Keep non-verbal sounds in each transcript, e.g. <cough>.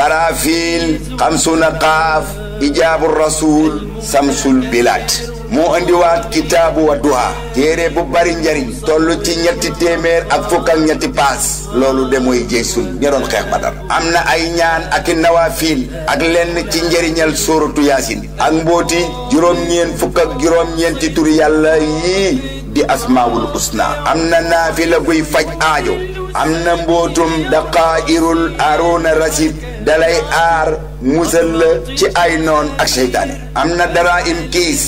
karaafil xamsuna qaaf ijaabu rasul samsul bilaat moo indiwaat kitaabu Wadduha téere bu bari njariñ toll ci ñetti téeméer ak fukk ñetti paas loolu de mooy jëy sun ña doon xeex am na ay ñaan ak i nawafiil ak lenn ci njariñal sóoratu yaasin ak mbóoti juróom-ñeen fukk juróom-ñeenti turi yàlla yii di asmaawul usna am na naafila guy faj aajo am na mbootum daqaa'irul aruuna rasid dalay aar musal la ci ay noon ak seytaane am na dara im kiis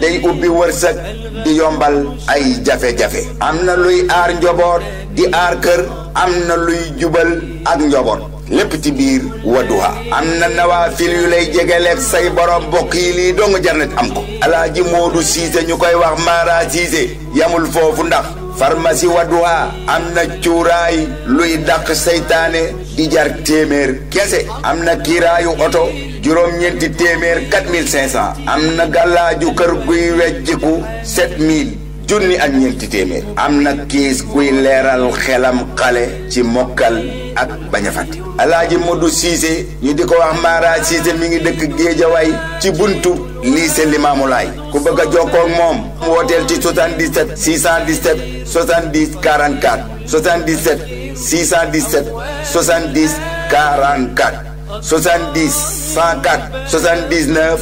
day ubbi wërsëg di yombal ay jafe-jafe am na luy aar njaboot di aar kër am na luy jubal ak njaboot lépp ci biir Wadduha am na nawaafil yu lay jegeleeg say borom mbokk yi lii dong jarnet am ko alaaji Moodu Siise ñu koy wax Mara Siise yamul foofu ndax pharmacie Wadduha am na cuuraay luy dàq seytaane di jar téeméer kese am na kiiraayu oto juróom-ñeenti téeméer 4500 am na gàllaaju kër guy wecciku 7000 junni ak ñeenti téeméer am na kiis kuy leeral xelam xale ci mokkal ak bañ a fàtte alaaji Modou Cissé ñu di ko wax Mara Cissé mi ngi dëkk Géejawaay ci buntu lycée Limaamulaay ku bëgg a jokkoo ak moom mu wooteel ci 77 617 70 44 77 617 70 44 70 104 79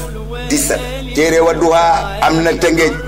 17 téere Wadduha am na tëngéej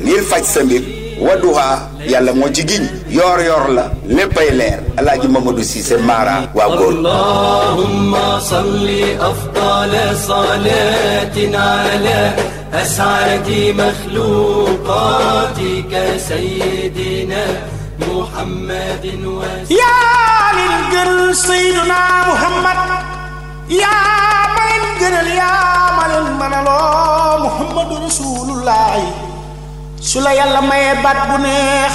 ngir faj sa mbir wadduha yàlla mo ci giñ yor yoor la léppay leer alaaji mamadou cissé mara wa gol allahumma salli afdal salatina ala اسعد مخلوقاتك سيدنا محمد يا للجل سيدنا محمد يا من الجل يا من المنلو محمد رسول الله su la yàlla mayee baat bu neex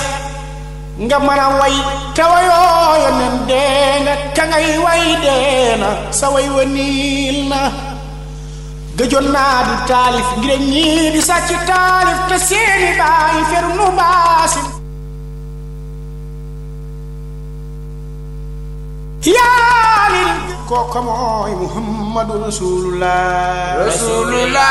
nga mën a way te wayoo yoneen dee nga ka way dee na sa way wa niil na gëjoon naa di taalif ngir ñii di sàcc taalif te seeni baay fer nu baasi yaalin kooka mooy muhammadu rasulullah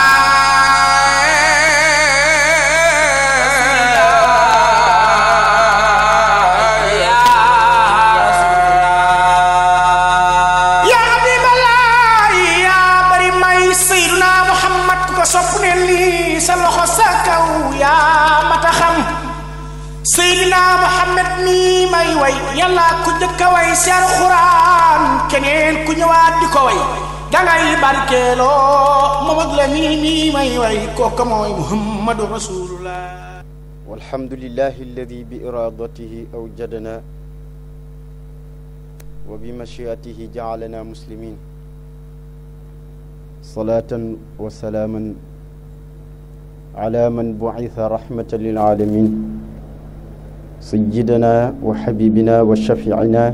والحمد لله الذي بارادته اوجدنا وبمشيئته جعلنا مسلمين صلاة وسلاما على من بعث رحمة للعالمين سيدنا وحبيبنا وشفيعنا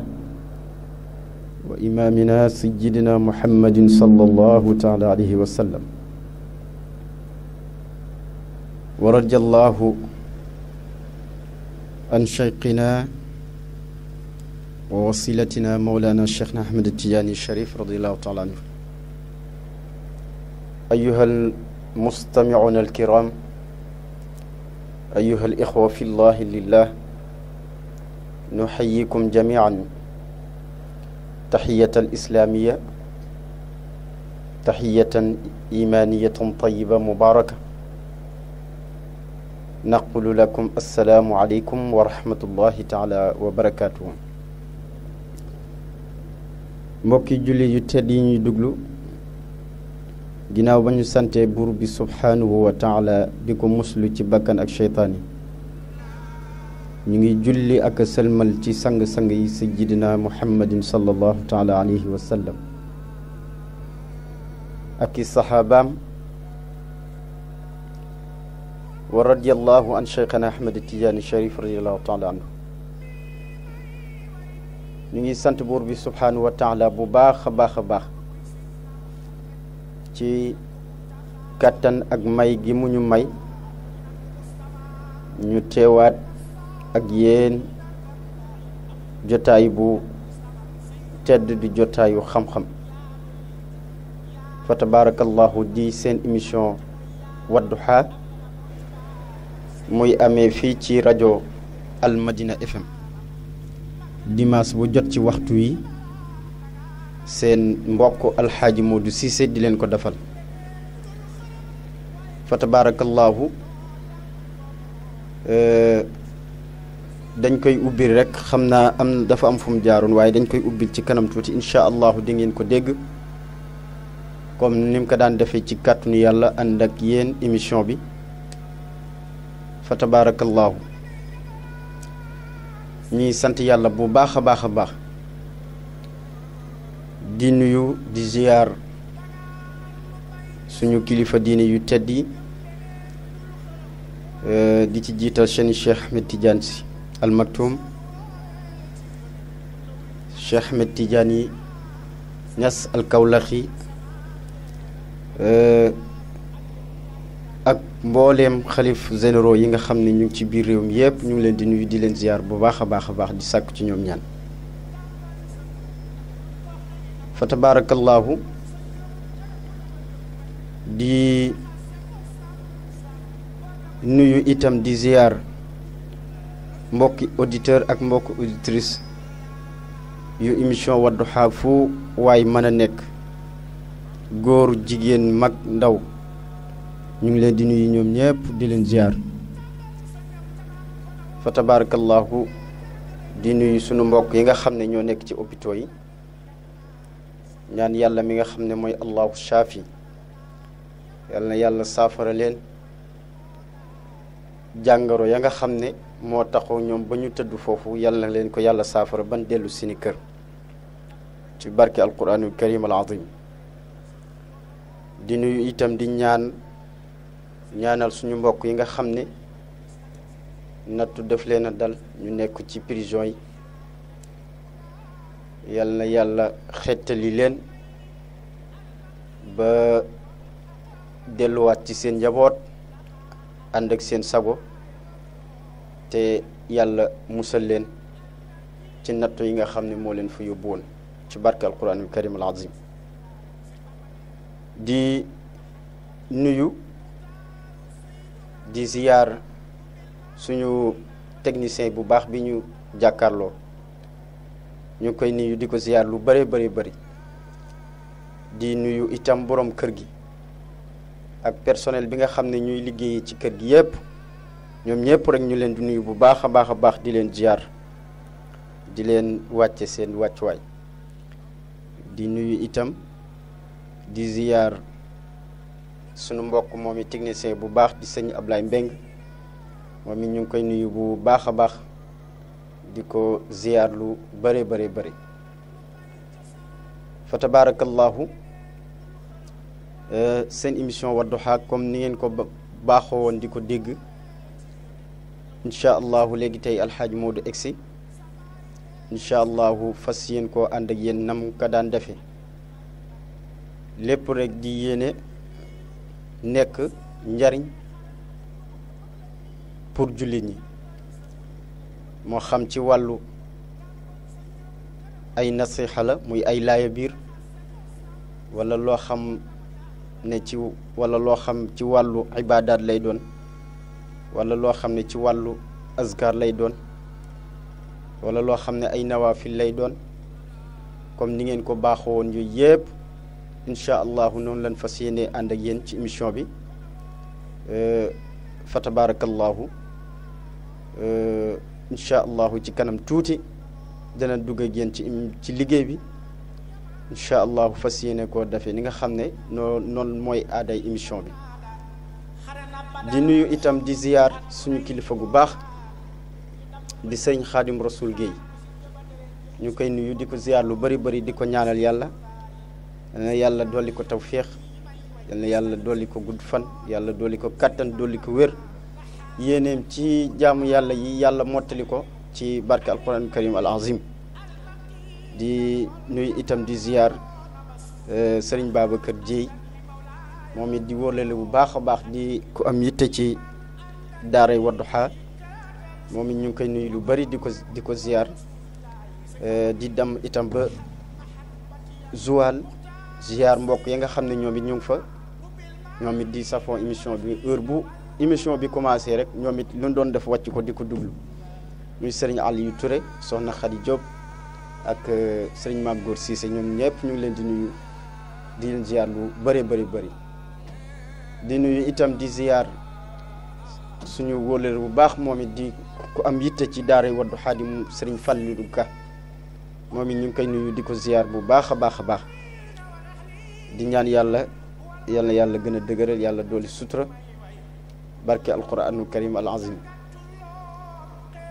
وإمامنا سيدنا محمد صلى الله تعالى عليه وسلم ورجى الله عن شيقنا ووصيلتنا مولانا الشيخ أحمد التجاني الشريف رضي الله تعالى عنه أيها المستمعون الكرام أيها الإخوة في الله لله نحييكم جميعا تحية إسلامية تحية إيمانية طيبة مباركة نقول لكم السلام عليكم ورحمة الله تعالى وبركاته موكي جولي يتديني دوغلو جناو بني سانتي بوربي سبحانه وتعالى بكم مسلو تبكن الشيطاني ñu ngi julli ak sëlmal ci sang-sang yi sayyidina muhammad sallallahu taala alayhi wa sallam ak i saxaabaam wa radiyallahu an shaykhana ahmad tijani sharif radiyallahu taala anhu ñu ngi sant buur bi subhanahu wa taala bu baax baax baax ci kàttan ak may gi muñu may ñu teewaat أجيان جتاي بو تد دي جتاي خم خم فتبارك الله دي سين إميشون ودوحا موي أمي في تي راديو المدينة اف ام ديماس بو جوت سي وقت سين مبوكو الحاج مودو سي دي لين كو دفال فتبارك الله euh, dañ koy ubbil rek xam naa am dafa am fu mu jaaroon waaye dañ koy ubbil ci kanam tuuti incha allahu di ngeen ko dégg comme ni mu ko daan defee ci kàttanu yàlla ànd ak yéen émission bi fa tabaarakallaahu ñuy sant yàlla bu baax a baax a baax di nuyu di ziyaar suñu kilifa diine yu tedd yi euh, di ci jiital seen Cheikh Ahmed Tidiane almaktum Cheikh Ahmed Tidiane Niass alkawlaxi ak mbooleem xalif généraux yi nga xam ne ñu ngi ci biir réew mi yëpp ñu leen di nuyu di leen ziar bu baax a baax di sàkku ci ñoom ñaan fa tabaarakallaahu di nuyu itam di ziar mbokki auditeur ak mbokki auditrice yu émission Wadduha fu waay mën a nekk góor jigéen mag ndaw ñu ngi leen di nuyu ñoom ñëpp di leen ziar fa tabarakallahu di nuyu sunu mbokk yi nga xam ne ñoo nekk ci hôpitaux yi ñaan yàlla mi nga xam ne mooy allahu shaafi yàlla na yàlla saafara leen jàngoro ya nga xam ne moo taxoo ñoom ba ñu tëdd foofu yàlla na leen ko yàlla saafara ban dellu seeni kër ci barke alquraanul karim al azim di nuyu itam di ñaan ñaanal suñu mbokk yi nga xam ne nattu daf leen a dal ñu nekk ci prison yi yàlla na yàlla xettali leen ba delluwaat ci seen njaboot ànd ak seen sago te yàlla musal leen ci nattu yi nga xam ne moo leen fa yóbbuwoon ci barke alquranul karim al azim di nuyu di ziyaar suñu technicien bu baax bi ñu jàkkaarloo ñu koy nuyu di ko ziyaar lu bare bare bari di nuyu itam borom kër gi ak personnel bi nga xam ne ñuy liggéey ci kër gi yépp ñoom ñëpp rek ñu leen di nuyu bu baax a baax a baax di leen ziar di leen wàcce seen wàccuwaay di nuyu itam di ziar sunu mbokk moom i technicien bu baax di sëñ Ablaye Mbeng moom it ñu ngi koy nuyu bu baax a baax di ko ziar lu bare bare bare fa tabaarakallaahu euh, seen war Wadduha comme ni ngeen ko baaxoo woon di ko dégg incha allahu léegi tey alxaaj Moodu egsi incha allahu fas yéen koo ànd ak yéen nam ka daan defe lépp rekk di yéene nekk njariñ pour jullit yi moo xam ci wàllu ay nasixa la muy ay laaya biir wala loo xam ne ci walla loo xam ci wàllu ibaadaat lay doon wala loo xam ne ci wàllu azkar lay doon wala loo xam ne ay nawaafil lay doon comme ni ngeen ko baaxoo woon yooyu yëpp incha allahu noonu lañ fas yéenee ànd ak yéen ci émission bi euh, fa tabarakallahu euh, incha allahu ci kanam tuuti dana dugg ak yéen ci ci liggéey bi incha allahu fas yéene koo defee ni nga xam ne noonu mooy aaday émission bi di nuyu itam di ziyaar suñu kilifa gu baax di sëñ xaadim rasul Guèye ñu koy nuyu di ko ziyaar lu bari bari di ko ñaanal yàlla na yàlla dolli ko tawféex yal na yàlla dolli ko gudd fan yàlla dolli ko kàttan dolli ko wér yéeneem ci jaamu yàlla yi yàlla mottali ko ci barke alquran karim al di nuyu itam di ziyaar eh, sëriñ Babacar Dieye moom it di wóorlale bu baax a baax di ku am yitte ci daaray Wadduha moom it ñu ngi koy nuyu lu bari di ko di ko ziar eh, di dem itam ba Joal ziar mbokk yi nga xam ne ñoom it ñu fa ñoom it di safon émission bi heure bu émission bi commencé rek ñoom it lu ñu doon def wàcc ko di ko dublu muy sëriñ Aliou Touré soxna Khady Diop ak eh, sëriñ Mame Gor Cissé ñoom ñëpp ñu ngi leen di nuyu di leen ziar lu bëree bëri bëri. di nuyu itam di ziyaar suñu wóolër bu baax moom it di ku am yitte ci daara Wadduha di sëriñ Fallou Ka moom it ñu ngi koy nuyu di ko ziyaar bu baax a baax a baax di ñaan yàlla yàlla yàlla gën a dëgëral yàlla dooli sutura barke alquranul karim al azim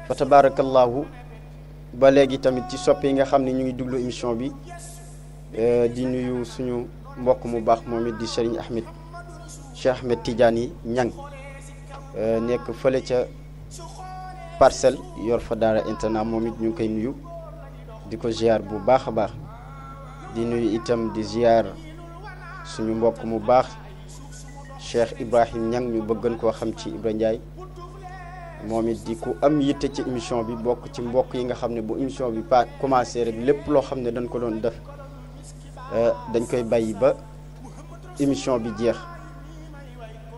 fa tabarakallahu ba léegi tamit ci soppe yi nga xam ni ñu ngi déglu émission bi eh, di nuyu suñu mbokk mu baax moom it di sëriñ Ahmed Cheikh Ahmed Tidiane Niang eh, nekk fële ca parcelle yor fa daara internat moom it ñu koy nuyu di ko ziar bu baax a baax di nuyu itam di ziar suñu mbokk mu baax Cheikh Ibrahim Niang ñu bëggan koo xam ci Ibra Ndiaye moom it di ku am yitte ci émission bi bokk ci mbokk yi nga xam ne bu émission bi pa commencé rek lépp loo xam ne dañ ko doon def eh, dañ koy bàyyi ba émission bi jeex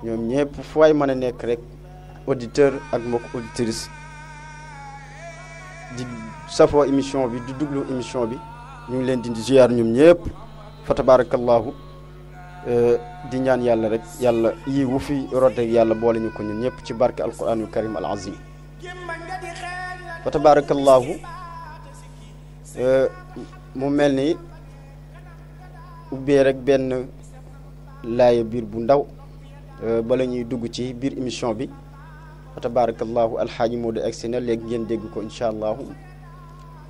ñoom ñëpp fu waay mën a nekk rek auditeur ak mbokk auditrice di safoo émission bi di duglu émission bi ñu ngi leen di ziar ñoom ñëpp fa tabaarakallaahu euh, di ñaan yàlla rek yàlla yii wu fi rote yàlla boole ñu ko ñun ñëpp ci barke alquranul karim al azim fa tabaarakallaahu euh, mu mel ni ubbee rek benn laaya biir bu ndaw Euh, bala ñuy dugg ci biir émission bi wa tabarakallahu alxaaji Modou egsi na léegi ngeen dégg ko incha allah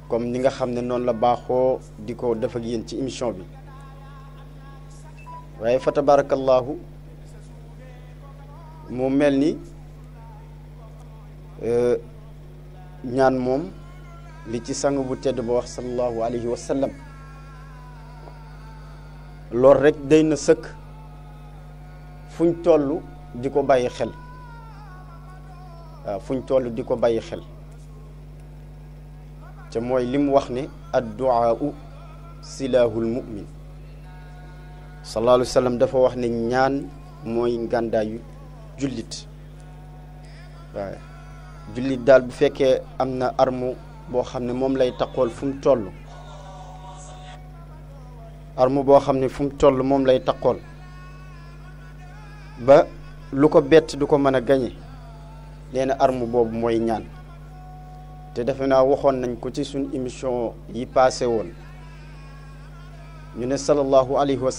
comme ni nga xam ne noonu la baaxoo di ko def ak yéen ci émission bi waaye fa tabarakallahu mu mel ni euh, ñaan moom li ci sang bu tedd ba wax sallallahu alayhi wa sallam loolu rek day na sëkk fuñ tollu di ko bàyyi xel waaw fuñ tollu di ko bàyyi xel te mooy li wax ne adduaa u silaahul mu'min sallallahu alayhi dafa wax ne ñaan mooy ngàndaayu jullit waaw jullit daal bu fekkee am na armu boo xam ne moom lay takkool fum mu toll armu boo xam ne fum mu toll moom lay takkool ba lu ko bett du ko mën a gañe nee na arme boobu mooy ñaan te defe naa waxoon nañ ko ci suñ émission yi paase woon ñu ne sallallahu alayhi wa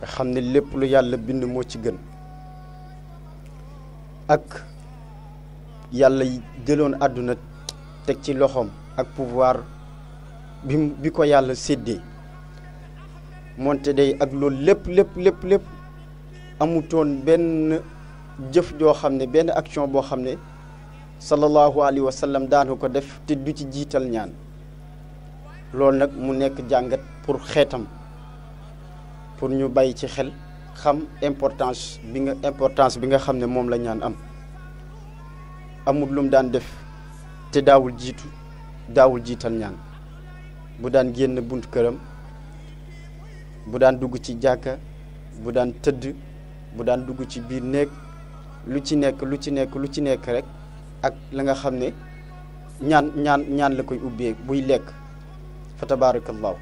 nga xam ne lépp lu yàlla bind moo ci gën ak yàlla jëloon àdduna teg ci loxoom ak pouvoir bi ko yàlla séddee moonte day ak loolu lépp lépp lépp lépp amutoon benn jëf joo xam ne benn action boo xam ne sallallahu alayhi wa sallam daanu ko def te du ci jiital ñaan loolu nag mu nekk jàngat pour xeetam pour ñu bàyyi ci xel xam importance bi nga importance bi nga xam ne moom la ñaan am amut lum daan def te daawul jiitu daawul jiital ñaan bu daan génn bunt këram bu daan dugg ci jàkka bu daan tëdd bu daan dugg ci biir néeg lu ci nekk lu ci nekk lu ci nekk rek ak la nga xam ne ñaan ñaan ñaan la koy ubbee buy lekk fa tabaarakallaahu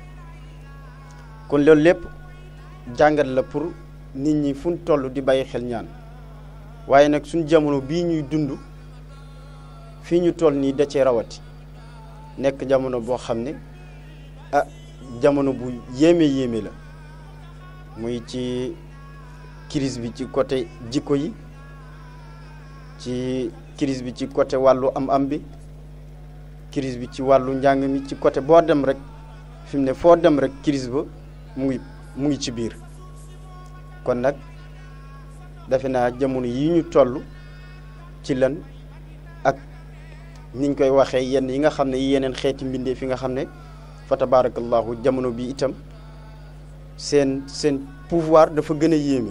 kon loolu lépp jàngat la pour nit ñi fu ñu toll di bàyyi xel ñaan waaye nag suñ jamono bii ñuy dund fii ñu toll nii da cee rawati nekk jamono boo xam ne a ah, jamono bu yéeme yéeme la muy ci crise bi ci côté jikko yi ci crise bi ci côté wàllu am-am bi crise bi ci wàllu njàng mi ci côté boo dem rek fi mu ne foo dem rek crise ba mu ngi mu ngi ci biir kon nag defe naa jamono yi ñu toll ci lan ak niñ koy waxee yenn yi nga xam ne yeneen xeeti mbindee fi nga xam ne fa tabaarakallaahu jamono bi itam seen seen pouvoir dafa gën a yéeme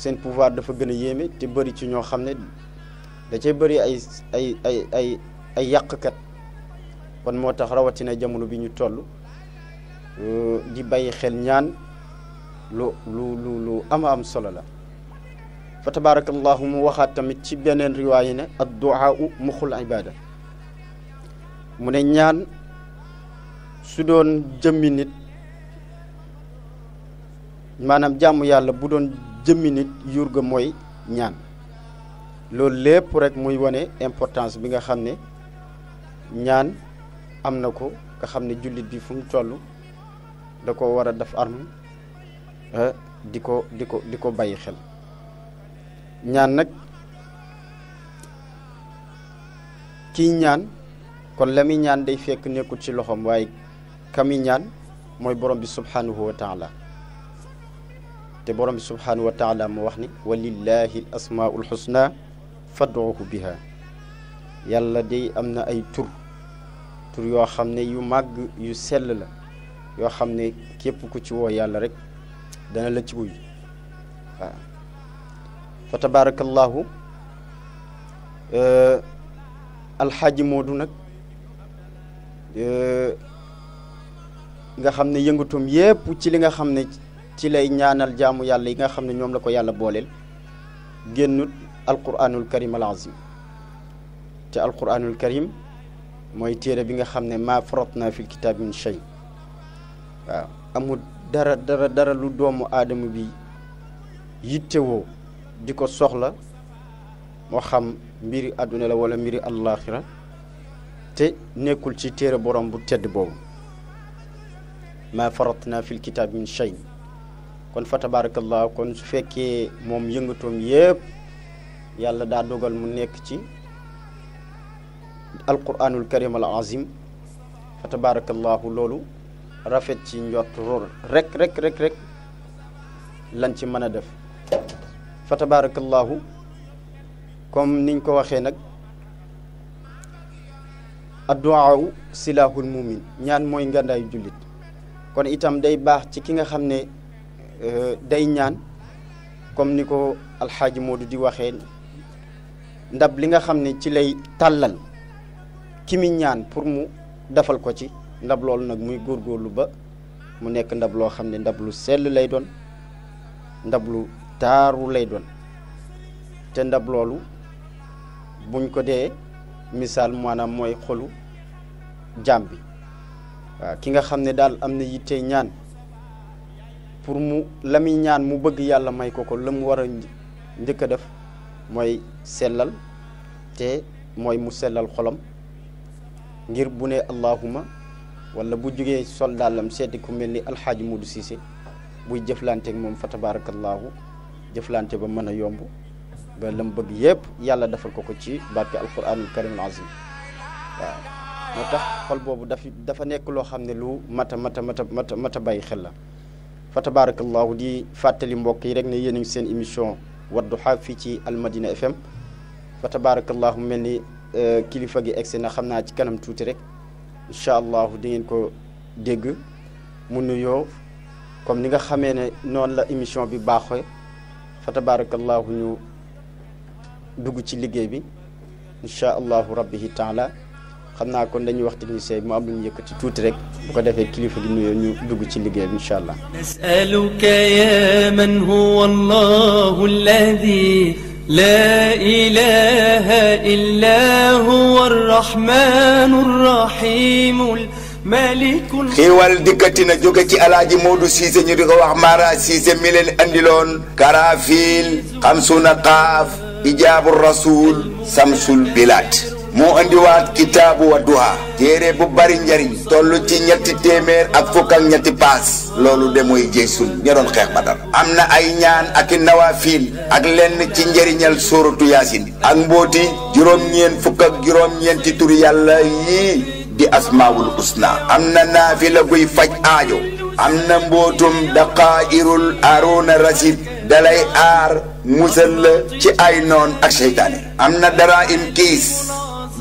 seen pouvoir dafa gën a yéeme te bari ci ñoo xam ne da bari ay ay ay ay ay yàqkat kon moo tax rawatina jamono bi ñu toll euh, di bàyyi xel ñaan lu lu lu lu am am solo la fa tabarakallahu mu waxaat tamit ci beneen riwaaya ne adduaa u muxul ibada mu ne ñaan su doon jëmmi nit maanaam jàmm yàlla bu doon jëmmi nit yurga moy ñaan lool lepp rek muy wane importance bi nga xam ñaan amna ko nga xam julit bi fu mu tollu da ko wara def arme euh ah, diko diko diko bayyi xel ñaan nak ki ñaan kon la ñaan day fekk nekkul ci loxom waye kami ñaan moy borom bi subhanahu wa taala تبرم سبحانه وتعالى موحني ولله الأسماء الحسنى فدعوه بها يلا دي أمنا أي تر تر يو خمني يو مغ يو سلل يو خمني كيبو كتوا يلا رك دانا لتبوي فتبارك الله الحاج مودونك أه nga xamne yëngutum yépp ci lay ñaanal jaamu yàlla yi nga xam ne ñoom la ko yàlla booleel génnut alquranul karim al azim te alquranul karim mooy téere bi nga xam ne maa farat naa fil kitaab min shay waaw amu dara dara dara lu doomu aadama bi yittewoo di ko soxla moo xam mbiri àdduna la wala mbiri allaaxira te nekkul ci téere borom bu tedd boobu maa farat naa fil kitaab min shay kon fa tabarakallah kon su fekkee moom yëngatoom yépp yàlla daa dogal mu nekk ci alquranul karim al azim fa tabarakallahu loolu rafet ci njott ror rekk rekk rek rek ci mën a def fa tabarakallahu comme niñ ko waxee nag adduwaawu silaahul mumin ñaan mooy ngandaayu jullit kon itam day baax ci ki nga xam ne Euh, day ñaan comme ni ko alxaaji Modou di waxee ndab li nga xam ne ci lay tàllal ki mi ñaan pour mu defal ko ci ndab loolu nag muy góor góorlu ba mu nekk ndab loo xam ne ndab lu sell lay doon ndab lu taaru lay doon te ndab loolu buñ ko dee misaal maanaam mooy xolu jaam bi waaw ki nga xam ne daal am na yitte ñaan pour mu la ñaan mu bëgg yàlla may ko ko la mu war a njëkk a def mooy sellal te mooy mu sellal xolam ngir bu ne allahuma walla bu jógee sol seeti ku mel ni alxaaji Modou Cissé buy jëflanteek moom fa tabaarakallaahu jëflante ba mën a yomb ba la mu bëgg yépp yàlla defal ko ko ci barke alquranul karimul azim waaw moo tax xol boobu dafa dafa nekk loo xam ne lu mata mata mata mata mata bàyyi xel la fa tabaarakallaahu di fàttali mbokk yi rek ne yéen a ngi seen émission Wadduha fii ci Almadina FM fa tabaarakallaahu mel ni euh, kilifa gi egsi na xam naa ci kanam tuuti rek incha allahu di ngeen ko dégg mu nuyoo comme ni nga xamee ne noonu la émission bi baaxee fa tabaarakallaahu ñu dugg ci liggéey bi incha allahu rabbihi taala xam naa kon dañuy wax technicien bi mu am lu ñu yëkkati tuuti rek bu ko defee kilifa gi nuyoo ñu dugg ci liggéey bi incha allah nasaluka ya man huwa allahu alladi la ilaha illa huwa arrahmanu arrahimu malikul xiiwal dikkati na jóge ci alaaji Modou Cissé ñu di ko wax Mara Cissé mi leen andiloon karafiil xamsuna qaaf ijaabu rasul samsul bilaat moo indiwaat kitaabu Wadduha téere bu bari njariñ toll ci ñetti téeméer ak fukk ñetti paas loolu de mooy jeysun ña doon xeex Badar am na ay ñaan ak i nawafiil ak lenn ci njariñal sóoratu yaasin ak mbóoti juróom-ñeen fukk ak juróom-ñeenti turi yàlla yii di asmaawul usna am na naafila guy faj aajo am na mbootum daqaayirul aruuna rasid dalay aar musal la ci ay noon ak seytaane am na dara im kiis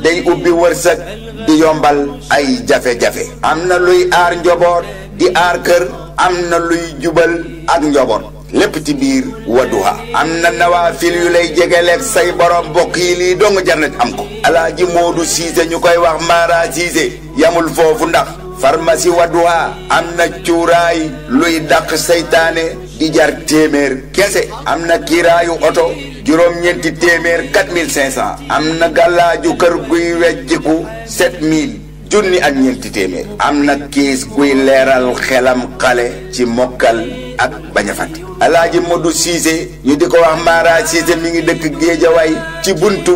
day ubbi wërsëg di yombal ay jafe-jafe am na luy aar njaboot di aar kër am na luy jubal ak njaboot lépp ci biir Wadduha am na nawaafil yu lay jegeleeg say borom mbokk yi lii dong jarnet am ko alaaji Moodu Siise ñu koy wax Mara Siise yamul foofu ndax farmasi Wadduha am na cuuraay luy dàq seytaane di jar téeméer kese am na kiiraayu oto juróom-ñeenti téeméer 4500 am na gàllaaju kër guy wejjiku 7000 junni ak ñeenti téeméer am na kiis guy leeral xelam xale ci mokkal ak bañ a fàtte alaaji Modou ñu di ko wax Mara Cissé mi ngi dëkk Géejawaay ci buntu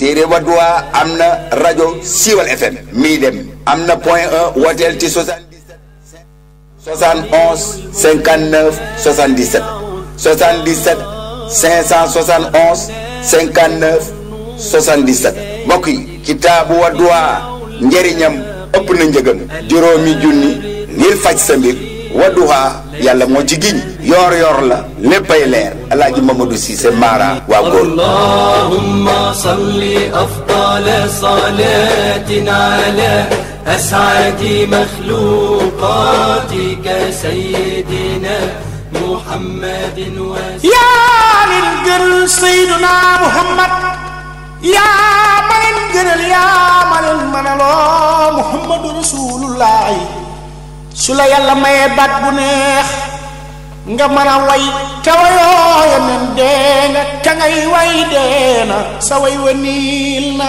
téere Wadduha am na rajo siiwal FM mi dem am na point 1 wooteel ci 77 71 59 77 77 571 59 77 mbokk yi kitaabu Wadduha njëriñam ëpp na juróomi junni ngir faj sa wadduha yàlla moo ci giñ yor yor la léppay leer alaaji mamadou cissé mara waa góor allahumma salli afdal salatin ala اسعد مخلوقاتك سيدنا محمد يا للجر سيدنا محمد يا من الجر يا من المنلو محمد رسول الله su la yàlla mayee baat bu neex nga mën a way te wayoo yeneen dee nga ka ngay way dee na sa way wa niil na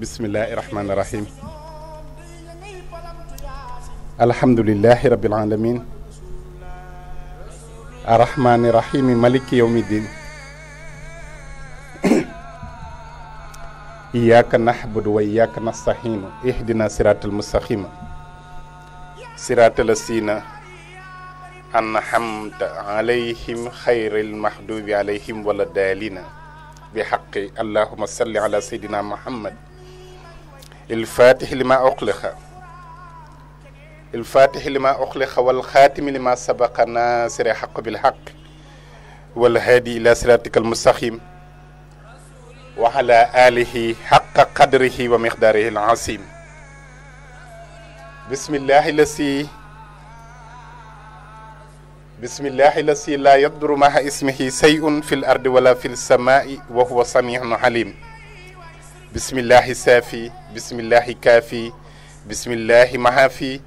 بسم الله الرحمن الرحيم الحمد لله رب العالمين الرحمن الرحيم ملك يوم الدين <clears throat> إياك نحبد وإياك نستعين اهدنا صراط المستقيم صراط الذين أنعمت عليهم خير المحدود عليهم ولا الضالين بحق اللهم صل على سيدنا محمد الفاتح لما أقلخ الفاتح لما أقلخ والخاتم لما سبق ناصر حق بالحق والهادي إلى صراطك المستقيم وعلى آله حق قدره ومقداره العظيم بسم الله الذي بسم الله الذي لا يضر مع اسمه شيء في الأرض ولا في السماء وهو سميع عليم بسم الله سافي بسم الله كافي بسم الله مهافي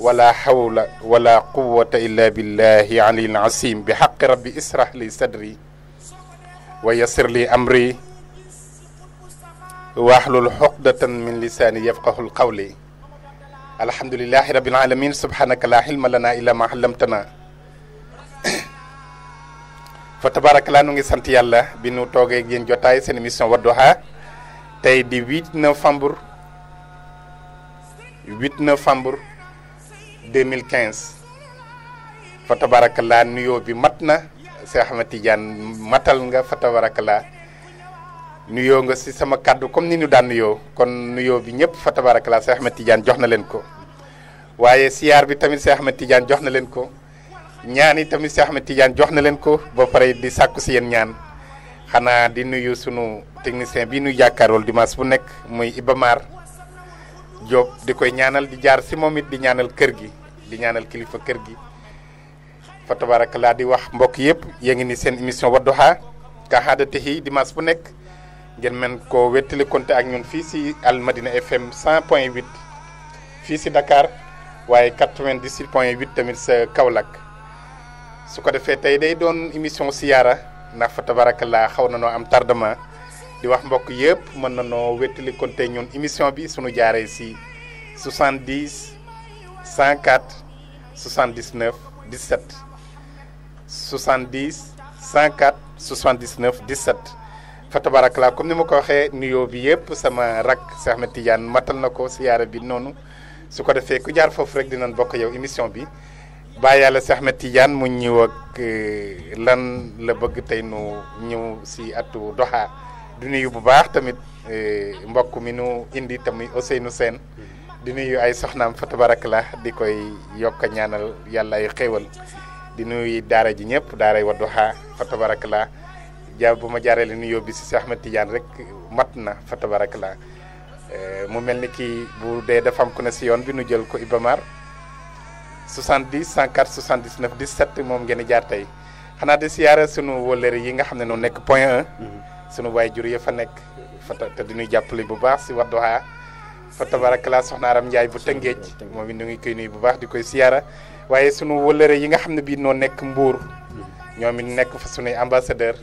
ولا حول ولا قوة إلا بالله علي العظيم بحق ربي اسرح لي صدري ويسر لي أمري وأحل حقدة من لساني يفقه القول الحمد لله رب العالمين سبحانك لا حلم لنا إلا ما علمتنا <coughs> فتبارك الله نغي سنتي الله بنو توغي جين جوتاي سن ميسيون tey di 8 novembre 8 novembre 2015 fa tabarakalaa nuyoo bi mat na Cheikh Ahmed Tidiane matal nga fa tabarakalaa nuyoo nga si sama kàddu comme ni ñu daan nuyoo kon nuyoo bi ñëpp fa tabarakalaa Cheikh Ahmed Tidiane jox na leen ko waaye siyaar bi tamit Cheikh Ahmed Tidiane jox na leen ko ñaani tamit Cheikh Ahmed Tidiane jox na leen ko ba pare di sàkku si yéen ñaan xanaa di nuyu sunu technicien bi nu jàkkaarool dimanche bu nekk muy Iba Mar di koy ñaanal di jaar si di ñaanal kër gi di ñaanal kilifa kër gi fa tabaraka di wax mbokk yëpp yaa ngi ni seen émission Wadduha ka bu ngeen wettali konte ak ñun fii si FM 100.8 point 8 Dakar waaye 98 point 8 tamit sa Kaolack su ko defee tey day doon émission siyaara ndax fa tabaraka xaw na noo am tardement di wax mbokk yëpp mën na noo wettali konte ñun émission bi suñu jaaree si 70 104 79 17 70 104 79 17 fa tabarakalaa comme ni ma ko waxee nuyoo bi yëpp sama rak Cheikh Ahmed Tidiane matal na ko siyaara bi noonu su ko defee ku jaar foofu rek dinañ bokk yow émission bi bàyyi yàlla Cheikh Ahmed Tidiane mu ñëw ak eh, lan la bëgg tey nu ñëw si atu doxaa du bu baax tamit eh, mbokk mi nu indi tamuy Ousseynou Sène di nuyu ay soxnaam fa la di koy yokk ñaanal yàlla ay xéewal di nuyu daara ji ñëpp daaray Wadduha fa tabarakallah jaar bu ma jaaree la nuyoo bi si si Ahmed Tidiane rek mat na fa tabarakallah eh, mu mel ni kii bu dee dafa am ku ne si yoon bi nu jël ko Ibamar 70 104 79 17 moom ngeen jaar tey xanaa di siyaare sunu wóllëre yi nga xam ne noo nekk poin sunu waayjur ya fa nek fa te diñuy jàppale bu baax si Wadduha fa tabarakalaa soxna ram jaay bu tengej mo it ngi koy nuy bu baax di koy siyaara sunu wolere yi nga xamne bi no nek mbour mbuur ñoom fa sunu ambassadeur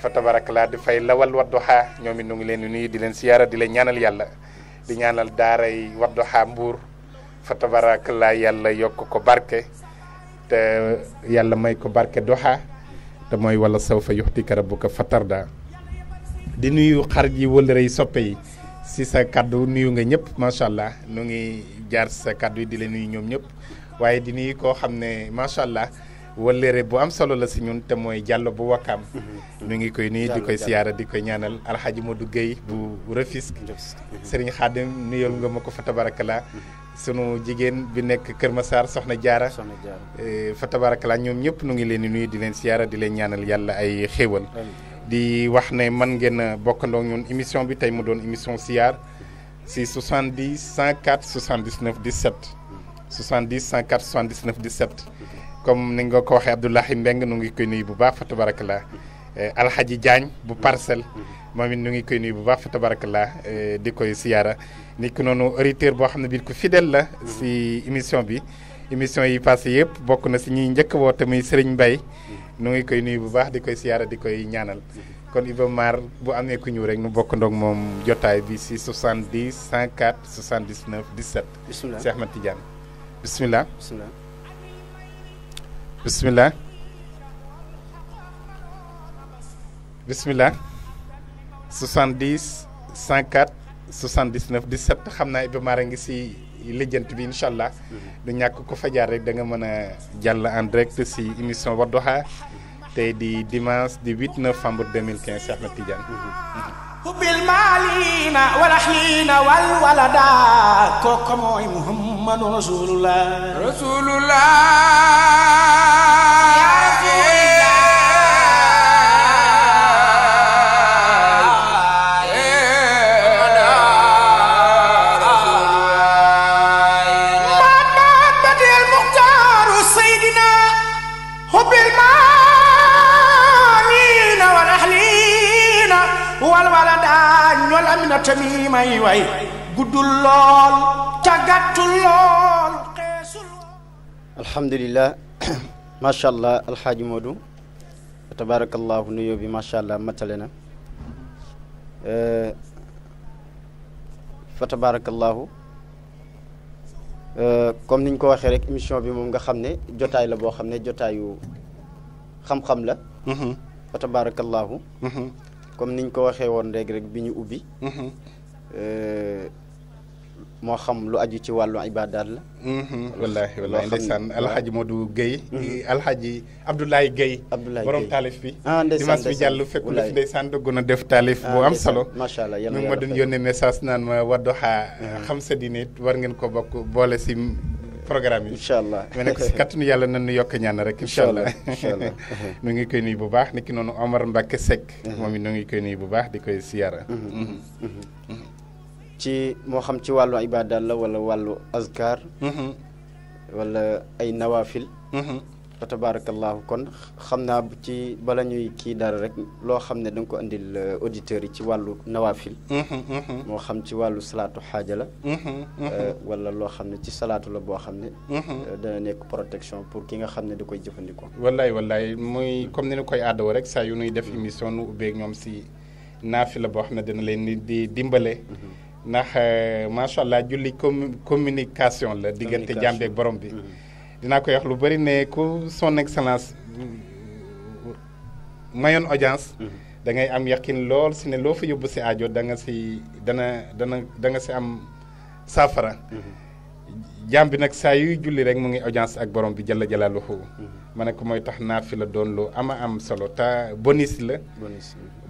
fa di fay lawal Wadduha ñoom it nu ngi leen nuy di leen siyaara di leen ñaanal yalla di ñaanal daaray Wadduha mbour fa tabarakalaa yalla yok ko barke te yalla may ko barke Duha te moy wala sawfa yuhtika rabbuka fatarda di nuyu xarit yi wëllëre yi soppe yi si sa kàddu nuyu nga ñëpp macha allah nu ngi jaar sa kàddu yi di la nuyu ñoom ñëpp waaye di nuyu koo xam ne macha allah wëllëre bu am solo la si ñun te mooy jàllo bu wàkkaam mm-hmm. nu ngi koy nuyu di koy siyaara di koy ñaanal alxaaji Modou Gueye bu Rufisque sëriñ Xaadim nuyul nga ma ko fa tabarakala mm-hmm. sunu jigéen bi nekk Kër Massar Soxna Jaara eh, fa tabarakala ñoom ñëpp nu ngi leen di nuyu di leen siyaara di leen ñaanal yàlla a xéewal di wax ne man ngeen ñun émission bi tey mu émission 70 104 79 17 70 104 79 17 comme ni nga ko waxee Abdoulahi Mbeng nu ngi koy nuyu bu baax fa tabarakallah eh, Alxaji Jaañ bu parcel moom nu ngi koy nuyu bu baax fa tabarakallah eh, di koy ni fidèle si émission bi émission yi passé yépp bokk na nu ngi koy nii bu baax di koy siyaara di koy ñaanal kon Iba Mar bu amee ku ñëw rek nu bokk ndoog moom jotaay bi si 70 104 79 17. bisimilah Cheikh Ahmed Tidiane bisimilah. bisimilah. bisimilah. bisimilah. 70 104 xam naa Iba Mar a ngi si. lijjant bi incha allah. du ñàkk ko fajaar rek da nga mën a jàll en direct si émission Wadduha tey di dimanche di 8 novembre 2015 a Ahmed hubbil maalina wal ahlina wal walada kooku mooy Muhammadu rasulullah تميمي واي غدول لول تاغاتول لول قيسول الحمد لله ما شاء الله الحاج مودو تبارك الله نيوبي ما شاء الله متلنا فتبارك الله كم نين كو واخي رك ايميشن بي موم غا خامني جوتاي لا بو خامني جوتايو خام خام لا فتبارك الله comme niñ ko waxee woon léegi rek bi ñu ubbi. Mhm. Euh, moo xam lu aju ci wàllu ibaadaat la. Mhm. wallaahi wallaahi ndeysaan Alhaji Modou Guèye. Mhm. Alhaji Abdoulaye Guèye. Abdoulaye Guèye borom taalif bi. ah ndeysaan dimanche bi jàll fekk na fi ndeysaan dëgg na def taalif. bu ah, am solo macha allah yal na ma doon yónnee message naan ma Wadduha xam sa diine war ngeen ko bokk boole si. programme yi incha allah mais nag si kattanu yàlla nan nu yokk ñaan rek incha allah <laughs> nu ngi koy nuyu bu baax niki noonu Omar Mbacke Seck mhm. moom it nu ngi koy nuyu bu baax di koy siyaara mhm. mhm. ci moo xam ci wàllu ibaadaat la wala wàllu azkar wala ay nawafil fa tabaarakallaahu kon xam naa ci bala ñuy kii dara rek loo xam ne da ko indi euh, auditeurs yi ci wàllu nawaafil mm-hmm, mm-hmm. moo xam ci wàllu salaatu xaaja la mm-hmm, euh, wala loo xam ne ci salaatu la boo xam ne euh, dana nekk protection pour ki nga xam ne da koy jëfandikoo wallaay wallaay muy comme ni ñu koy àddoo rek saa yu nuy def émission nu ubbeeg ñoom si la boo xam ne dana leen di dimbale ndax macha allah julli communication la diggante jaam borom bi dinaa ko wax lu bari ne ku son excellence mayoon audience. Mhm. da ngay am yaqin lool si ne loo fa yóbbu si aajo da nga si dana dana da nga si am saafara. Mhm. jaam bi nag saa yuy julli rek mu ngi audience ak borom bi jalla jalaaluhu. Mhm. ma ne ko mooy tax naa fi la doon lu ama am solo te bonus la.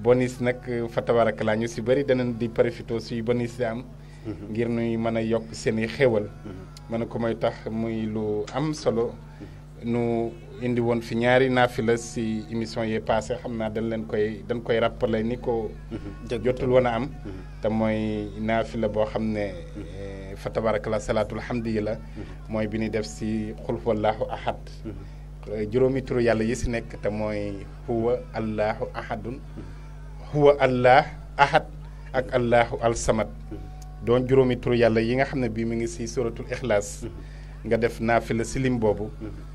bonus nag fa tabaraka laa ñu si bëri dana di profité suy bonus am. ngir nuy mën a yokk seen i xéewal mm-hmm. mën a ko mooy tax muy lu am solo nu indi woon fi ñaari naafila si émission yi passé xam naa dañ leen koy dañ koy rappeler ni ko mm-hmm. jotul woon a am mm-hmm. te mooy naafila boo xam ne eh, fa tabarakallah salaatul hamdi yi la mooy bi ñuy def si xul wallahu ahad eh, juróomi turu yàlla yi si nekk te mooy huwa allahu ahadun huwa allah ahad ak allahu al don juromi tur yàlla yi nga xamne bi mi ngi ci suratul ikhlas nga def naafila si lim boobu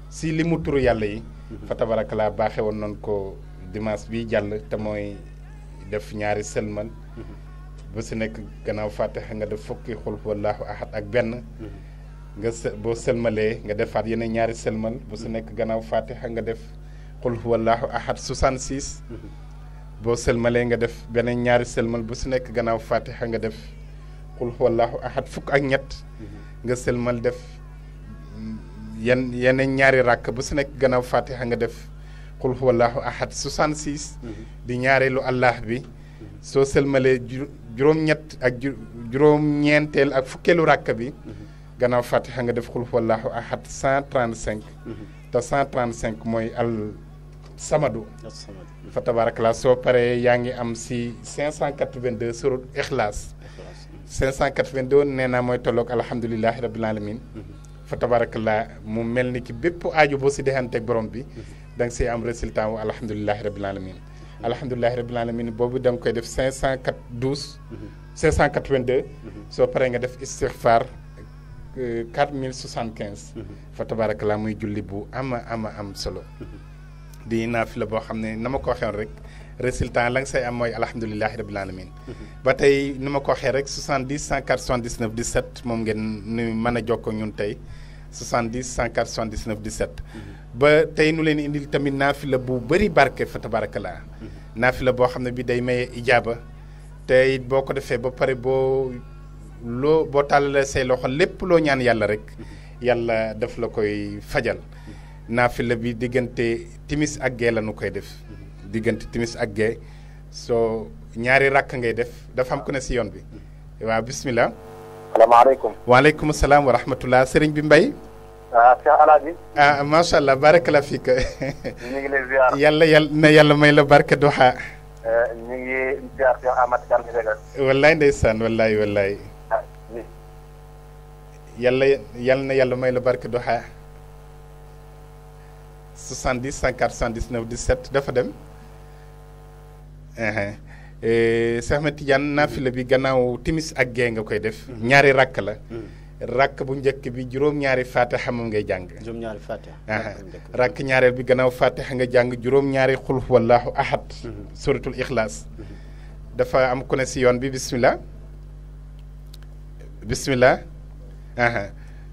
si limu turu yàlla yi fa tabarakalaa baxé won non ko dimanche bi jàll te moy def ñaari selman bu ci nek gënaaw fatih nga def fukki xul wallaahu ahad ak ben nga bo selmalé nga def fat yene ñaari selman bu ci nek gënaaw fatih nga def xul wallaahu ahad 66 bo selmalé nga def benen ñaari selman bu ci nek gënaaw fatih nga def qul huwallahu ahad fukk ak ñett mhm. nga sëlmal def yan yeneen ñaari ràkk bu su nekk gannaaw fatiha nga def qul huwallahu ahad 66 mhm. di ñaareelu allah bi mhm. soo sëlmalee juróom-ñett ak juróom-ñeenteel ak fukkeelu ràkk bi gannaaw fatiha nga def qul huwallahu ahad 135 te 135 mooy al samadu fa soo paree yaa ngi am si 582 surut ixlaas 582 nee naa mooy tolloog alhamdulilahi rabbil alamin fa tabarakallah mu mel ni ki bépp aajo boo si dexanteeg borom bi da nga siy am résultat wu alhamdulilahi rabbil alamin alhamdulilahi rabbil alamin boobu da nga koy def 512 582 soo paree nga def istighfar 4075 fa tabarakallah muy julli bu ama ama am solo di naafila boo xam ne na ma ko waxee rek résultat la nga say am mooy alhamdulilahi rabil alamin ba tey nu ma ko waxee rek 70 104 79 17 moom ngeen nu mën a jokkoo ñun tey 70 104 79 17. ba tey nu leen indi tamit naafila bu bëri barke fa tabarakalaa naafila boo xam ne bi day maye ijaaba te boo ko defee ba pare boo loo boo tàllalee say loxo lépp loo ñaan yàlla rek yàlla daf la koy fajal naafila bi diggante timis ak gee la nu koy def diggante timis ak gee soo ñaari rakk ngay def dafa am ku ne si yoon bi waaw bismillah salaamaaleykum waaleykum salaam wa rahmatullah Serigne bi mbay ah Cheikh Alaaji ah, allah barakala fiik <laughs> ñu ngi lay na yàlla may la barke Duha. Eh, ñu ngi ah, yàlla may la barke Duha. 70 dafa dem. Eh, Cheikh Ahmed Tidiane naafila bi gannaaw timis ak gee nga koy def. Mm-hmm. ñaari ràkk la. Mm-hmm. rakk bu njëkk bi juróom-ñaari fatiha moom ngay jàng. juróom-ñaari fatiha. ñaareel bi gannaaw fatiha nga jàng juróom-ñaari xul wallaahu ahad. Mm-hmm. suratul ikhlaas. dafa am ku si yoon bi bismillah. bismillah.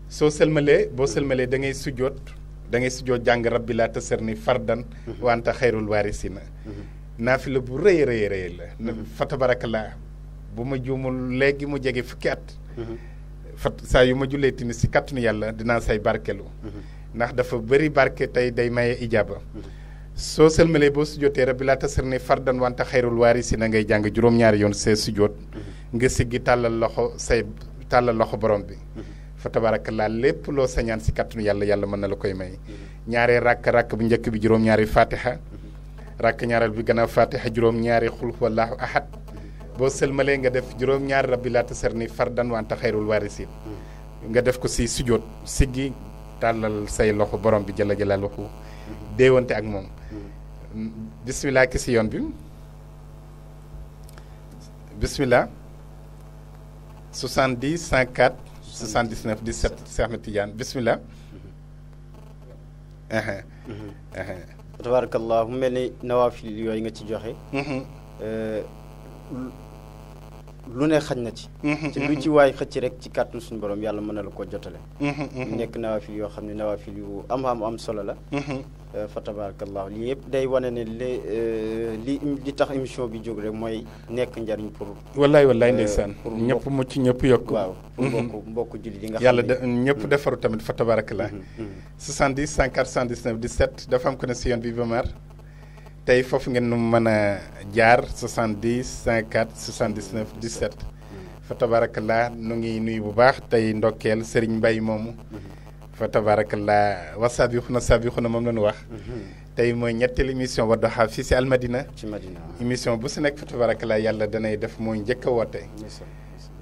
soo sëlmalee boo sëlmalee da ngay sujjoot da ngay sujjoot jàng rabbi laa tasarni fardan. wanta xayrul waarisina naafila bu rëy rëy rëy la mhm. fatabarakallah bu ma juumul léegi mu jege fukki at mhm. fat saa yu ma jullee timis si kàttanu yàlla dinaa say barkelu mhm. ndax dafa bëri barke tey day maye ijaaba soo sëlmalee boo sujjootee rabbi laa far fardan wante xayrul waarisi na ngay jàng juróom-ñaari yoon see sujjoot nga siggi tàllal loxo say tàllal loxo borom bi fa tabarakalaa lépp loo sañaan si kàttanu yàlla yàlla mën na la koy may ñaaree ràkk ràkk njëkk bi juróom-ñaari rakk ñaareel bi gannaaw a juróom-ñaari xul wallaahu boo sëlmalee nga def juróom-ñaari rabbi laa tasarni fardan wanta xayrul waarisiin nga def ko si sujjóot siggi tàllal say loxo borom bi jëla jëla loxo déewante ak moom bismillah ki si yoon bi bismillah 70 104 79 17 Cheikh Ahmed Tidiane bismillah mhm. Uh-huh. Mhm. Uh-huh. tabarakallah mu mel ni nawaafil yooyu nga ci joxe mhm. euh, lu ne xaj na ci mhm, te mhm, lu ci waay xëcc rek ci kàttan suñu borom yàlla mën na la ko jotale nekk nawaafil yoo xam ne nawaafil yu am am am solo la Euh, fa tabarakallah lii yëpp day wane ne euh, li li tax émission bi jóg rek mooy nekk njariñ pour. wallaay wallaay euh, ndeysaan pour ñëpp mucc ñëpp yokk. waaw pour mhm. mbokk mbokk yi nga. yàlla de ñëpp mhm. defaru tamit fa tabarakallah. 70 54 79 17 dafa am ko ne si yoon bi ba maar tey foofu ngeen nu mën a jaar 70 54 79 17. fa tabarakallah nu ngi nuyu bu baax tey ndokkeel Serigne mbay moomu. Mhm. fa tabaarakallaa wa saabiquuna saabiquuna moom la ñu wax. tey mooy ñetteelu émission Wadduha fii si almadina. ci madina émission bu si nekk fa tabaarakallaa yàlla danay def moo njëkk a woote.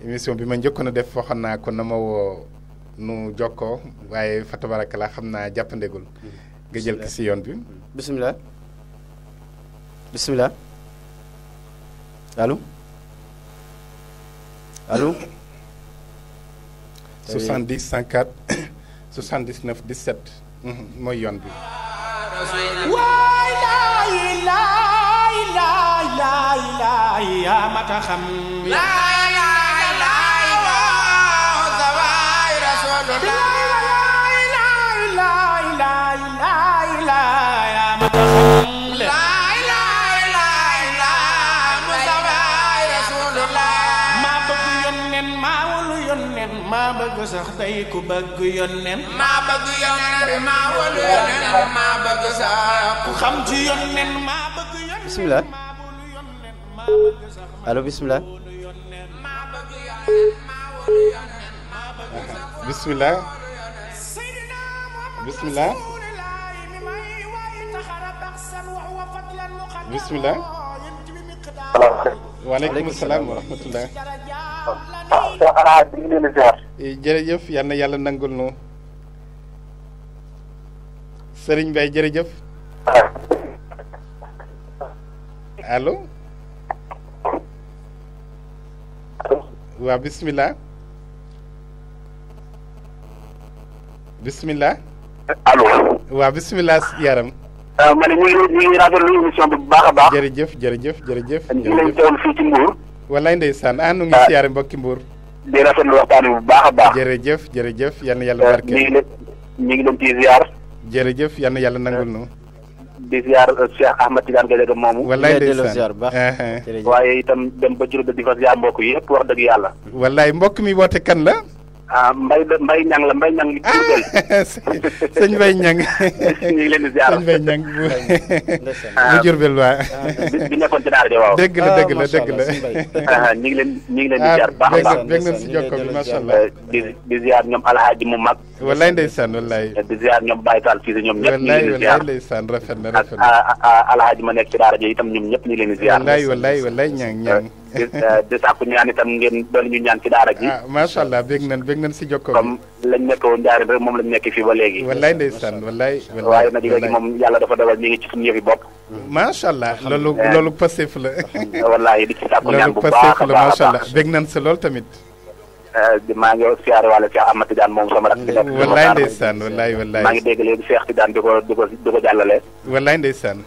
émission bi ma njëkkoon a def waxoon naa ko na ma woo nu jokkoo waaye fa tabaarakallaa xam naa jàppandegul. nga jël ko si yoon bi. bisimilah bisimilah allo allo. 70 104. 79 17 mooy yoon bi. waay laay laay laay laay laay yaa mat a xam. laay laay laay laay laay ko sax tey ku bëgg yónneen maa bëgg yónneen maa wolu yónneen maa bëgg sax ku xam ci yónneen maa bëgg yónneen bismillah allo bismillah bismillah bismillah bismillah waaleykum salaam wa rahmatullah Eh, jërëjëf yal yàlla nangul nu Serigne Mbaye jërëjëf allo waa bismillah bismillah allo waaw bismillah yaram ah, ma ne ñu ngi baax baax jërëjëf jërëjëf jërëjëf ñu ngi leen teewal fii ci Mbour wallaay ndeysaan ah nu ngi ah. siyaare mbokki Mbour di rafetlu waxtaan wi bu baax a baax. jërëjëf jërëjëf yal yalla yàlla euh, barkeel ñu ngi leen ñu ngi leen ciy ziar. jërëjëf yal na yàlla nangul nu di ziar euh, Cheikh Ahmed Tidiane Gaye moomu. wallaay ndeysaan uh-huh. waaye itam dem ba juróom di fa ziar mbokk yëpp wax dëgg yàlla. wallaay mbokk mi woote kan la. ah Mbaye de Mbaye Niang la Mbaye Niang. Ah, sëñ Mbaye Niang. <laughs> ñu ngi leen di ziar sëñ Mbaye Niang bu. bu Jurbel ah. waa. Ah, bi nekkoon ci daara ji waaw. dëgg la dëgg la dëgg la. ñu ngi leen ñu ngi leen di baax a baax bég nañ si jokko bi macha allah. di di ziar ñoom alhaaji mu mag. wallaay ndeysaan wallaay. di ziar ñoom Baye Tall fii si ñoom ñëpp. ñu leen di ziar wallaay wallaay ndeysaan rafet nekk ci daara ji itam ñoom ñu ngi leen di ziar. wallaay wallaay wallaay Niang Eh, di sàkku ñaan itam ngeen doon ñu ñaan ci daara ji ah, macha allah bég nañ bég nañ si jokkoo comme lañ nekk woon jaari rek moom lañ nekk fii ba léegi wallaay ndeysaan wallaay waaye nag léegi dafa dawal ñu ngi ci suñu yëfi bopp macha allah loolu la <laughs> wallaay di ci sàkku ñaan bu baax la macha allah bég nañ sa lool tamit eh, maa ngi siyaare wàllu Cheikh Ahmad moom sama rakk. wallaay maa ngi dégg léegi Cheikh Tidiane di ko di ko di ko jàllale wallaay ndeysaan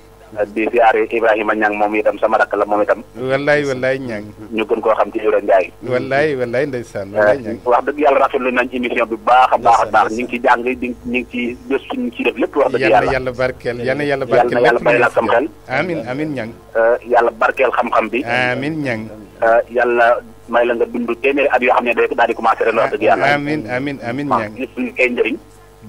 di ziare Ibrahima Niang moom itam sama rakk la moom itam. wallaay wallaay Niang. ñu gën koo xam ci Ibrahima Ndiaye. wallaay wallaay ndeysaan eh, wallaay wax dëgg yàlla rafetlu nañ émission bi baax a baax a baax ñu ngi ci jàng di ñu ngi ci def lépp wax dëgg yàlla. yàlla barkeel yàlla yàlla barkeel yàlla bàyyi la sam xel. amiin amiin Niang. Eh, yàlla barkeel xam-xam bi. amiin Niang. Eh, yàlla. may la nga dund yoo xam ne day daal di commencé wax dëgg yàlla. amiin amiin amiin Niang.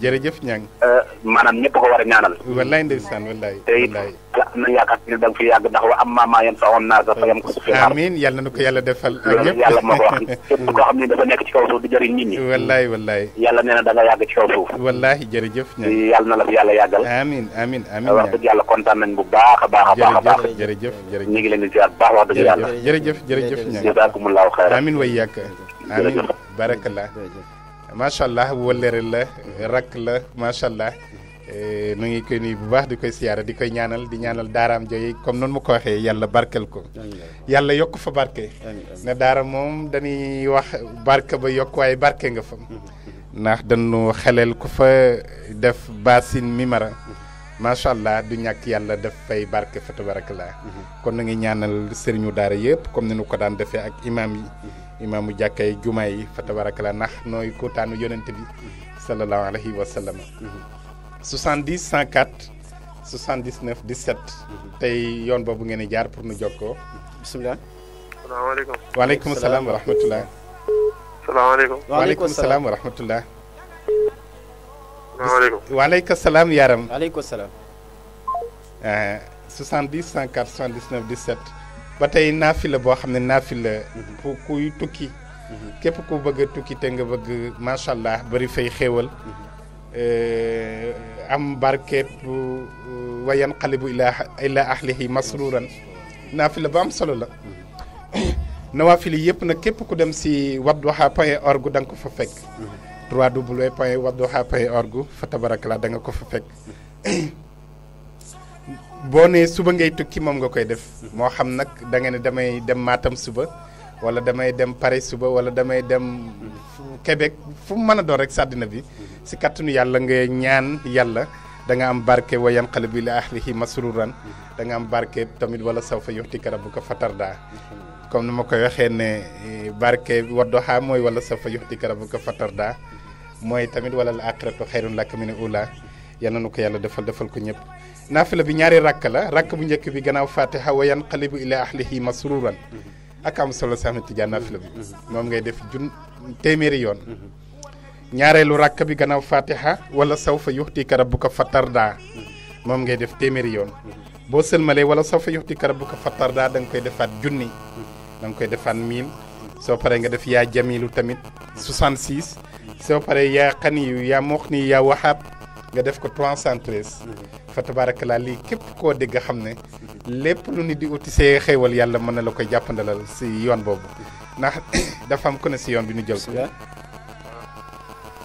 jërëjëf ñang euh, maanaam ñëpp ko war a ñaanal wallaay ndeysaan wallaay wallaay am na yaakaar ni da nga fi yàgg ndax wa am maama yan saxoon naa sa fa yam ko fi amiin yàlla na ko yàlla defal ñëpp yàlla moo wax <laughs> xam ne dafa nekk ci kaw suuf di yàlla na da nga yàgg ci kaw suuf wallaahi jërëjëf ñang yàlla na la fi yàlla yàggal amiin amiin amiin wax dëgg yàlla kontaan nañ bu baax a baax a baax a baax jërëjëf jërëjëf ñu ngi leen di ziar jërëjëf jërëjëf ñang jazakumullahu xayran amiin way yàkk amiin barakallah macha allah wëllëre la rakk la macha allah eh, nu ngi koy nii bu baax di koy siyaara di koy ñaanal di ñaanal daaraam jooy comme noonu mu ko waxee yàlla barkel ko yàlla yokk fa barke ne daara moom dañuy wax barke ba yokk waaye barke nga fa ndax dañu xelel fa def basin mimara macha allah ñàkk yàlla def fay barke fa tabarak la mhm. kon na ngi ñaanal sëriñu daara yëpp comme nu ko daan defee ak imam yi imaamu jàkka yi jumaa yi fa tabarakala ndax nooy ko yonente bi sallallahu alayhi wa tey yoon boobu ngeen di jaar pour nu jokkoo bisimilah salaamaaleykum waaleykum salaam wa rahmatullah salaam wa rahmatullah salaam yaram waaleykum salaam ba tey naafila boo xam ne naafila mhm. ku kuy tukki mhm. képp ku bëgg tukki te nga bëgg macha allah bari fay xéewal mhm. eh, am barkeeb eh, wa yanqalibu ilaa ilaa ahlihi masruran naafila ba am solo la <coughs> nawaafili yëpp nag képp ku dem si wadduha point org da ko fa fekk www point wadduha point org fa tabarakala da ko fa fekk <coughs> boo nee suba ngay tukki moom nga koy def moo xam nag da nga ne damay dem Matam suba wala damay dem Paris suba wala damay dem Québec fu mu mën a rek sàddina bi si kàttanu yàlla nga ñaan yàlla da nga am barke wa ahlihi masruran da nga am barke tamit wala saw fa yuxtika fatarda comme ni ma koy waxee ne eh, barke wadduha mooy wala saw fa yuxtika fatarda mooy tamit wala al akhiratu xayrun lak min ula yalla na nu ko yàlla defal defal ko ñëpp naafila bi ñaari rakk la rakk bu njëkk bi gannaaw fatiha wa yanqalibu ila ahlihi masruran mhm. ak am solo si Ahmed Tidiane naafila bi mhm. Mhm. moom ngay def jun téeméeri yoon ñaareelu bi gannaaw fatiha wala sawfa yuxtika rabbuka fatarda moom ngay def téeméeri yoon boo sëlmalee wala sawfa yuxtika rabbuka fatarda da nga koy defaat junni da nga koy defaat mille soo paree nga def yaa jamilu tamit 66 soo paree yaa xaniyu yaa moxni yaa waxaab nga def ko 313 fa tabaarakallaa lii képp koo dégg xam ne lépp lu nit di uti see xéewal yàlla mën na la koy jàppandalal si yoon boobu ndax dafa am ku ne si yoon bi ñu jël ko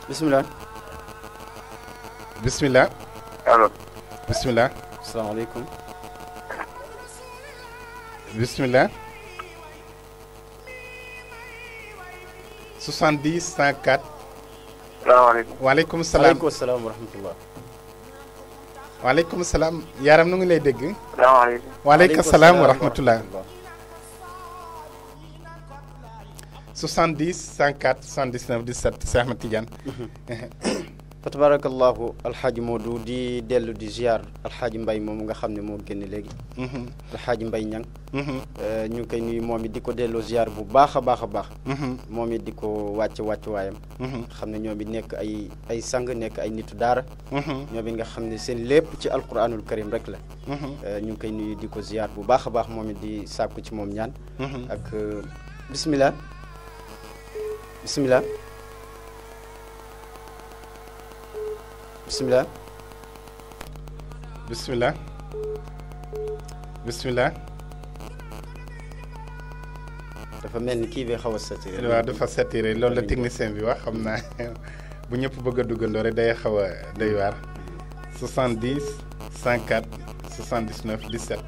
bisimilah bisimilah allo bisimilah asalaamaaleykum bisimilah 70 104 salaamaaleykum waaleykum salaam waaleykum salaam wa rahmatullah waaleykum salaam yaaram nu ngi lay dégg. salaamaaleykum waaleykum salaam wa rahmatulah. 70 104 79 17 Cheikh Ahmed Tidiane. Mhm. <laughs> fa tabarakallahu moo Modou di dellu di ziar alxaaji mbay moom nga xam ne moo génn léegi mhm. alxaaji mbay ñang mhm. euh, ñu ngi koy nuyu moom di ko delloo ziar bu baax a baax a baax mhm. moom di ko wàcc wàcc waayam xam ne ñoom bi nekk ay ay sang nekk ay nitu daara ñoom it nga xam ne seen lépp ci al alquranul karim rek la euh, ñu ngi koy nuyu di ko ziar bu baax a baax moom di sàkku ci moom ñaan ak euh, bismillah bismillah بسم الله بسم الله بسم الله دافا ملني كي بي خاوا ساتيري لا دافا ساتيري لول لا تكنيسيان بي واخ خمنا بو نيب بوغا دوري داي خاوا داي وار 70 54 79 17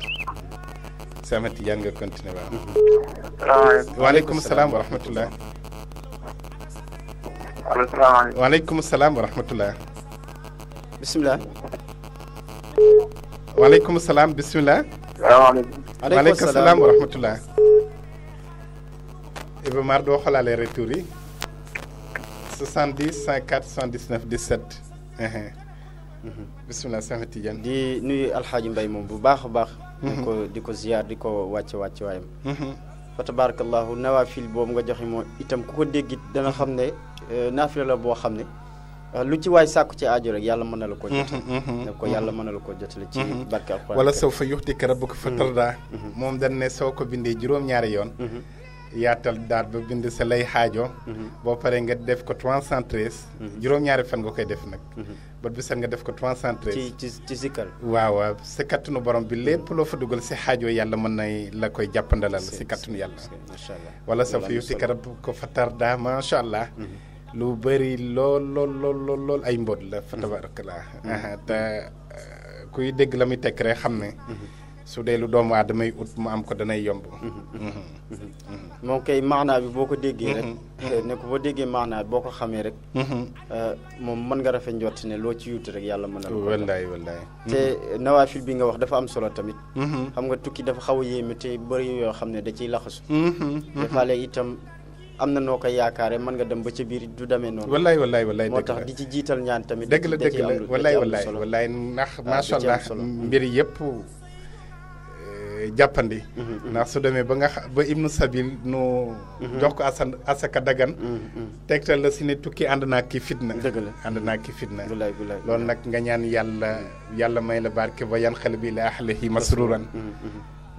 سامت يانغا كونتيني بار وعليكم السلام ورحمه الله وعليكم السلام ورحمه الله بسم الله وعليكم السلام بسم الله السلام عليكم وعليكم السلام ورحمة الله إبا ماردو خلا لي ريتوري 70 54 79 17 بسم الله سامح تيجان دي نوي الحاج مباي موم بو باخ باخ ديكو ديكو زيار ديكو واتي واتي وايم فتبارك الله نوافل بوم غا جوخي مو ايتام كوكو ديغيت دا نا خامني نافله Euh, lu ci waay sàkku ci aajo rek yàlla mën na la ko jotali la mhm, mhm, ko yàlla mhm. mën na la ko jotali ci barke alxuraan wala soo fa yuxtika rabbuka fatarda moom dañ ne soo ko bindee juróom-ñaari yoon yaatal daat ba bind sa lay xaajo boo paree nga def ko 313 juróom-ñaari fan nga koy def nag bët bi set nga def ko 313 ci ci ci sikkal waaw waaw si kattanu borom bi lépp loo fa dugal si xaajo yàlla mën na la koy jàppandalal si kattanu yàlla macha allah wala soo fa yuxtika rabbuka fatarda macha allah lu bëri lool lool lool lool lool ay mbóot la fa mhm. tabarakallah mhm. te eh, kuy dégg la muy tekk rek xam ne mhm. su dee lu doomu aadama yi ut mu am ko danay yomb moom kay maanaa bi boo ko déggee rek ne ko boo déggee maanaa boo ko xamee rek eh, moom mën nga rafet njort ne loo ci yuuti rek yàlla mën na wallaay wallaay te nawaafil bi nga wax dafa am solo tamit xam nga tukki dafa xaw a yéeme te bëri yoo xam ne da ciy laxasu defaale itam am na noo koy yaakaare mën nga dem ba ci biir du demee noonu. wallaay wallaay wallaay moo tax di ci jiital ñaan tamit. dëgg la dëgg la wallaay wallaay wallaay ndax ah, macha allah mbir yëpp eh, jàppandi. Mm-hmm, mm-hmm. ndax su demee ba nga xa ba Ibnu Sabil nu. Mm-hmm. jox ko Assane Asaka Dagan. tegtal la si ne tukki ànd na ki fitna. dëgg la ànd naa ki fitna. loolu nag nga ñaan yàlla yàlla may la barke ba yan xel bi la axlahi masruran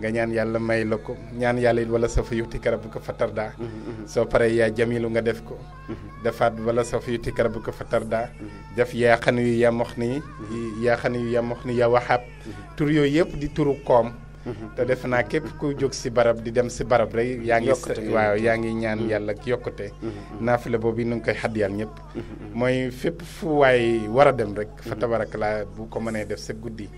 nga ñaan yàlla may la ko ñaan yàlla it wala sa fa yuti karab ko fa tarda mm-hmm, mm-hmm. soo pare yaa jamilu nga def ko mm-hmm. defaat wala sa fa yuti karab ko fa def yaa xan yu ni yaa xan yu tur yooyu yëpp di turu koom te def naa képp ku jóg si barab di dem si barab rek yaa ngi waaw yaa ngi ñaan yàlla ak yokkute naafile boobu nu ngi koy ñëpp mooy fépp fu waay war dem rek fa tabarak laa bu ko mënee def sa guddi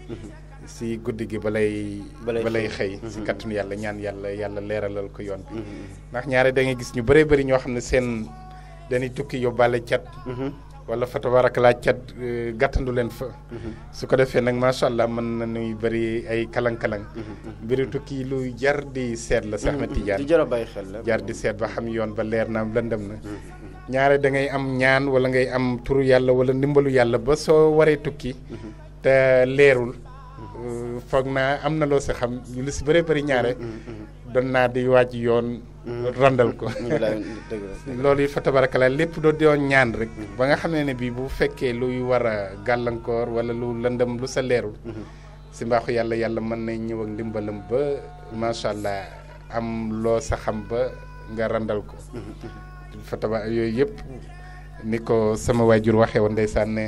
si guddi gi balay balay xey si mhm. katun yalle ñaan yalle yalle leralal ko yoon bi mhm. ndax ñaari da nga gis ñu bari bari ño xamne sen dañi tukki yo balé cat mhm. wala fa la cat euh, gatandu len fa su ko nak ma sha allah man na ñuy bari ay kalang-kalang biru tukki lu jar di set la sax na tijaan jar di set ba xam yoon ba leer naam lëndëm na ñaari da ngay am ñaan wala ngay am turu yalle wala nimbalu yalle, ba so waré tukki te leerul foog naa am na loo si xam lu si bëree bëri ñaare. Mm, mm, mm, doon naa di waaj yoon. randal ko loolu yi fa tabarakala lépp doo doon ñaan rek. ba nga xam ne ne bii bu fekkee luy war a gàllankoor wala lu lëndëm lu sa leerul. Mm-hmm. si mbaaxu yàlla yàlla mën na ñëw ak ndimbalam ba macha allah am loo sa xam ba nga randal ko. Mm-hmm, mm-hmm. fa taba yooyu yëpp ni ko sama waajur waxee woon ndeysaan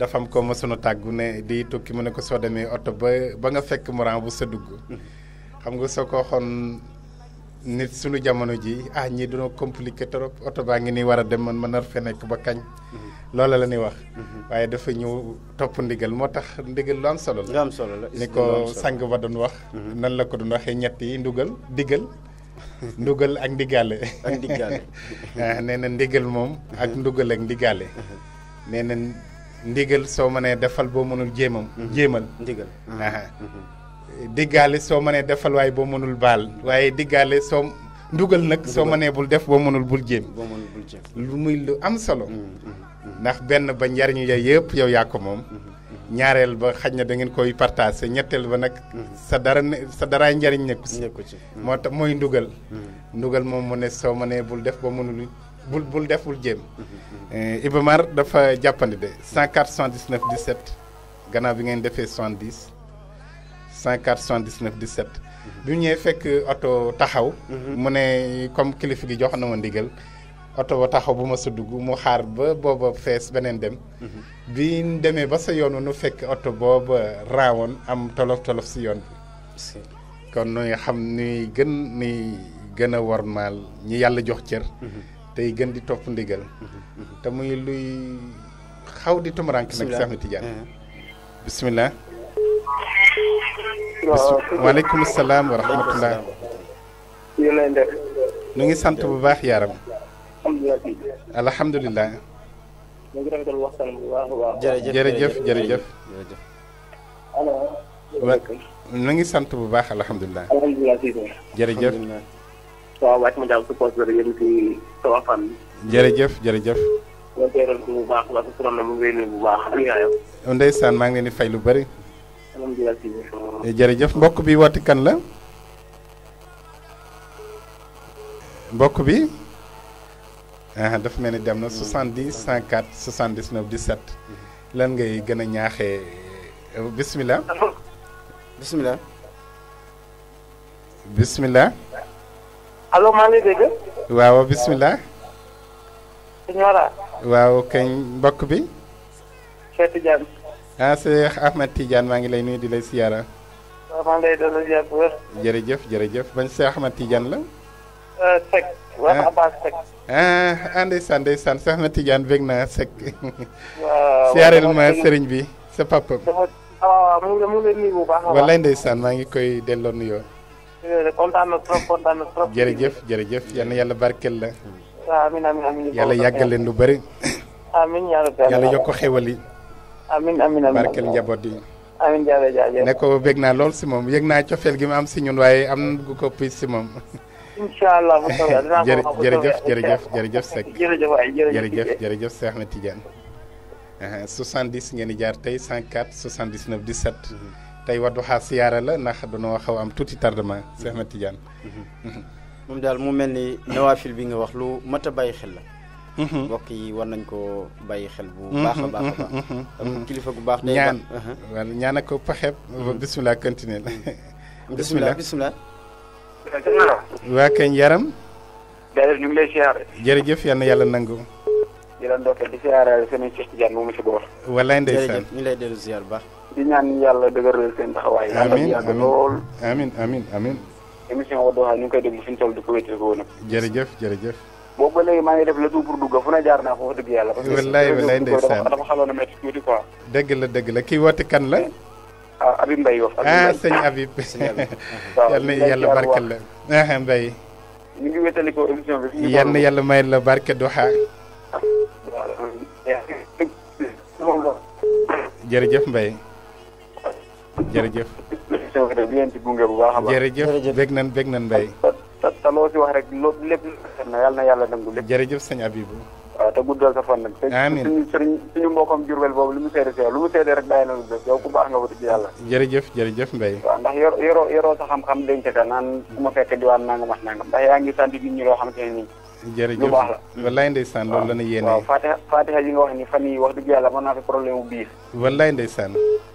dafa am ko ma tàggu ne di tukki mu ne ko soo demee oto ba ba nga fekk moran bu sa dugg xam nga soo ko nit sunu jamono ji ah ñii no compliqué trop oto baa ngi nii war a dem man ma nar fe nekk ba kañ loola la ni wax waaye dafa ñëw topp ndigal moo tax ndigal lu am solo la am solo la ni ko sang ba doon wax nan la ko doon waxee ñett ndugal digal ndugal ak ndigaale ak ndigaale <laughs> ah, nee na ndigal moom ak ndugal ak ndigaale <laughs> nee ndigal soo mënee defal boo mënul jéemam mhm. jéemal ndigal mhm. diggaale soo mënee defal waaye boo mënul baal mhm. waaye diggaale soo ndugal nag soo mënee bul def boo mënul bul jéem lu muy lu am solo ndax benn ba njariñu ya yëpp yow yaa ko moom ñaareel ba xaj na da ngeen koy partagé ñetteel ba nag sa dara sa daraay njariñ nekku si moo tax mooy ndugal ndugal moom mu ne soo mënee bul def boo mënul bul bul deful bul jéem. Eh, Iba Mar dafa jàppandi de 104 79 17 gannaaw bi ngeen defee 70 104 79 17. bi mu ñëwee fekk oto taxaw. mu ne comme kilifa gi jox na ma ndigal. oto ba taxaw bu ma sa dugg mu xaar ba booba fees beneen dem. bi demee ba sa yoon nu fekk oto booba raawoon am tolof tolof si yoon kon nuy xam ni gën ni gën a wormaal ñi yàlla jox cër. Mhm. tey gën di top ndigal te muy luy xaw di tumurank nak cheikh tidiane bismillah eh. alaykum assalam wa rahmatullah ñu ngi sant bu baax yaram alhamdulilah jërëjëf jërëjëf ñu ngi sant bu baax waaw wàcc ma jàll si jërëjëf jërëjëf. maa ngi koy bu baax a bu baax ak maa ngi di fay lu bari alhamdulilah. jërëjëf mbokk bi woote kan la. mbokk bi. ah dafa mel ni dem na 70 104 79 17. lan ngay gën a ñaaxee bisimilah. bisimilah. bisimilah. allo maa ngi dégg. waaw bisimilah. sëñ waaw kañ mbokk bi. Cheikh Tidiane. ah Cheikh Ahmed Tidiane maa ngi lay nuyu di lay siyaara. waaw maa ngi lay doon ziar jërëjëf jërëjëf Cheikh Ahmed Tidiane la. Euh, ah. Abbas ah, ah ndeysaan ndeysaan Cheikh Ahmed Tidiane bég naa ma sëriñ bi sa papa. waaw mu ngi mu ngi nuyu bu kontaan na trop jërëjëf jërëjëf yal na yàlla barkeel la. yàlla yàggal leen lu bëri. amiin yàlla yokk xéwal yi. amiin amiin amiin barkeel njaboot yi. amiin jaaree ne ko bég naa lool si moom yëg naa cofeel gi ma am si ñun waaye am na gu ko piis si moom. incha allah bu soobee dinaa ko wax jërëjëf jërëjëf jërëjëf Seck jërëjëf waay jërëjëf jërëjëf Seck Ahmed Tidiane. 70 ngeen di jaar tey 104 79 17. tey Wadduha siyaara la ndax dañoo xaw am tuuti tardement Cheikh Ahmed Tidiane moom daal mu mel ni nawaafil bi nga wax lu mat a bàyyi xel la mhm. mbokk yi war nañ ko bàyyi xel bu mhm, baax a baax a mhm, baax kilifa gu baax day ñaan uh-huh. wala ñaan ak ko paxeb bisimilah continuer la <laughs> bisimilah waa kañ yaram jaajëf ñu ngi lay siyaare jërëjëf yal yàlla nangu di la ndokkeel di siyaare seen Cheikh Tidiane moomu ñu lay dellu siyaar bu baax di ñaan yàlla dëgëral seen taxawaay. amiin amiin lool amiin amiin amiin. émission Wadduha ñu ngi koy déglu fi ñu toll di ko wétali ko nag. jërëjëf jërëjëf. boobu ba léegi maa ngi def la tout pour dugg fu ne jaar naa foofu dëgg yàlla. wallaay wallaay ndeysaan a métti tuuti quoi. dëgg la dëgg la kii woote kan la. ah Habib Mbaye yoo xam. ah sëñ Habib. <laughs> yal na yàlla barkeel la ah Mbaye. ñu ngi wétali ko émission bi. yal na yàlla may la barke Duha. jërëjëf Mbaye. jërëjëf. émission bi di leen ci gunge bu baax a baax. jërëjëf bég nan bég nan Mbaye. te loo si wax rek loolu lépp na yàlla na yàlla nangu lépp. jërëjëf sëñ Abibou. waaw te guddal sa fan nag. amiin suñu suñu suñu mbokkam Jurbel boobu lu mu seede si yow lu mu seede rek bàyyi na lu baax nga ko ci yàlla. jërëjëf jërëjëf Mbaye. waa ndax yoroo yoroo sa xam-xam denc ka naan ku ma fekk diwaan nangam ak nangam ndax yaa ngi sant nit ñi loo xam ne nii jërëjëf lu baax la wallaay ndeysaan la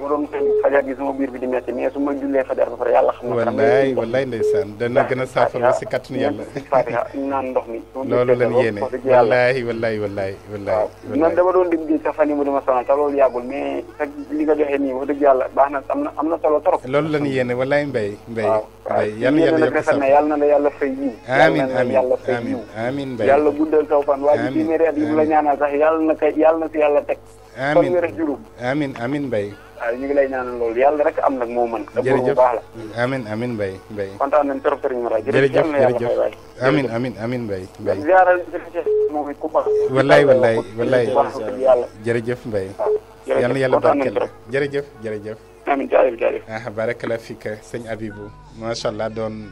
ma doon fajar bi di metti mais su ma jullee fajar ba pare yàlla na wallaay wallaay ndeysaan a saafara si <laughs> loolu la ñu wallaay wallaay wallaay wallaay man baax na am na am na solo trop loolu la ñu yéene wallaay mbay mbay mbay yàlla yokk sa yàlla na la yàlla fay yiw amiin amiin amiin Mbaye yàlla guddal saw fan. waa mu la ñaanal sax yàlla na ko yàlla na si yàlla teg. amiin fan wér ak juróom. amiin amiin Mbaye. waaw ñu ngi lay ñaanal loolu yàlla rek la. amiin amiin Mbaye Mbaye. kontaan nañ trop sëriñ Mara jërëjëf jërëjëf amiin amiin amiin Mbaye Mbaye. wallaay wallaay wallaay jërëjëf Mbaye. yàlla na yàlla barkeel jërëjëf jërëjëf. amiin jaajëf jaajëf. ah barakala fika sëñ Abibou macha allah doon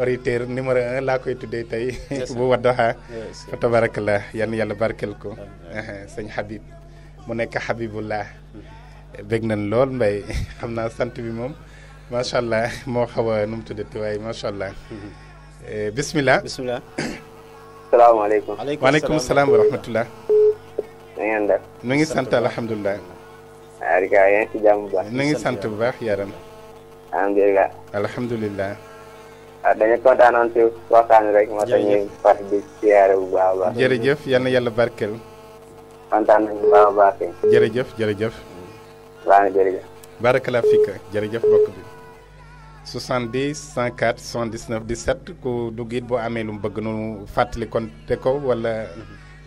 auditeur numéro un laa koy tuddee tey <laughs> bu Wadduha fa tabarakallah yan yàlla barkel ko sëñ Habib mu nekk Habibullah bég nañ lool mbay <laughs> xam naa sant bi moom macha allah moo xaw a nu mu tuddati waaye macha allah <laughs> eh, bismillah bismillah salaamaaleykum waaleykum salaam wa rahmatullah na nu ngi sant alhamdulilah baax ngi sant bu baax yaram alhamdulilah waaw ah, dañu kontaanoon ci waxtaan rek. moo tax ñuy far di siyaare bu baax baax. jërëjëf yal na yàlla barkeel. jërëjëf jërëjëf. baax na jërëjëf. mbokk bi. 70 104 79 17 ku dugg it boo amee lu mu bëgg nu fàttali kon te ko wala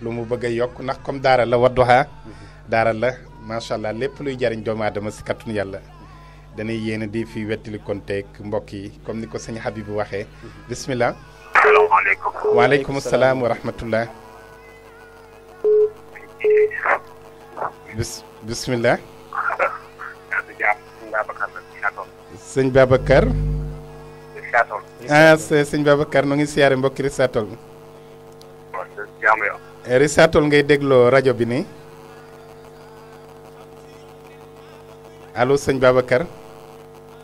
lu mu bëgg a yokk ndax comme daara la Wadduha mhm. daara la macha allah lépp luy jariñ doomu aadama si kattanu yàlla. dana yéen di fi wettali konteeg mbokk yi comme ni ko sëñ Habib waxee bisimilah. salaamaaleykum. waaleykum salaam wa rahmatullah. bis bisimilah. sëñ Babacar. ah sëñ Babacar nu ngi siyaare mbokki Risatol. Risatol ngay dégloo rajo bi nii. allo sëñ Babacar.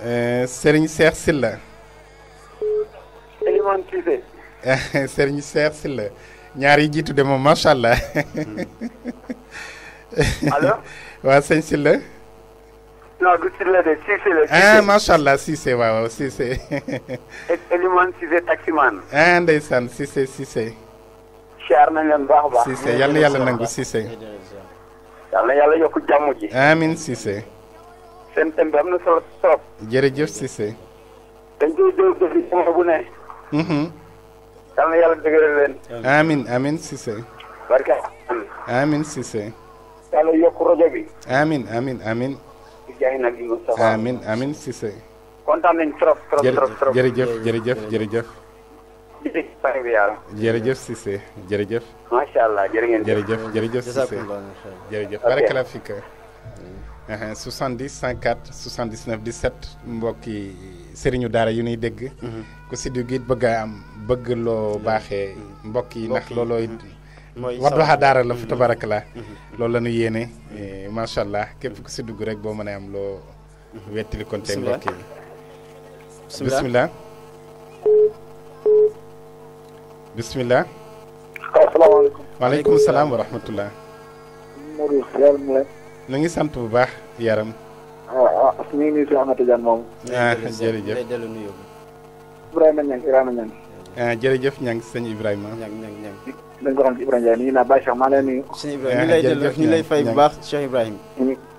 Euh, sëriñ Cheikh Sylla. Elimane Cissé. Eh, sëriñ <laughs> Cheikh Sylla ñaar yi jiitu de moom macha allah. <laughs> allo. waa sëñ Sylla. non du la. ah macha allah Cissé waaw waaw Cissé. E-, Elimane Cissé taximaan. ah ndeysaan Cissé Cissé. siyaar nañ leen baax a baax. Cissé yàlla yàlla nangu Cissé. yàlla yàlla yokk jàmm ji. amiin seen thème am na solo trop. jërëjëf Cissé. dañ koy jël ci jamono bu ne. Mhm. yal na yàlla dëgëral leen. amiin amiin Cissé. barke amiin Cissé. yàlla yokk rajo bi. amiin amiin amiin. di jaay nag yu Moustapha. amiin amiin Cissé. kontaan nañ trop trop trop trop. jërëjëf jërëjëf jërëjëf. jërëjëf Cissé jërëjëf. macha allah jërë ngeen jëf jërëjëf jërëjëf Cissé jërëjëf. barakallah fika 70 104 79 17 mbokki sëriñu daara yu ñuy dégg. Mhm. ku si dugg bëgg am bëgg loo baaxee. mbokk yi ndax loolooy. Mhm. Wadduha daara la fa mhm. tabarakalaa. loolu la ñu yéene. Eh, macha allah képp ku si dugg rek boo mënee am loo. wettali konte mbokk yi. bisimilah bisimilah. asalaamaaleykum. salaam wa ñu ngi sant bu baax yaram. waaw ah, ah, ñu ngi nuyu si Ahmed Tidiane moom. ah jërëjëf lay dellu nuyu. Ibrahima Niang Ibrahima Niang. ah jërëjëf ñu lay nuyu. sëñ ah, fay bu baax Cheikh Ibrahima.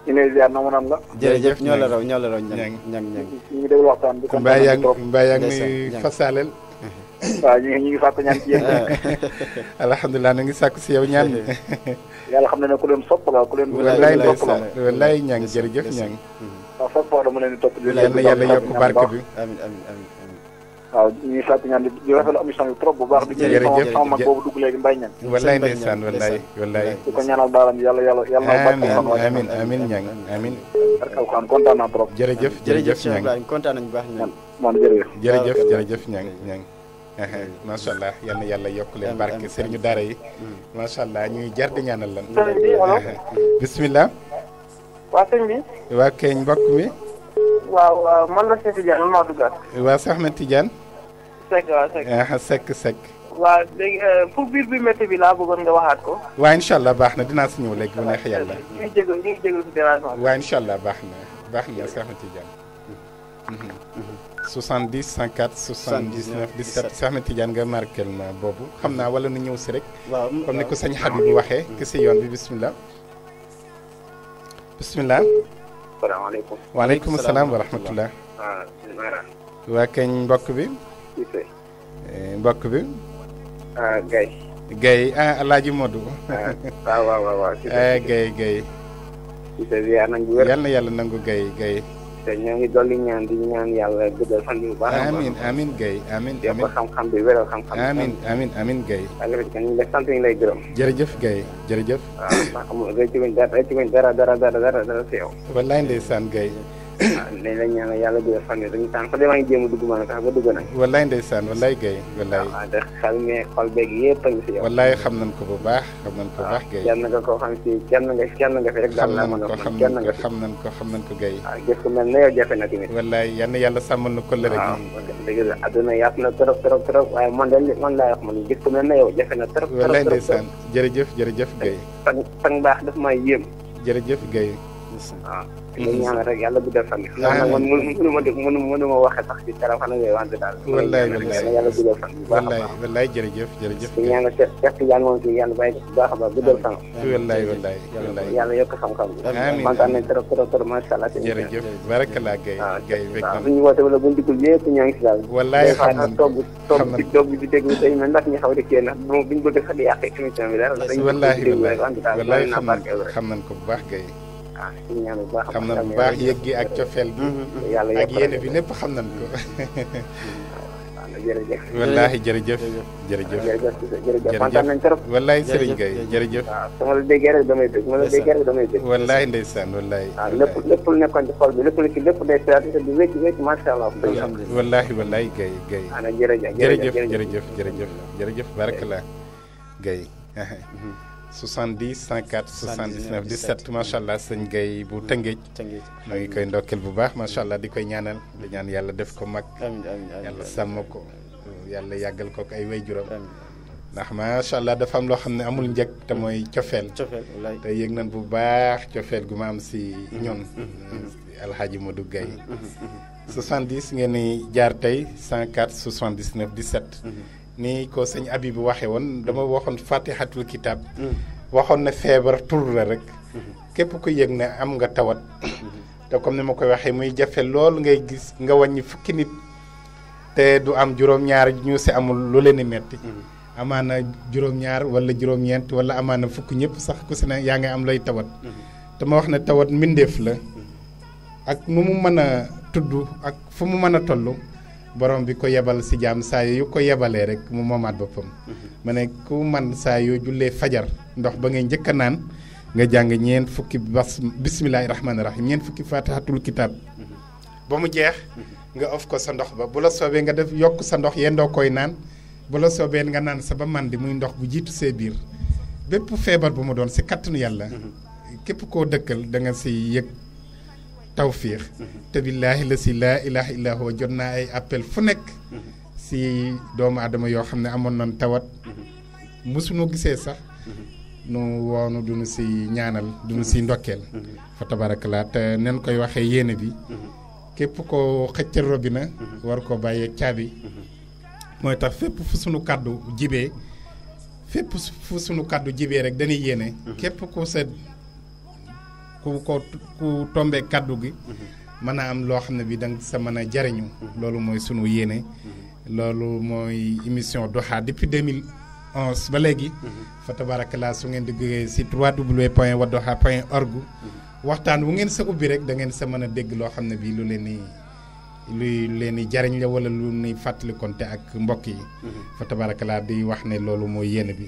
la. jërëjëf ñoo la raw ñoo la raw ñu ngi déglu waxtaan bi. mbaa yaa ngi mbaa yaa ngi fasaaleel. waaw ñu <laughs> alhamdulilah ñu ngi sàkk si yow ñaan yàlla xam na ne ku leen sopp la ku leen. walaay ndeysaan walaay ñang jërëjëf ñang. waaw chaque fois dama leen di topp. di leen di yàlla yokk barke bi amiin amiin amiin. waaw ñuy sàkk ñaan di di rafetlu émission bi trop bu baax. di jërëjëf jërëjëf sama mag boobu dugg léegi mbay ñang. walaay ndeysaan walaay walaay. di ko ñaanal daalam yàlla yàlla yàlla na barke fan waaye. amiin amiin ñang amiin. barke alxaan kontaan naa trop. jërëjëf jërëjëf ñang kontaan nañu baax ñang. man jërëjëf jërëjëf jërëjëf ñang ñang macha allah yàlla yokk leen barke sëriñu daara yi. macha allah ñuy jar di ñaanal lan. sëriñ bi allo. bisimilah. waa sëñ bi. waa keñ mbokk mi. waaw waaw man la Cheikh Tidiane waa Soxna Tidiane. Seck waaw Seck. allah baax na dinaa si ñëw léegi bu neex yàlla. 70 104 79 17 si Ahmed Tidiane nga marqué ma boobu xam naa wala nu ñëw si rek. waaw comme ni ko sëñ bu waxee. ki si yoon bi bisimilah. bisimilah. salaamaaleykum. waaleykum waa kañ mbokk bi. mbokk bi. ah Gaye. Gaye yàlla na yàlla nangu Gaye Gaye. te ñoo ngi dolli ñaan di ñaan yàlla guddal fan bi bu baax amin amin Guèye amin bi wéral xam-xam amin amin amin Guèye ñu lay sant ñu lay gërëm jërëjëf Guèye jërëjëf waaw ndax amul rëcc wuñ dara dara dara dara dara dara si yow wallaay ndeysaan waaw nañ la ñaanal yàlla guddal fan yi a dugg maanaam sax ba dugg nañ. wallaay ndeysaan wallaay Guèye. wallaay waaw de xel mais xol a ngi xam nañ ko bu baax xam nañ ko bu baax Guèye. kenn nga ko xam si kenn nga kenn nga fi rek. daal naa mën a kenn nga fi xam xam nañ ko Guèye. waaw gis ko mel ne yow jafe na tamit. wallaay yal na yàlla na kóllëre gi. waaw dëgg la adduna yaat na trop trop trop waaye man de man laa wax man gis ko mel ne yow jafe na trop. wallaay ndeysaan jërëjëf jërëjëf Guèye. fan fan baax daf maa yéem. jërëjëf Guèye. waaw ñu ñaanal rek yàlla guddal fan bi. waaw man mënu ma dégg mënu ma waxee sax ci téléphone ngay wante daal. wallaay wallaay yàlla guddal fan jërëjëf jërëjëf. ñu ñaanal Cheikh Cheikh a xam Gaye ah, Gaye fekk na. ñu wootee bu ñu dikkul yëpp ñaa ngi si daal. wallaay xam nañ ko xam nañ ko toog ndax ñu xaw di kii bu ñu bu baax Gaye xam na bu baax yëg gi ak cofeel gi ak yéene bi lépp xam nañ ko jërëjëf wallaahi jërëjëf jërëjëf jërëjëf kontaan nañ trop wallaahi Serigne Gueye jërëjëf waaw su ma la déggee rek damay dégg ma la déggee rek damay dégg wallaahi ndeysaan wallaahi waaw lépp lépp lu nekkoon ci xool bi lépp lu ci lépp day seet di wécc wécc macha allah wallaahi wallaahi Gueye Gueye ana jërëjëf jërëjëf jërëjëf jërëjëf jërëjëf barakallah Gueye <laughs> 70 104 79 17 macha allah sëñ Gueye bu Tëngéej. Tëngéej maa ngi koy ndokkeel bu baax macha allah di koy ñaanal. di ñaan yàlla def ko mag. amiin amiin yàlla sàmm ko. yàlla yàggal ko ak ay wayjuram. ndax macha allah dafa am loo xam ne amul njëg te mooy cofeel. cofeel te yëg nañ bu baax cofeel gu ma am si ñoom. Mm-hmm, mm-hmm, mm-hmm. alxaaji Modou Gueye. 70 ngeen di jaar tey 104 79 17. ni ko sëñ abi bu waxee woon dama waxoon fatihatul kitab mm. waxoon na feebar tur la rek mm-hmm. képp ku yëg ne am nga tawat mm-hmm. te comme ni ma koy waxee muy jafe lool ngay gis nga wàññi fukki nit te du am juróom-ñaar ñu si amul lu leen di metti mm-hmm. amaana juróom-ñaar wala juróom-ñeent wala amaana fukk ñëpp sax ku si ne yaa ngi am lay tawat dama wax ne tawat mbindeef la ak nu mu mën a tudd ak fu mu mën a tollu borom bi ko yebal si jam saa yu ko yebalee rek mu moomaat boppam mhm. ma ne ku man fajar ndox ba ngay njëkk a naan nga jàng ñeen fukki bas bismillahi rahim fukki fatihatul kitab mhm. ba mu jeex mhm. nga of ko sa ndox ba bu la soobee nga def yokk sa ndox yendoo koy naan bu la soobee nga naan sa ba di muy ndox bu jiitu see biir bépp feebar bu mu doon si kattanu yàlla képp koo dëkkal da nga si yëg tawfiix mm-hmm. te billaahi la si laa ilaha illa huwa jot naa ay appel fu nekk mm-hmm. si doomu aadama yoo xam ne amoon nañ tawat mm-hmm. mu mosuñu gisee sax nu woonu duñu si ñaanal duñu si ndokkeel fa tabarakalaa te nen koy waxee yéene bi képp ko xëccal robina war ko bàyyeeg caabi mooy tax fépp fu sunu kàddu jibee fépp fu sunu kàddu jibee rek dañuy yéene képp ko sa ku ko ku tombee kàddu gi mhm. mën a am loo xam ne bi danga sa mën jariñu mhm. loolu mooy sunu yéene mhm. loolu mooy émission Duha depuis 2011 ba léegi fa tabarakallah su ngeen di duggee si www point wadduha point org waxtaan wu ngeen sa ubbi rek da ngeen sa mën a dégg loo xam ne bi lu leen ni luy leen di jariñ la wala lu nuy fàttalikonte ak mbokk yi fa tabarakallah di wax ne loolu mooy yéene bi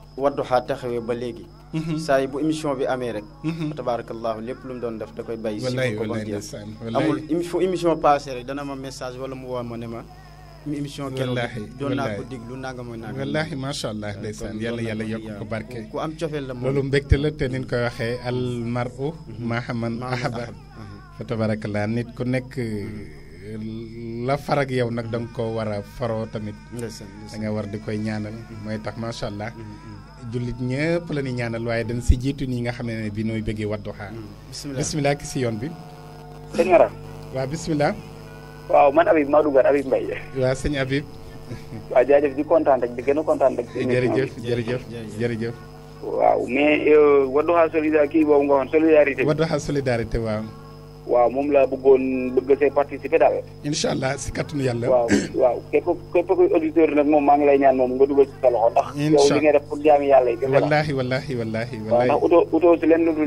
Wadduha taxawee ba léegi. Mhm. saa yi bu émission bi amee rek. Mhm. tabaarakallaahu lépp lu doon def da koy bàyyi. wallaay wallaay amul dana ma wala mu woo ma ne ma. mi déglu nanga mooy nanga macha allah ndeysaan yàlla yàlla yokk ko barke ku am cofeel la moom loolu mbégte la te nin koy waxee almaru maaxaman mhm. fa nit ku nekk la farak yow nag da ko war a faroo tamit da war di koy ñaanal mooy tax macha jullit ñëpp la ñuy ñaanal waaye dañ si jiitu ñi nga xam ne bi nooy bëggee Wadduha. Hmm. bisimilah bisimilah ki si yoon bi. sëñ Maram. waaw bisimilah. waaw man Habib maa duggaat Habib Mbaye. waaw sëñ Habib. waaw jaajëf di kontaan rek di gën a kontaan rek. jërëjëf jërëjëf jërëjëf. waaw mais euh, Wadduha solidarité kii boobu nga waxoon solidarité. Wadduha solidarité waaw. waaw moom laa bëggoon bëgg see participer daal. incha allah si kàttanu yàlla. waaw waaw képp képp kuy auditeur nag moom maa ngi lay ñaan moom nga dugal ci sa loxo ndax. yow li ngay def pour jaami yàlla yi. wallaahi wallaahi wallaahi. waaw ndax utoo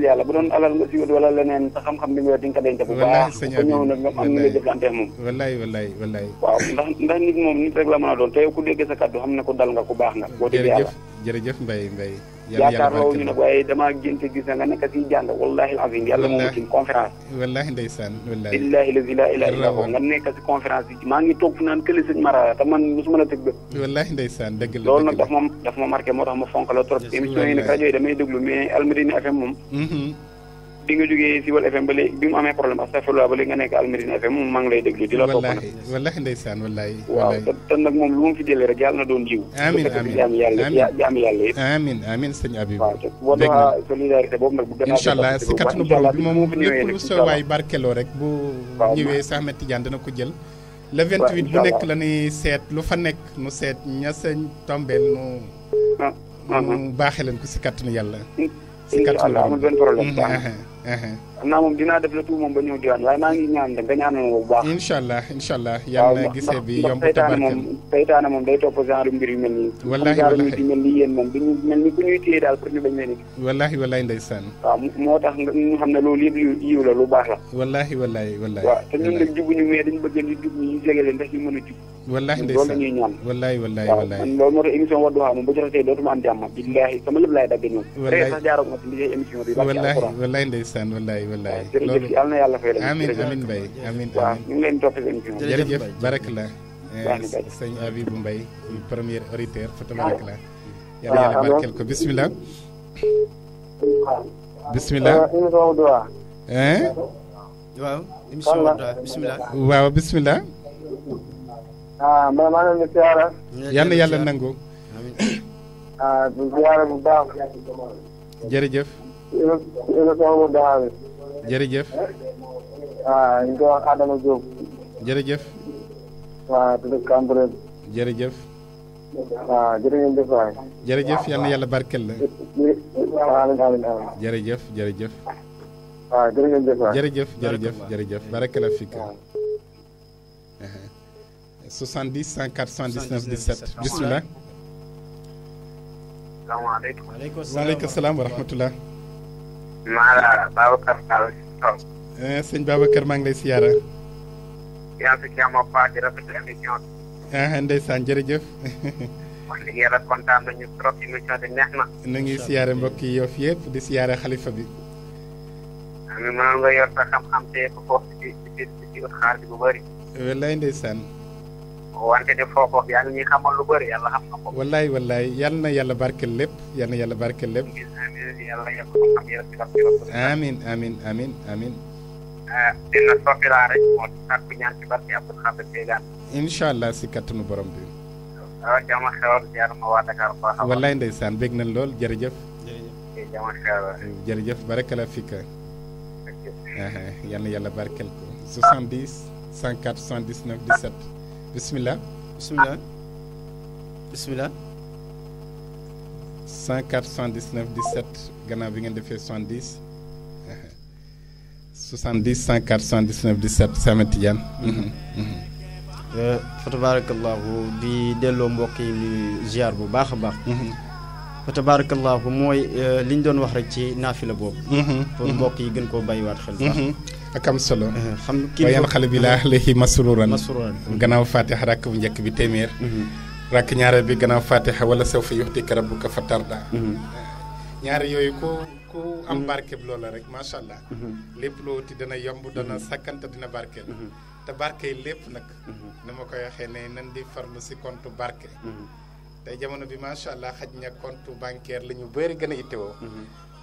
yàlla bu doon alal nga si wut wala leneen sa xam-xam bi nga yor di denc bu baax. wallaahi sëñ ñëw nag nga am na nga jëflante moom. wallaahi wallaahi waaw ndax ndax nit moom nit rek la mën a doon te yow ku dégg sa kàddu xam ne ko dal nga ku baax nga. boo déggee yàlla jërëjëf jërëjëf mbay yaakaarloo ñu nag waaye damaa génte gis na nga nekk si jàng wallahi alazim yàlla moo ci conférence wallahi ndeysaan wallahi billahi la ilaha illa huwa nga nekk si conférence bi maa ngi toog fu naan këli sëñ mara te man mosuma la tëg bët wallahi ndeysaan dëgg la loolu nag daf ma daf ma marqué moo tax ma fonk la trop émission yi nag rajo yi damay déglu mais almadina fm moom bi nga jógee si Wal FM ba bi mu amee problème astafurlah ba léegi nga nekk Almadina FM moom maa lay déglu di la topp nag wallaahi ndeysaan wallaahi waaw te nag moom lu mu fi jëlee rek yàlla na doon jiw amiin amiin jaam yàlla jaam allah si kattanu borom bi moom lépp lu soo waay barkeloo rek bu ñëwee sax Ahmed dana ko jël le 28 bu nekk la ñuy seet lu fa nekk nu seet ña sëñ tombeel nu mu ah, ah, ah. baaxee leen ko si kattanu yàlla si kattanu amul benn problème mm-hmm, uh-huh. 嗯。xam naa moom dinaa def la tout moom ba ñëw diwaan waaye maa ngi ñaan de nga ñaanal bu baax. incha allah incha allah yal na gisee bi yomb tabarkeel waaw moom saytaane moom day topp dañu mel ni ku ñu bañ leen a. wallaahi wallaahi ñu ñu jege leen ndax ñu mën a jub. wallahi ndeysaan wallahi wallaay loolu yal na yàlla fay la. amiin amiin Mbaye amiin waaw ñu ngi leen topp seen jiw. jërëjëf barak la. Eh, sëñ Abibou Mbaye premier auditeur fa ah. yàlla yàlla ah, ko bisimilah. bisimilah ah, émission Wadduha. waaw émission yal na yàlla nangu. ah jërëjëf. waaw ah, ñu koy wax Adama jërëjëf. waaw di dëkk Cambérène. jërëjëf. waaw ah, jërëjëf waay. jërëjëf yal na yàlla barkeel la. amiin amiin amiin. jërëjëf jërëjëf. waaw ah, jërëjëf waay. jërëjëf jërëjëf jërëjëf barakala fik. 70 104 119 17 bisimilah. salaamaaleykum. waaleykum salaam wa rahmatulah. Mara Babacar Sall kër eh, maa ngi lay siyaara. yaa ngi fi jàmm ak waa di rafetlu émission bi. Ah, ndeysaan kontaan neex na. na ngi siyaare di siyaare xalifa bi. amiin maa nga yor xam-xam te foofu ci ci ci bu bëri. wallaay ndeysaan. ko wante de foo yaa ngi ñuy xamal lu bëri yàlla xam na ko. wallaay wallaay yal na yàlla barkeel lépp yal yàlla barkeel lépp. amiin ah, si kattanu borom bi. Ah, a baax. wallaay ndeysaan bég nañ lool jërëjëf. jërëjëf eh, jama xewal. fika. Ah, yal yàlla barkeel ko. 70 104 79 bismillah bismillah bismillah 104 119 17 gannaaw bi ngeen defee 70 70 104 119 17 Samed Tidiane. Mm-hmm. Mm-hmm. Euh, fa tabaarakallaahu di delloo mbokk yi nuyu ziar bu baax a baax. Mm-hmm. fa tabaarakallaahu mooy euh, li ñu doon wax rek ci naafila boobu. pour mbokk yi gën koo bàyyiwaat xel baax. ak am solo. Eh, xam kii boobu xale bi la lay masruran masururan gannaaw Fatiha rakk bu ñek bi téeméer. Mm-hmm. rak ñaara bi gannaaw Fatiha wala saw fa rabbuka fatarda mm-hmm. ñaar yoy ko ku am mm-hmm. barke barkeb loola rek sha allah. lepp lo ti dana yomb dana sakanta dina barke te barke lepp nak Nama ko waxe ne nan di farlu ci compte barke. tay jamono bi sha allah xaj compte bancaire lañu beuri gëna gën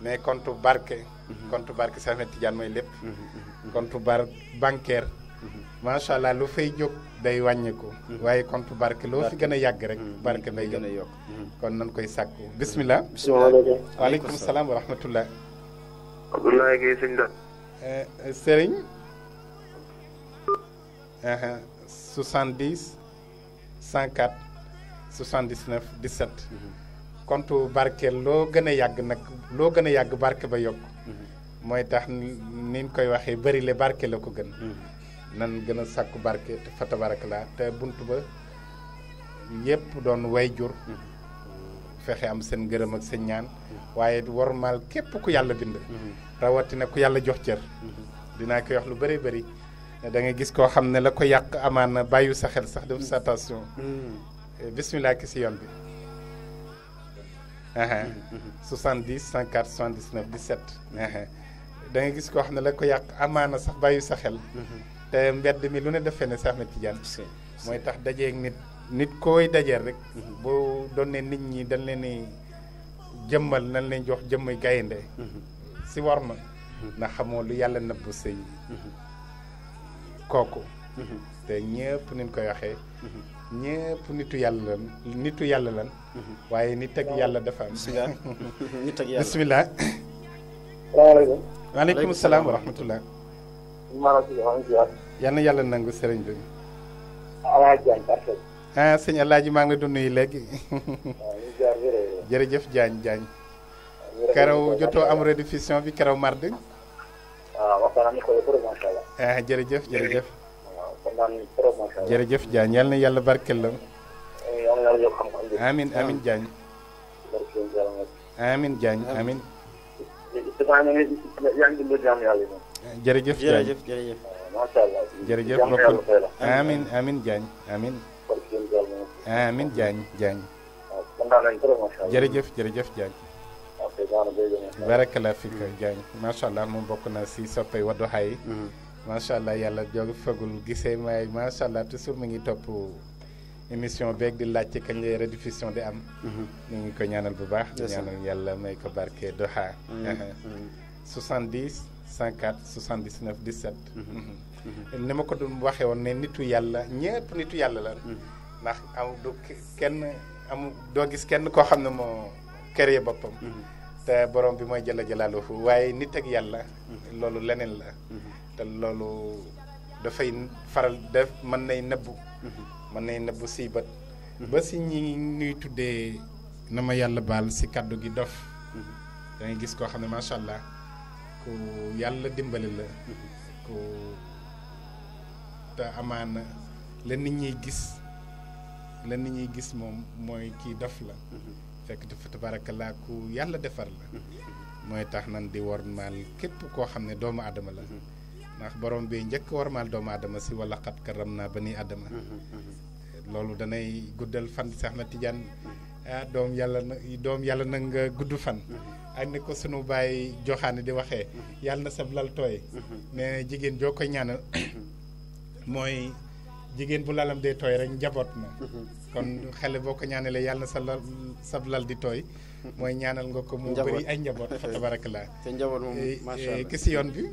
mais compte barke. compte barke Cheikh Ahmed Tidiane mooy lépp. Mm-hmm, mm-hmm, mm-hmm. compte bar bancaire. macha allah lu fay jóg day wàññiku waaye compte barke loo fi gën a yàgg rek. barke day gën a yokk kon nan koy sàkku bismillah. bismillah waaleykum salaam wa rahmatullah. Abdoulaye Guèye sëñ Dan. Sëriñ. 70 104 79 17. kontu barkeel loo gën a yàgg nag loo gën a yàgg barke ba yokk mooy tax ni ñu koy waxee bari le barke la ko gën nan gën a sàkku barke te fa laa te bunt ba yépp doon way jur fexe am seen ngërëm ak seen ñaan waaye warmaal képp ku yàlla bind rawatina ku yàlla jox cër dinaa koy wax lu bari bari da nga gis koo xam ne la ko yàq amaana bàyyu sa xel sax def sa attention mm. eh, bismillah si yoon bi 70 104 79 17. da nga gis koo xam ne la ko yàq amaana sax bàyyi sa xel. Mhm. te mbedd mi lu ne defee ne Cheikh Ahmed Tidiane. mooy tax dajeeg nit nit koy dajee rek. Mhm. boo doon ne nit ñi dañ leen ni jëmmal nañ leen jox jëmmay gaynde mhm. si war ma. na xamoo lu yàlla nëbb sëy kooku. te ñëpp ni koy waxee. ñepp nitu yalla lan nitu yalla lan mhm. waye nit ak yalla dafa am <laughs> nit ak yalla bismillah salaamaaleykum waaleykum salaam wa rahmatullah yal na yàlla nangu sëriñ bi alaaji jaañ parfait ah sëñ alaaji maa ngi la doon nuyu léegi <laughs> jërëjëf jaañ karaw jotoo am rediffusion bi karaw mardi waaw ah, waxtaan ko pour macha allah ah jërëjëf jërëjëf kontaan trop macha jërëjëf Diagne yal na yàlla barkeel la. Eh, amin amin Diagne. amin Diagne amin. Ah, jërëjëf jërëjëf jërëjëf. Ah, macha allah jërëjëf allah moom bokk na si soppay Wadduha yi mm-hmm. macha allah yàlla jog fagul gisee may macha allah toujours mu ngi topp émission beeg di laajte kañ lay rediffusion di am. Mhm. ñu ngi ko ñaanal bu baax. di ñaanal yàlla may ko barke Doha. 70 104 79 17. ni ma ko doon waxee woon ne nitu yàlla ñëpp nitu yàlla la. Mhm. ndax am du kenn am doo gis kenn koo xam ne moo créé boppam. Mhm. te borom bi mooy jëla jëlaaluhu waaye nit ak yàlla. loolu leneen la. te loolu dafay faral def mën nay nëbbu. Mhm. mën nay nëbbu si bët. Mhm. ba si ñi nuy tuddee na ma yàlla baal si kàddu gi dof. Mhm. da gis koo xam ne macha allah ku yàlla dimbali la. ku te amaana la nit ñiy gis la nit ñiy gis moom mooy kii dof la. fekk dafa tabarakalaa ku yàlla defar la. mooy tax nan di wormaal képp koo xam ne doomu aadama la. ndax borom bi njëkk warmaal doomu aadama si wala xat karam naa ba ni aadama mm-hmm, mm-hmm. loolu danay guddal fan sax na tijaan ah, doom yàlla na doom yàlla nag nga gudd fan mm-hmm. ak ni ko sunu bàyyi joxaane di waxee yàlla na sab lal tooy jigéen joo koy <coughs> mooy jigéen bu lalam dee tooy rek njaboot kon xale boo ko yàlla na di tooy mooy ñaanal nga ko mu bëri ay njaboot fa tabaraka laa <laughs> te njaboot moom eh, eh, bi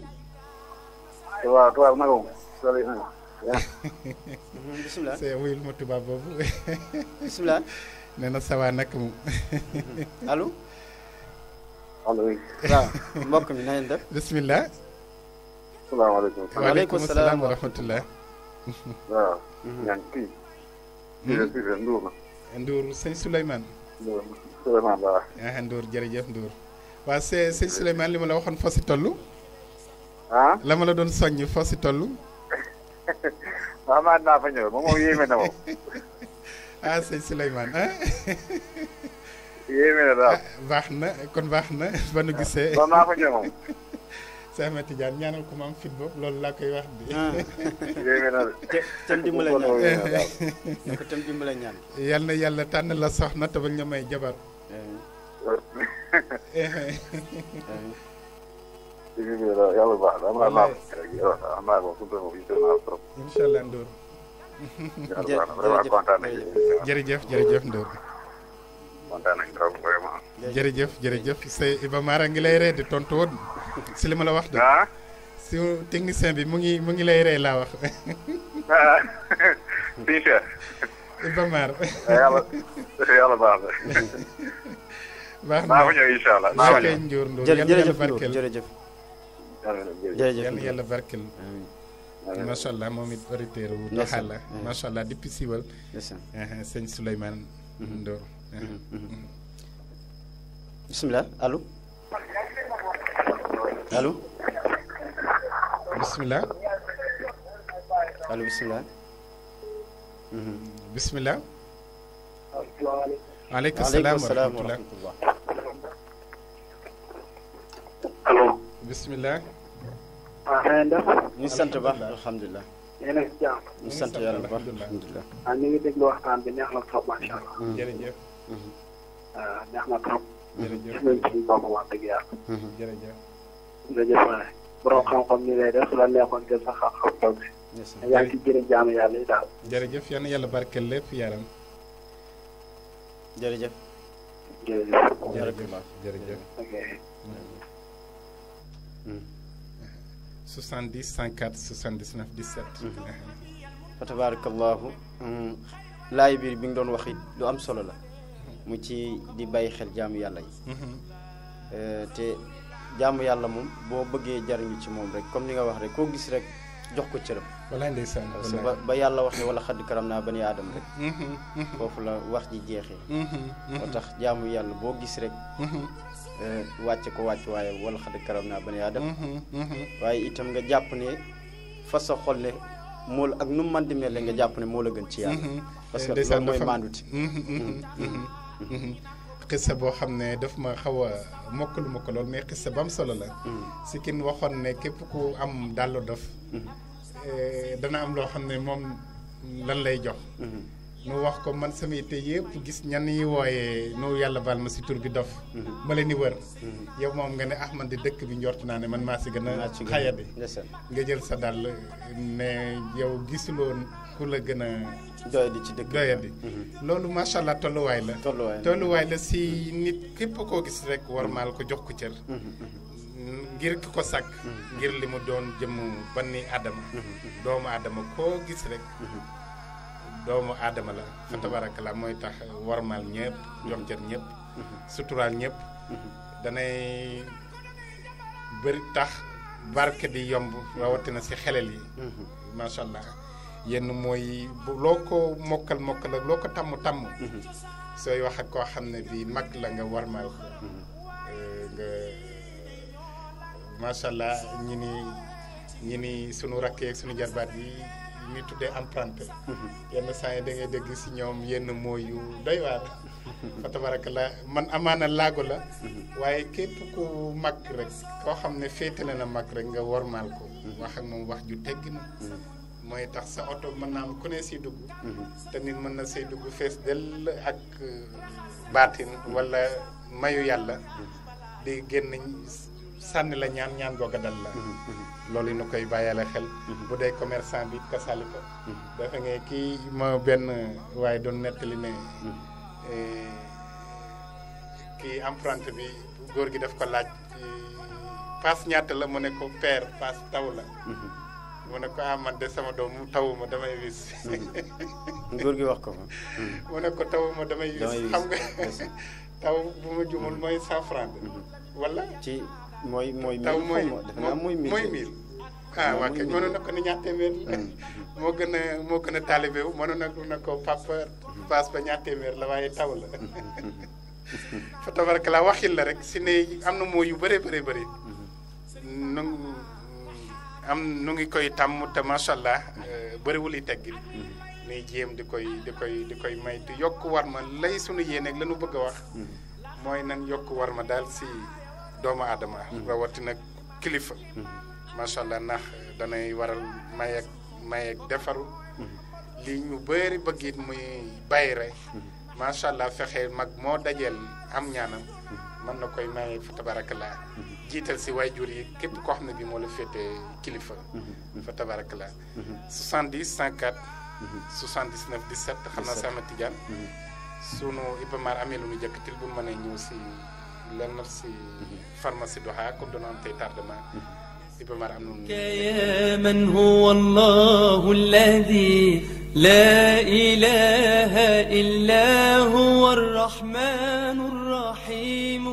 waaw tubaab naka moom loolu yëpp wuyul ma tubaab boobu. bisimilah. <laughs> nee sawa nag moom. allo. mbokk mi na ngeen def. bisimilah. salaamaaleykum. waaleykum salaam wa rahmatulah. <laughs> waaw. ñaa mhm. ngi kii. jërëjëf jërëjëf la. Ndour sëñ Souleymane. Ndour Souleymane ah, li ma la waxoon fa si toll. ah. la ma la doon soññ fa si toll. waaw <laughs> ah, maa naa fa ñëw moom yéeme na moom. <laughs> ah sëñ Souleymane ah. <laughs> Ah, baax na kon baax na ba nu gisee. waaw naa fa ñëw moom. Cheikh ñaanal ko ma fit boobu loolu laa koy wax. yéeme na te tam dimbala ñaan yal na yàlla tànn la soxna te bañ may jabar. يلا يلا jërëjëf jërëjëf Iba Mara ngi lay ree di tontu woon si li ma la wax de si technicien bi mu ngi mu ngi lay ree laa wax Iba Mara yàlla baax na baax na ñëw incha allah ñëw jërëjëf jërëjëf yàlla yàlla barkel macha allah moom it auditeur bu doxal la macha allah depuis siiwal sëñ Souleymane Ndour bisimilah allo allo bisimilah allo bisimilah bisimilah waaleykum salaam wa rahmatulah allo bisimilah. waaw ah, na sant ba alhamdulilah. yéen a ngi si sant yàlla bu baax alhamdulilah. ah ngi déglu waxtaan bi neex na trop macha allah. Mm-hmm. jërëjëf. Ah, neex na trop. jërëjëf gis mm-hmm. la nekkoon te sax yaa ngi ciy jëriñ jaamu yàlla yi daal. jërëjëf yal na yàlla barkeel lépp yaram. jërëjëf. jërëjëf 70 104 79 17. fa tabaarakallaahu mm, laay biir bi nga doon wax it lu am solo la. mu ci di bàyyi xel jaamu yàlla yi. Mhm. Eh, te jaamu yàlla moom boo bëggee jariñu ci moom rek comme ni nga wax rek koo gis rek jox ko cëram. walaay ba ba yàlla wax ne wala xadd karam naa bani aadama rek. Mhm, mhm. foofu la wax ji jeexee. moo tax jaamu yàlla boo gis rek. Eh, wàcce ko wàcc waaye wala xad karam naa ba bani aadama mhm, mhm. waaye itam nga jàpp ne fa sa xol ne mool ak nu mu mën di mel nga jàpp ne moo la gën ci yàlla mhm. parce que loolu mooy manduti xissa boo xam ne daf ma xaw a mokkalu ma ko mais xissa ba am solo la si kin waxoon ne képp ku am dàllu dof eh, dana am loo xam ne moom lan lay jox nu wax ko man samay te yëpp gis ñan ñuy wooyee nu yàlla baal ma si tur bi dof mhm. ma leen di wër mhm. yow moom nga ne ah man di dëkk bi njort naa ne man maa si gën a xayadi nga jël sa dàll ne yow gisuloon ku la gën a doyadi ci dëkk doyadi mhm. loolu macha tolluwaay la tolluwaay la si nit képp koo gis rekk war maal ko jox ko cër ngir ki ko sàkk ngir li mu doon jëm banni adama doomu adama koo gis rek doomu aadama la fa la mooy tax warmal ñëpp jox jër ñëpp mhm. suturaal ñëpp mhm. danay bëri tax barke di yomb rawatina si xelel yi mhm. macha allah yenn mooy loo ko mokkal mokkal ak loo ko tàmm tàmm sooy wax ak koo xam ne bi mag la nga warmal ko eh, nga macha allah ñi ni ñi ni sunu rakk ak sunu jarbaat yi li ñuy tuddee emprunté. Mhm. yenn saa yi da dégg si ñoom yenn mooy yu doy waar. Mhm. fa tabaraka la man amaana laago la. Mhm. waaye képp ku mag rek foo xam ne féetale na mag rek nga wormaal ko. wax ak moom wax ju teggi mooy tax sa oto mën naa am ku ne siy dugg. te nit mën na say dugg fees dell ak euh, baatin wala mayu yàlla. di génn sànni la ñaan ñaan googa dal la. loolu yi nu koy bàyyale xel mhm. bu dee commerçant bi kasali ko mhm. dafa nga kii ma benn waaye doon nettali ne mhm. e, kii emprunté bi góor gi def ko laaj paas ñaata la mu ne ko peer paas taw la mu ne ko ah man de sama doom taw ma damay wis. <laughs> góor gi wax ko fa. mu ne ko tawuma damay damay wis xam nga <laughs> taw bu ma jumul mooy cent franc. wala ci mooy mooy. taw mooy mooy mil ah waa kay mënoon na ko ni ñaar téeméer hmm. moo gën a moo gën a taalibe wu mënoon na na parce que paas ba ñaar la waaye taw la <laughs> fa tabaraka la waxil la rek si ne am na moo yu bëree bëri bëri nu am nu ngi koy tàmm te macha allah euh, bëriwul yi teggil hmm. nuy jéem di koy di koy di koy may di yokk war ma lay sunu yéene ak la nu bëgg a wax hmm. mooy nan yokk war ma daal si doomu aadama mm-hmm. rawatina kilifa mm-hmm. macha allah ndax danay waral mayeeg mayeeg defaru mm-hmm. li ñu bëri bëgg it muy bayre macha allah fexe mag moo dajeel am ñaanam mën na koy maye fa tabarakallah jiital si waajur yi képp koo xam ne bi moo la féete kilifa fa tabarakallah 70 104 79 17 xam naa sama sunu Ibamar amee lu ñu jëkkatil bu mën a ñëw si lenn si pharmacie duha coordonnante tardement يا من هو الله الذي لا إله إلا هو الرحمن الرحيم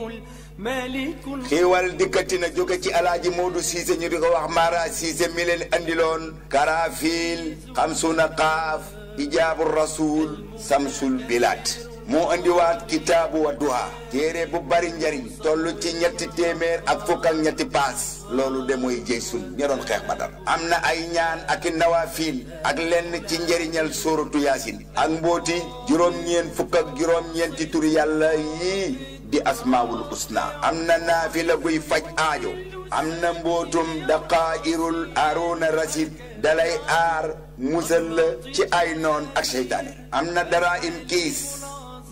xiiwal dikkati na jóge ci alaaji Modou Cissé ñu di ko wax Mara Cissé mi leen andiloon karafil xamsuna qaaf ijaabu rasul samsul bilaat moo indiwaat kitaabu Wadduha téere bu bari njariñ toll ci ñetti téeméer ak fukk ñetti paas loolu de mooy jëy sun ña doon xeex Badar am na ay ñaan ak i nawafiil ak lenn ci njariñal sóoratu yaasin ak mbóoti juróom-ñeen fukk ak juróom-ñeenti turi yàlla yii di asmaawul usna am na naafila buy faj aajo am na mbootum daqaa'irul aaroona rasid dalay aar musal la ci ay noon ak seytaane am na dara im kiis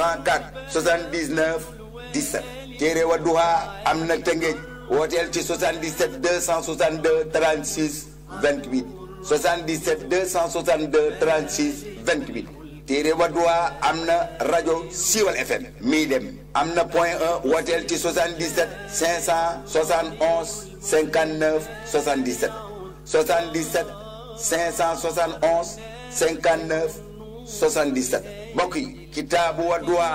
104 79 17 Thierry Wadduha Amna Tengé Hotel 77 262 36 28 77 262 36 28 Thierry Wadduha Amna radio rajo FM mii dem point 1 wooteel 77 571 59 77 77 571 59 77 mbokk yi kitaabu Wadduha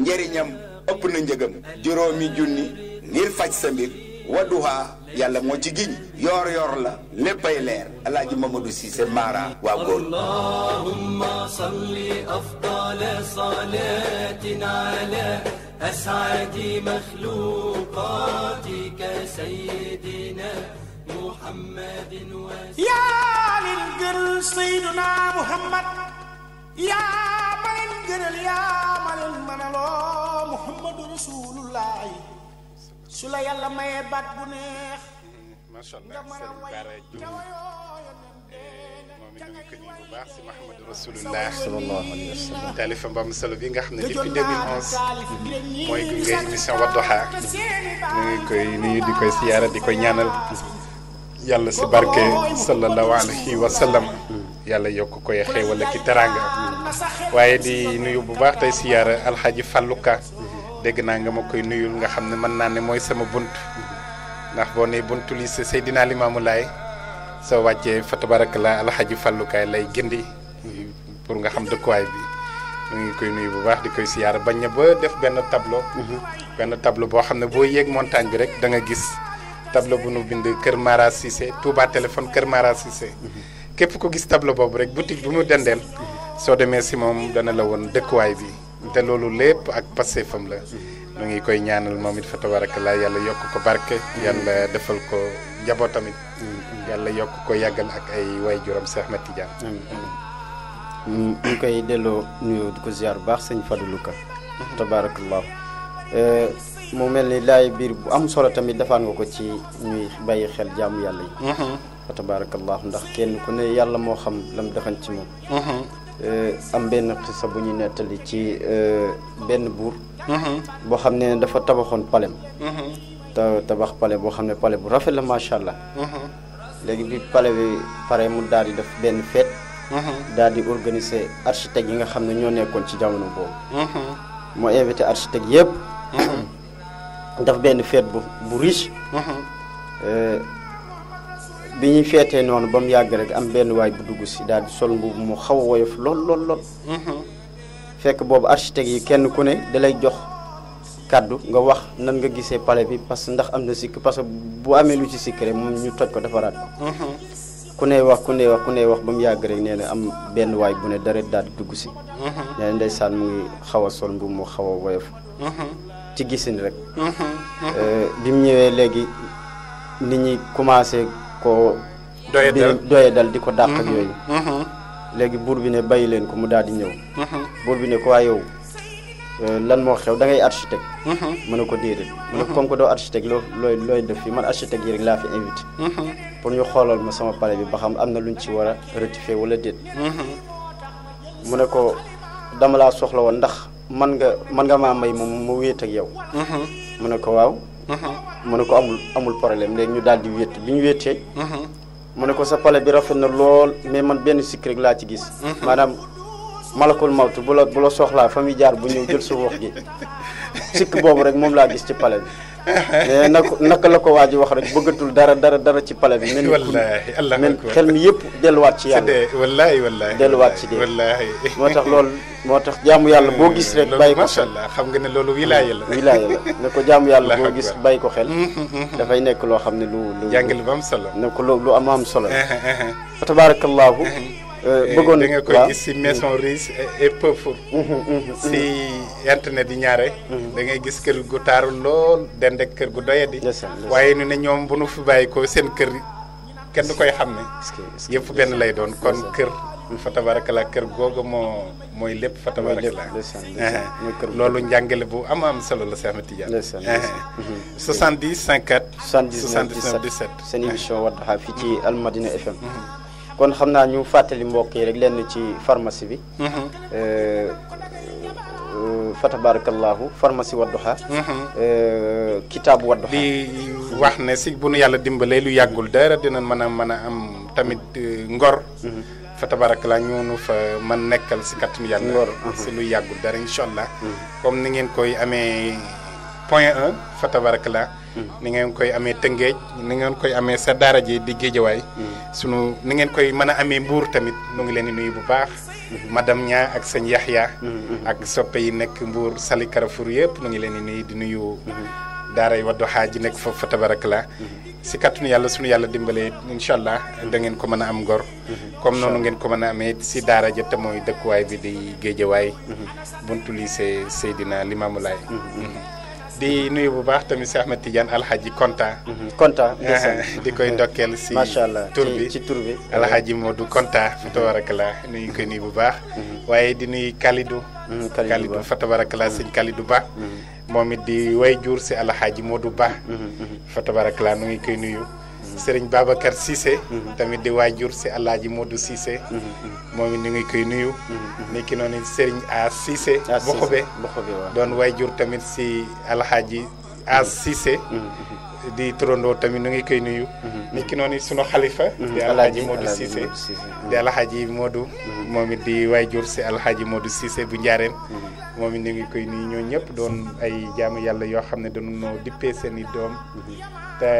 njëriñam ëpp na njëgam juróomi junni ngir faj sa mbir Wadduha yàlla moo giñ yoor yoor la léppay leer alaaji Mamadou Cissé Mara waa góor allahumma salli afdala salatin ala as'adi makhluqatika sayyidina muhammadin wa yaa lil gël sayyiduna muhammad yaa ma leen gënal yaa ma leen mënaloo muhammadu rasulullahi su la yàlla mayee baat bu neex macha allah sëriñ Bara Diouf moom it ñu ngi ko bu baax si Mouhamadou Rasulullah sallallahu nga xam ne depuis 2011 mooy gunge émission Wadduha ñu ngi koy nuyu di koy siyaara di koy si barke sallallahu alayhi wa sallam yàlla yokk koy xéewal ak teraanga waaye di nuyu bu baax tey siyaara alxaaji fàlluka dégg naa nga ma koy nuyul nga xam ne mën naa ne mooy sama bunt ndax boo ne buntu li sa Seydina Limaamu Laay soo wàccee fa tabarakallah alxaaji fàllukaay lay gindi pour nga xam dëkkuwaay bi mu ngi koy nuyu bu baax di koy siyaara bañ ne ba def benn tablo benn tableau boo xam ne boo yéeg montagne bi rek da nga gis tableau bu nu bind Kër Mara Cissé Touba téléphone Kër Mara képp ko gis tableau boobu rek boutique bu mu dendeel soo demee si moom dana la woon dëkkuwaay bi te loolu lépp ak passé fam la ñu ngi koy ñaanal moom it fa tabarakalla yàlla yokk ko barke yàlla defal ko njaboot tamit yàlla yokk ko yàggal ak ay way juram seex ma Tidiane ñu ngi koy delloo nuyoo ko ziar bu baax sëñ Fadilou Ka tabaarakallah euh, mu mel ni laay biir bu am solo tamit defaan nga ko ci ñuy bàyyi xel jaamu yàlla yi mhm. fa tabaarakallaahu ndax kenn ku ne yàlla moo xam lam defan ci moom mhm. eh, am benn xisa bu ñu nettali ci eh, benn buur mhm. boo xam ne dafa tabaxoon palem mhm. te tabax pale boo xam ne pale bu rafet la macha allah léegi bi pale bi pare mu daal di def benn fête daal di organiser architecte yi nga xam ne ñoo nekkoon ci jamono boobu moo invité architecte yëpp daf benn fête bu bu bi ñuy feetee noonu ba mu yàgg rek am benn waay bu dugg si daal di sol mbubu mu xaw woyof lool lool lool. Mhm. fekk boobu architecte yi kenn ku ne da lay jox kàddu nga wax nan nga gisee pale bi parce que ndax am na sikk parce que bu amee lu ci sikk rek moom ñu toj ko defaraat mhm. ku ne wax ku ne ku ne wax mu yàgg nee na am benn waay bu ne dara daal di dugg si. Mhm. nee na xaw a sol mbubu mu xaw a woyof. ci gisin rek. Euh, bi mu ñëwee léegi nit ñi commencé. ko doye dal di ko dàq ak mm-hmm. yooyu mm-hmm. léegi buur bi ne bàyyi leen ko mu daal di ñëw mm-hmm. buur bi ne ko waa yow euh, lan moo xew da ngay architecte mën na ko déedéet mën na ko comme que doo architecte loo looy looy def fii man architecte yi rek laa fi invité pour ñu xoolal ma sama palais bi ba xam am na lu luñ ci war a rectifier wala déet mu ne ko dama laa soxla woon ndax man nga man nga maa may moom mu wéet yow mu ne ko waaw mu ne ko amul amul problème léegi ñu daal di wéet bi ñu wéetee. mu ne ko sa pale bi rafet na lool mais man benn sikk rek laa ci gis. maanaam malakul mawt bu la bu la soxlaa fa muy jaar bu ñëw jël sa wax gi sikk boobu rek moom laa gis ci pale bi. <laughs> Eh, nak naka la ko waa ji wax rek bëggatul dara dara dara ci pale bi. wallaahi allah men xel mi yëpp delluwaat ci yàlla. wallaahi wallaahi delluwaat ci dee. wallaahi moo tax lool moo tax jaamu yàlla boo gis rek. bàyyi ko xel xam nga ne loolu wilaaya la. wilaaya la ne ko jaamu yàlla boo gis bàyyi ko xel. Mm-hmm, mm-hmm. dafay nekk loo xam ne lu lu. jàngal ba am solo ne ko lu am am solo. Eh, eh, fa tabaarakallaahu Euh, bëggoon da nga koy gis si maison riche et peu si mm-hmm, mm-hmm, mm-hmm. internet yi ñaare. da ngay gis kër gu taaru lool dend kër gu doyadi. waaye ñu ne ñoom bu nu fi bàyyi ko seen kër kenn koy xam ne. yëpp benn lay doon kon kër. fa tabarakala kër googu moo mooy lépp fa tabarakala <laughs> loolu njàngale bu am am solo la Cheikh Ahmed Tidiane 70 54 79 17 seen émission Wadduha fii ci Almadina FM kon xam naa ñu fàttali mbokk yi rek lenn ci pharmacie bi. Mhm. Euh, euh, fa tabarakallahu pharmacie Wadduha. Mhm. Euh, kitaab Wadduha. di wax ne si bu nu yàlla dimbale lu yàggul dara dina mën a mën a am tamit ngor. Mhm. fa tabarakallah ñoonu fa man nekkal si kàttanu yàlla. ngor si lu yàggul dara incha allah. comme ni ngeen koy amee point 1 fa tabarakallah ni ngeen koy amé tengej ni ngeen koy amé sa ji di way sunu ni ngeen koy mëna amé mbour tamit mo ngi leen nuyu bu baax madame nya ak sëñ yahya ak soppe yi nek mbour sali Carrefour yépp mo ngi leen di nuyu di nuyu daaray yi waddu haaji nek fa tabarakallah si kàttanu yàlla sunu yàlla dimbalee incha allah da ngeen ko mëna am ngor comme nonu ngeen ko mëna amé si daara ja te dekk way bi di way buntu lycée Seydina di nuyu bu baax tamit si Ahmed Tidiane Alhaji Konta. Mhm, Konta <laughs> di koy ndokkeel si. macha allah ci tur bi Alhaji Modou Konta fa nuyu koy nuyu bu baax. Mhm. waaye di nuyu Kalidou. Mhm, Kalidou fa sëñ Kalidou Ba. moom di way jur si Alhaji Modou Ba. fa tabarakallah koy nuyu. sëriñ Babacar Cissé. Mhm. Mhm. tamit di waajur si Alaaji Modou Cissé. Mhm, moom it ñu ngi koy nuyu. nekki noonu sëriñ A Cissé. A Cissé Boxobe doon waajur tamit si Alaaji A Cissé. di turandoo tamit nu ngi koy nuyu. nekki noonu sunu xalifa. di alhaji Modou Cissé di alhaji Modou. moom it di waajur si alhaji Modou Cissé bu Njaareem. moom it ñu ngi koy nuyu ñoo ñëpp doon ay jaamu yàlla yoo xam ne dañu noo dippee seen i doom. te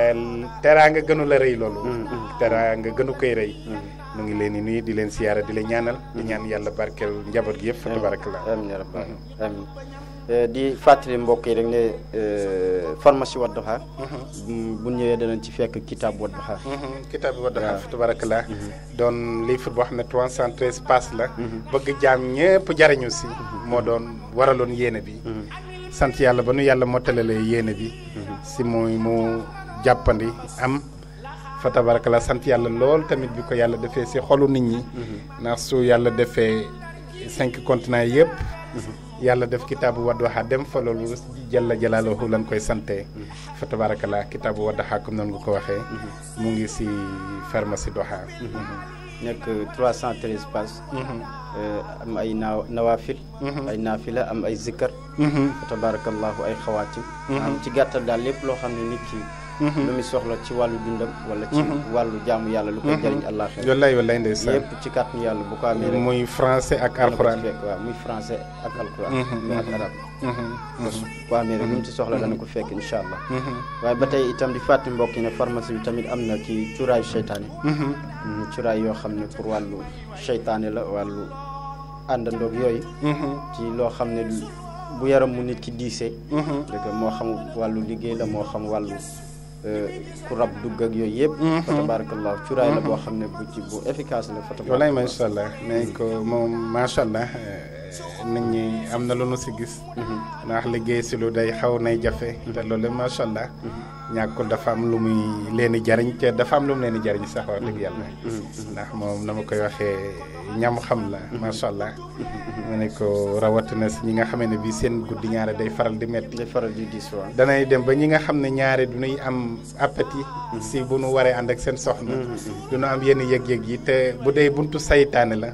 teraa nga gënu la rëy loolu. Mm-hmm. teraa nga gënu koy rëy. Mm-hmm. mu ngi leen di nuyu di leen siyaara di la ñaanal. di mm-hmm. ñaan yàlla barkeel njaboot gi yëpp fa tabarakallaa. amiin Euh, di fàttali mbokk yi rek ne euh, pharmacie Wadduha mm-hmm. mm, bu ñëwee danañ ci fekk kitaab Wadduha mm-hmm. kitaab Wadduha la mm-hmm. doon livre boo xam ne 313 pass la bëgg jaam ñëpp jariñu si moo doon waraloon yéene bi sant yàlla ba nu yàlla mottalalee yéene bi si muy mu jàppandi am fa tabarakallah sant yàlla lool tamit bi ko yàlla defee si xolu nit ñi ndax su yàlla defee cinq continents yëpp yàlla def kitaabu wadduha dem fa loolu jalla jalaaluhu lan koy sante fa tabarakallah kitaabu wadduha comme nan nga ko waxee mhm. mu ngi si pharmacie Doha mhm. nekk 313 pass mhm. euh, am ay na nawaafil ay naafila am ay zikkar fa tabarakallahu ay xawaatim am ci gàttal daal lépp loo xam ne nit ki Mm-hmm. lu muy soxla ci wàllu dundam wala ci mm-hmm. wàllu jaamu yàlla lu koy mm-hmm. jëriñ àllaa xel wallaay wallaay ndeysaan yépp ci kàttanu yàlla bu ko amee muy français ak alxuraan waaw muy français ak alxuraan muy ak arab bu ko amee rek lu mu ci soxla dana ko fekk incha allah waaye ba tey itam di fàttali mbokk ne pharmacie bi tamit am na ci curaayu seytaane curaay yoo xam ne pour wàllu seytaane la wàllu àndandoog yooyu ci loo xam ne bu yaram mu nit ki diisee dëgg moo xam wàllu liggéey la moo xam wàllu ku rab dugg ak yooyu yëpp. Mhm. fa tabarakallah cuuraay la boo xam ne bu ci bu efficace la fa tabarakallah. walaay macha allah nee ko moom macha allah eh, nit ñi am na lu nu si gis. Mhm. ndax liggéey si lu day xaw nay jafe. Mhm. te loolu macha allah. ñàkkul dafa am lu muy leen jariñ te dafa am lu mu leen jariñ sax wax dëgg yàlla ndax moom na ma koy waxee ñam xam la macha allah mu mm-hmm. ne ko rawatina si ñi nga xamee ne bii seen guddi ñaare day faral di metti day faral di diis waaw danay dem ba ñi nga xam ne ñaare du am appétit mm-hmm. si bu nu waree ànd ak seen soxna mm-hmm. du nu am yenn yëg-yëg yi te bu dee buntu saytaane la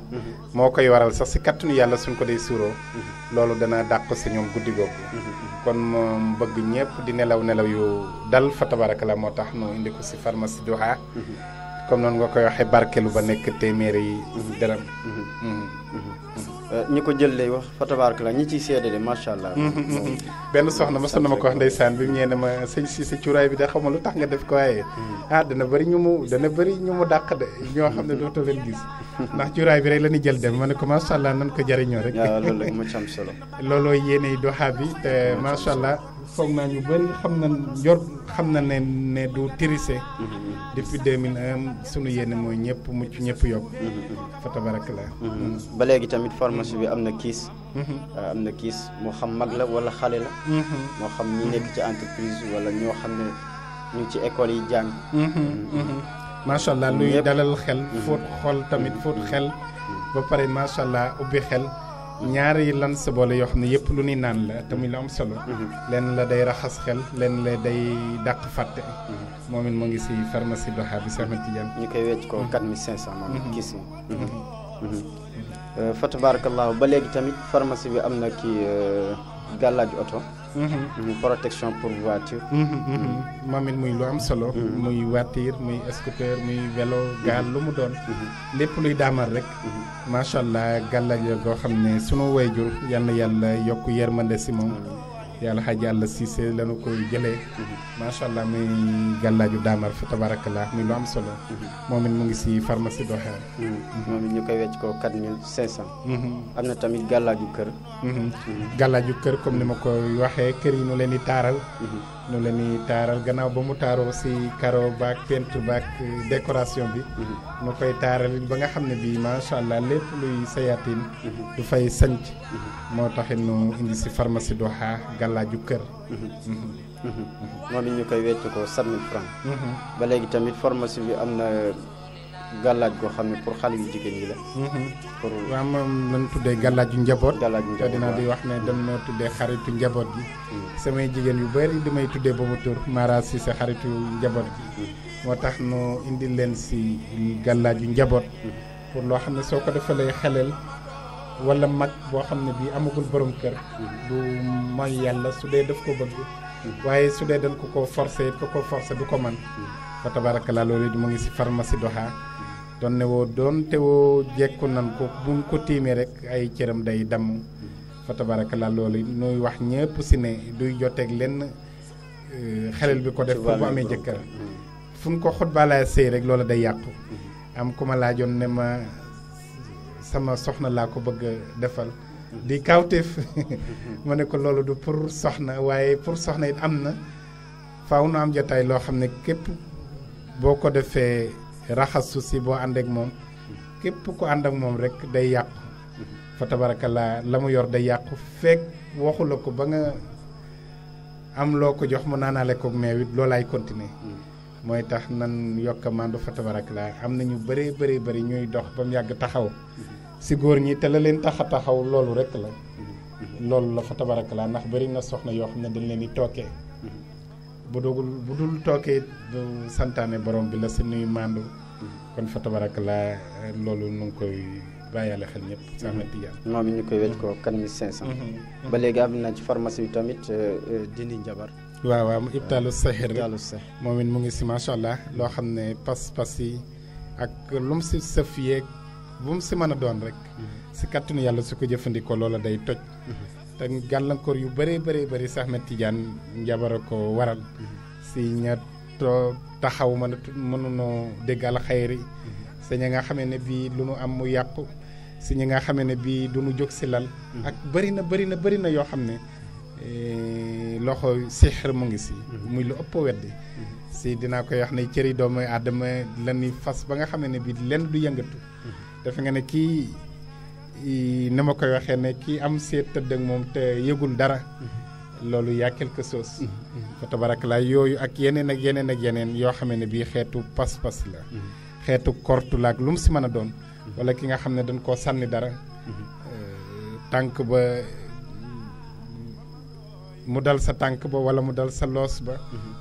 moo koy waral sax si kattanu yàlla suñ ko day suuroo loolu dana dàq si ñoom guddi googu kon moom bëgg ñëpp di nelaw nelaw yu dal fa tabarakala moo tax nu indi ko si pharmacie Duha mhm. comme noonu nga koy waxee lu ba nekk téeméeri dërëm mhm. Mhm. ñi ko jël lay wax fa la ñi ciy seede de macha benn soxna ma sonn ma ko wax ndeysaan bi mu ñëwee ma sëñ si sa cuuraay bi de xaw ma lu tax nga def ko waaye. Hmm. ah dana bëri ñu mu dana de ñoo xam ne dootoo leen gis. <laughs> ndax cuuraay bi rek la ñu jël dem ma ne ko macha nan ko jëriñoo rek. waaw loolu rek ma ci am solo. <laughs> looloo yéeney doxa bi te macha allah. foog naa ñu xam na njor xam na ne ne du tirise depuis 2001 sunu yéene mooy ñëpp mucc ñëpp yokk fa tabarak la mhm. ba léegi tamit formation bi am na kiis mhm. euh, am na kiis moo xam mag la wala xale la mhm. moo xam ñi nekk ci entreprise wala ñoo xam ne ñu ci école yi jàng macha allah luy dalal xel fóot xol tamit fóot xel ba pare macha allah ubbi xel ñaari lan sa boole yoo xam ne yëpp lu ni naan la te muy lu am solo. Mhm. lenn la day raxas xel lenn la day dàq fàtte. Mhm. moom it mu ngi si pharmacie Doha bi Cheikh Ahmed Tidiane. ñu koy wecc ko 4500 mhm. moom gis nga. Euh, fa tabarakallahu ba léegi tamit pharmacie bi am na kii euh, gàllaaj oto. ñu protection pour voiture. moom it muy lu am solo. muy voiture muy scooter muy vélo gaal lu mu doon. lépp luy daamal rek. macha allah gàllankoor goo xam ne sunu wayjur yal na yàlla yokk yërmande si moom. yàlla xaj yàlla Cissé lanu koy jëlee macha allah muy gàllaaju daamar fa tabarakallah muy lu am solo moom it mu ngi si pharmacie doxee moom it ñu koy wecc ko quatre mille cinq cent mhm. am na tamit gàllaaju kër mhm. gàllaaju kër comme ni ma koy waxee kër yi nu leen di taaral mhm. ñu la ñuy taaral gannaaw ba mu taaroo si karo baak peinture baak décoration bi. Mhm. ñu koy taaral ba nga xam ne bii macha allah lépp luy sayaatin. Mhm. du fay sanc mhm. moo taxit ñu indi si pharmacie Doha galaaju kër. moom it ñu koy wecc ko ba léegi tamit pharmacie bi am na. galaj go xamni pour xale yu jigen yi la. Mm-hmm. pour waaw moom lañ tuddee gàllaaju galaj gàllaaju njaboot te dinaa di wax ne no tuddee xaritu njabot bi. Mm. samay jigen yu bëri damay tuddee boobu tour Mara ci sa xaritu njabot bi. motax mm. no nu indi leen si gàllaaju njabot mm. pour lo xam soko soo ko xelel wala mag bo xam bi amagul borom kër. du mooy yalla su dee def ko bëgg. waye su dee dañ ko ko forcer ko ko forcer du ko man fa tabaarakalaa loolu di mu ngi si pharmacie Doha. doon ne woo doon te woo jekku nan ko bu mu ko tiimee rek ay cëram day damm fa tabarakallah loolu nuy wax ñëpp si ne duy joteeg lenn euh, xelel bi ko def pour bu amee jëkkër fu mu ko xutbaalaay sëy rek loola day yàqu am ku ma laajoon ne ma sama soxna laa ko bëgg defal di kawteef <laughs> ma ne ko loolu du pour soxna waaye pour soxna it am na faw nu am jotaay loo xam ne képp boo ko defee Rahas si boo ànd ak moom képp ku ànd ak moom rek day yàqu fa tabarakallah la mu yor day yàqu fekk waxu ko ba nga am loo ko jox mu naanaale koog continuer mooy tax nan yokk mandu fa tabarakallah am na ñu bëree bëri bëri ñuy dox ba mu yàgg taxaw si góor ñi te la leen tax a taxaw loolu rek la loolu la fa tabarakallah ndax bëri na soxna yoo xam ne dañ leen di tookee bu dogul bu dul tookee santaane borom bi la mandu kon foto fa tabarakallah loolu nu ngi koy bàyyaale xel ñëpp si Ahmed moom mm-hmm. it ñu koy wecc ko quatre mille cinq cent mm-hmm. Mm-hmm. ba léegi am na ci pharmacie bi tamit euh, euh, dindi njabar waaw waaw ibtaalu sahir rek moom it mu ngi si macha allah loo xam ne pas-pas yi ak lu mu si sëf yeeg bu mu si mën a doon rek si kàttanu yàlla su ko jëfandikoo loola day toj te gàllankoor yu bëree bëree bëri si Ahmed Tidiane njabara ko waral si ña to taxaw man mënunoo déggal xayri si ñi nga xamé né bi lu nu am mu yàpp si ñi nga xamee ne bii du nu jox si lal ak bari na bari na bari na yo xamné euh loxo sihr mu ngi ci muy lu ëpp si dina ko wax né cëri doomu fas ba nga xamé né bi lenn du yëngatu dafa nga né ki ni ma koy waxé né ki am sét teud ak mom té yegul dara loolu yaa quelque chose. Mm-hmm, mm-hmm. fa tabarakala yooyu ak yeneen ak yeneen ak yeneen yoo xam ne bii xeetu pas-pas la. Mm-hmm. xeetu kortu la ak lu si mën a doon. wala ki nga xam ne dañ koo sànni dara. Euh, tànk ba mu dal sa tànk ba wala mu dal sa loos ba.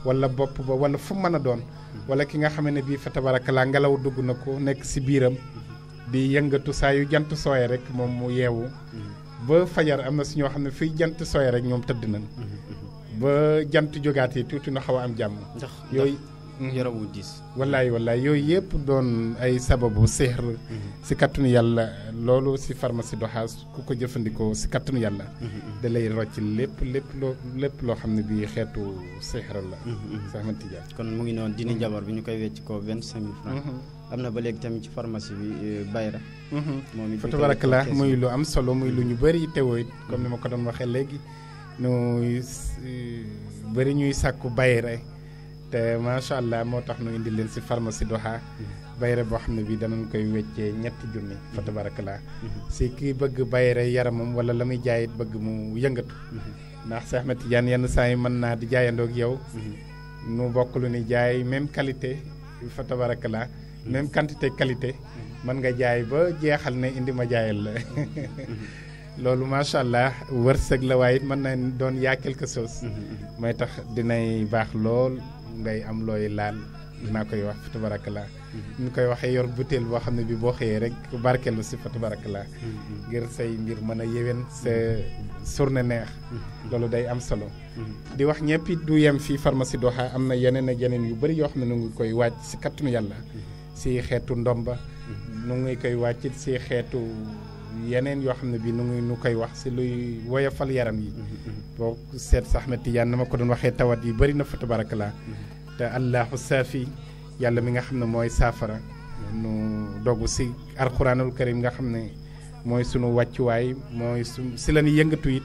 wala bopp ba wala fu mën a doon. wala ki nga xam ne bii fa tabarakala ngelaw dugg na ko nekk si biiram. di yëngatu saa yu jant sooyee rek moom mu yeewu. ba fajar am na si ñoo xam ne fiy jant sooy rek ñoom tëdd nañ ba jant jógaatee tuuti na xaw am jàmm. ndax yooyu. yaram wu diis. wallaay wallaay yooyu yëpp doon ay sababu seer. si kattanu yàlla loolu si pharmacie Doxa ku ko jëfandikoo si kattanu yàlla. da lay rocc lépp lépp loo lépp loo xam ne bii xeetu seer la. Mm-hmm. sax ma jaar kon mu ngi noonu dina jabar bi ñu koy wecc ko vingt cinq mille francs mm-hmm. am na ba léegi tamit ci pharmacie bi euh, Bayra. Mhm. moom it tabarakallah muy lu am solo muy lu ñu bëri teewoo it mm-hmm. comme ni ma ko doon waxee léegi ñu euh, bëri ñuy sàkku Bayra te macha allah moo tax ñu indi leen si pharmacie doxa mm-hmm. bayre boo xam ne bii danañ koy weccee ñetti junni fa tabarakalaa mm-hmm. si kii bëgg bayre yaramam wala la muy jaayit bëgg mu yëngatu ndax Cheikh Ahmed Tidiane yenn saa yi mën naa di jaayandoog yow nu bokk lu ni jaay même qualité fa tabarakallah même quantité qualité mën nga jaay ba jeexal ne indi ma jaayal la <laughs> loolu macha allah wërsëg la waaye mën na doon yaa quelque chose mooy tax dinay baax lool ngay am looy laal dinaa koy wax fa tabarakallah ñu koy waxee yor butéel boo xam ne bi boo xëyee rek barkeelu si fa tabarakallah mm-hmm. ngir say ngir mën a yéwén sa surne neex mm-hmm. loolu day am solo Mm-hmm. di wax ñëpp it du yem fii pharmacie Doxa am na yeneen ak yeneen yu bëri yoo xam ne nu ngi koy wàcc si kattanu yàlla. Mm-hmm. si xeetu ndomba. Mm-hmm. nu ngi koy wàcc si xeetu yeneen yoo xam ne bii nu ngi nu koy wax si luy woyofal yaram yi. boo seet sax na Tijaan na ko doon waxee tawat yi bëri na fa tabarakalaa te allahu saafi yàlla mi nga xam ne mooy saafara. nu dogu si alxuraanul karim nga xam ne mooy sunu wàccuwaay mooy su si la ñu yëngatu it.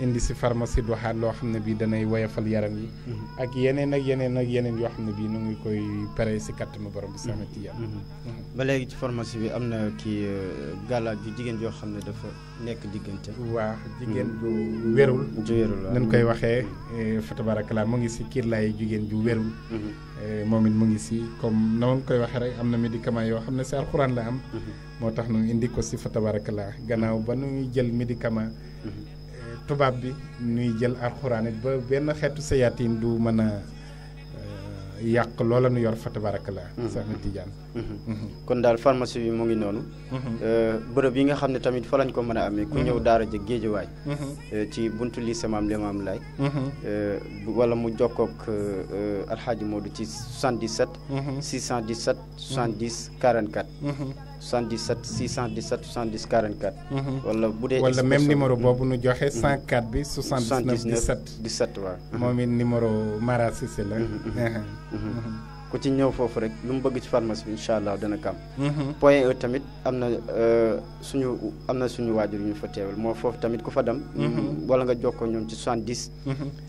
indi si pharmacie du xaat loo xam ne bii danay woyofal yaram yi. Mm-hmm. ak yeneen ak yeneen ak yeneen yoo xam ne bii nu ngi koy pare si kattanu borom bi sama tijaan. Mm-hmm. Mm-hmm. ba léegi ci pharmacie bi am na kii euh, gàllaaj ju jigéen joo xam ne dafa nekk diggante. waa jigéen ju wérul. ju wérul waaw nañ koy waxee euh, fa tabarakalaa mu ngi si kiirlaay jigéen ju wérul. Euh, moom it mu ngi si comme na koy waxee rek am na médicament yoo xam ne si alxuraan la am. moo tax ñu indi ko si fa tabarakalaa gannaaw ba ñuy jël médicament. tubaab bi ñuy jël alxuraan ba benn xeetu sayaatin du mën a euh, yàq loola nu yor fa tabarakallah mhm. Seexna Tijaan mhm. mhm. kon daal pharmacie bi mu ngi noonu euh, bërëb yi nga xam ne tamit fa lañ ko mën a amee ku ñëw daara ja géejawaay euh, ci buntu sa Maam Limaam Laay wala mu jokkook alxaaji Moodu ci 77 617 70 44 77 617 70 44. wala bu wala même numéro boobu nu 104 mhm. bi 79 17 17 waaw. Mhm. moom numéro Mara la. Mhm, ku ci ñëw foofu rek lu bëgg ci pharmacie bi incha dana kam point E tamit am na euh, suñu am suñu ñu tamit ku fa wala nga ci 70.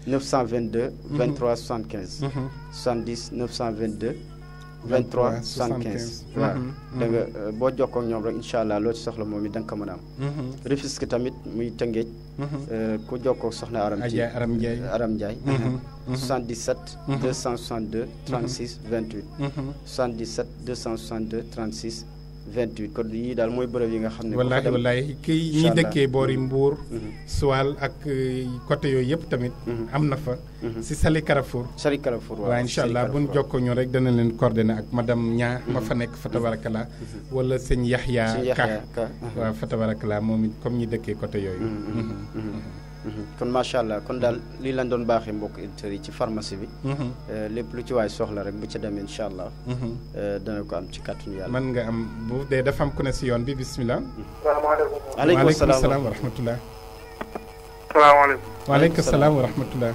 922. 23 75. 70 922. 23 75 waaw da nga euh, boo jokkoo ak ñoom rek inshallah lo ci soxla momi it da nga ko mën a am. Mm-hmm. Rufisque tamit muy Tëngéej. Mm-hmm. Euh, ku jokkoo ak soxna Aram Ndiaye Aram Ndiaye euh, Aram Ndiaye. 77 262 36 28. 77 262 36. 28 kon yii daal mooy bërëb yi nga xam ne. wallaahi wallaahi kii ñi dëkkee boori mm-hmm. Mbour. Mm-hmm. Suwal ak euh, côté yooyu yëpp tamit. Mm-hmm. am na fa. si Sali Carrefour. Sali Carrefour waaw waaw incha allah bu ñu jokkoo ñu rek dana leen coordonné ak madame Ña. ma fa nekk fa tabarakalaa. wala sëñ Yaxya Ka waaw fa tabarakalaa moom it comme ñi dëkkee côté yooyu. Mhm. kon macha allah kon daal lii lañ doon baaxee mbokk auditeurs yi ci pharmacie bi. Mhm. Euh, lépp lu ci waay soxla rek bu ca demee incha allah. Mhm. Euh, dana ko am ci kàttanu yàlla. mën nga am bu dee dafa am ne si yoon bi bisimilah. salaamaaleykum waaleykum salaam wa rahmatulah. salaamaaleykum. salaam wa rahmatulah.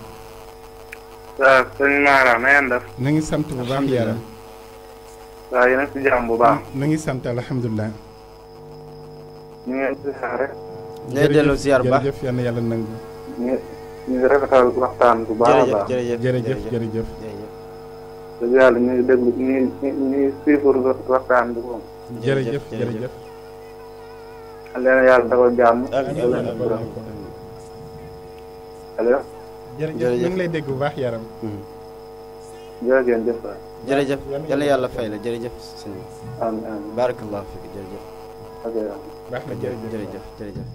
waaw def. na ngi sant bu baax yàlla. waaw yéen ngi si jàmm bu baax. na sant alhamdulilah. ngay delloo ziar bu baax jërëjëf yal na yàlla nangu. waxtaan bu baax a baax jërëjëf jërëjëf jërëjëf. yàlla ñu ngi déglu ñu ngi ñu ngi suivre waxtaan bi moom. ngi lay dégg baax yaram. Hmm. jërëjëf. jërëjëf yàlla fay la jërëjëf sëñ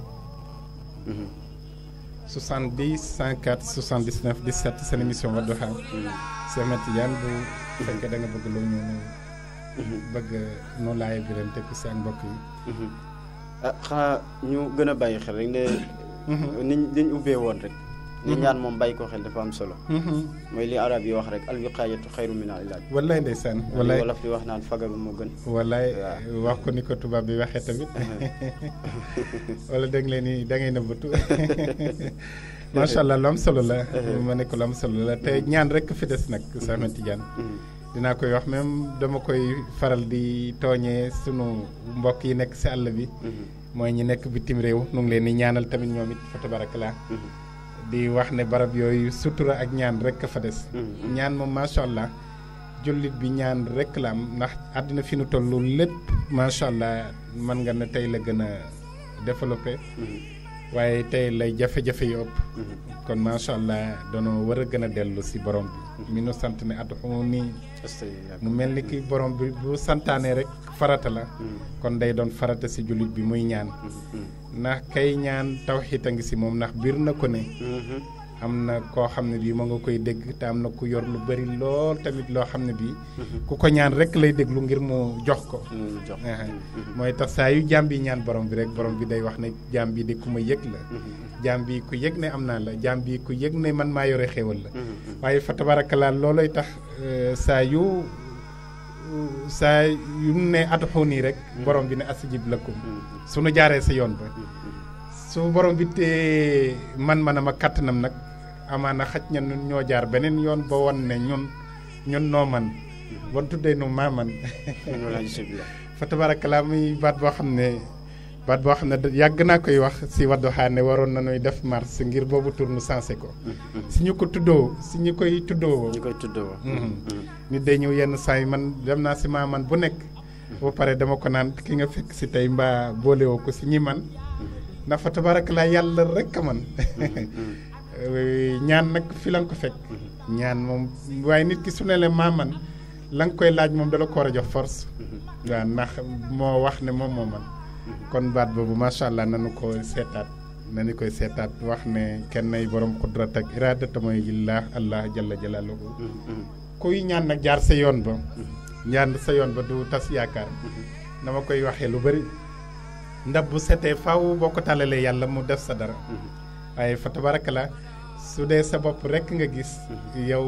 70 104 79 17 seen émission Wadduha. Mhm. Cheikh Ahmed Tidiane bu fekkee da nga bëgg loo ñu mhm. bëgg noo laay biirante ku si ak mbokk yi. Mhm. ah xanaa ñu gën a bàyyi xel rek ni niñ ubbee woon rek. li ñaan moom bàyyi ko xel dafa am solo mm-hmm. mooy li arab yi wax rek alwiqaayatu xayru min al ilaaj wallaay ndeysaan wallaay wolof di wax naan fagaru moo gën wallaay wax ko ni ko tubaab bi waxee tamit <laughs> <laughs> wala da leen ni da ngay nëbbatu <laughs> macha allah lu am solo la ma nekk ko lu am solo la te mm-hmm. ñaan rek fi des nag Cheikh Tidiane mm-hmm. dinaa koy wax même dama koy faral di tooñee sunu mbokk yi nekk si àll bi mooy ñi nekk bitim réew nu ngi leen di ñaanal tamit ñoom it fa tabarakala di wax ne barab yooyu sutura ak ñaan rek fa des mm-hmm. ñaan moom macha allah jullit bi ñaan rek la am ndax àddina fi nu toll lépp macha allah man nga ne tey la gën a développé mm-hmm. waaye tey lay jafe-jafe yi ëpp mm-hmm. kon macha allah danoo war a gën a dellu si borom bi mi nu sant ne adduxu mu mel ni ki borom bi bu santaane rek farata la kon day doon farata si jullit bi muy ñaan ndax kay ñaan tawxiit a ngi si moom ndax biir na ko ne mhm. am na koo xam ne bii ma nga koy dégg te am na ku yor lu bari lool tamit loo xam ne bii mhm. ku ko ñaan rek lay déglu ngir mu jox ko mm, mhm. mooy tax saa yu jaam bi ñaan borom bi rek borom bi day wax ne jaam bi de ku ma yëg la jaam bi ku yëg ne am naa la jaam bi ku yëg ne man maa yore xéewal la waaye fa tabarakalaa loolooy tax eh, saa yu saa yu ne adxu nii rek borom bi ne sa astajib lakum mm-hmm. suñu jaaree sa yoon ba mm-hmm. su borom bi te man-manam ma kàttanam nag amaana xaj na ñun ñoo jaar beneen yoon ba won ne ñun ñun noo man mm-hmm. wan tuddee nu maaman <laughs> fa tabarakala muy baat boo xam ne bat boo xam ne yàgg naa koy wax si Wadduha ne waroon nañuy def mars ngir boobu tur nu sensé ko. si ñu ko tuddoo si ñu koy tuddoo. ñu koy tuddoo. Mhm. Mhm. nit day ñëw yenn saa yi man dem naa si maa man bu nekk. ba pare dama ko naan ki nga fekk si tey mbaa boolewoo ko si ñi man. na fa la yàlla rek man. Mhm. <laughs> Eh, ñaan nag fi lan ko fekk. ñaan moom waaye nit ki su ne man la koy laaj moom la ko war jox force. waaw ndax moo wax ne moom moo kon baat boobu macha allah nanu ko seetaat nanu koy seetaat wax ne kenn ay borom xudrat ak iraada te mooy illah allah jalla jalaaluhu kuy ñaan nag jaar sa yoon ba. ñaan sa yoon ba du tas yaakaar. dama koy waxee lu bari ndab bu setee faw boo ko tàllalee yàlla mu def sa dara. waaye fa tabaraka la su dee sa bopp rekk nga gis. yow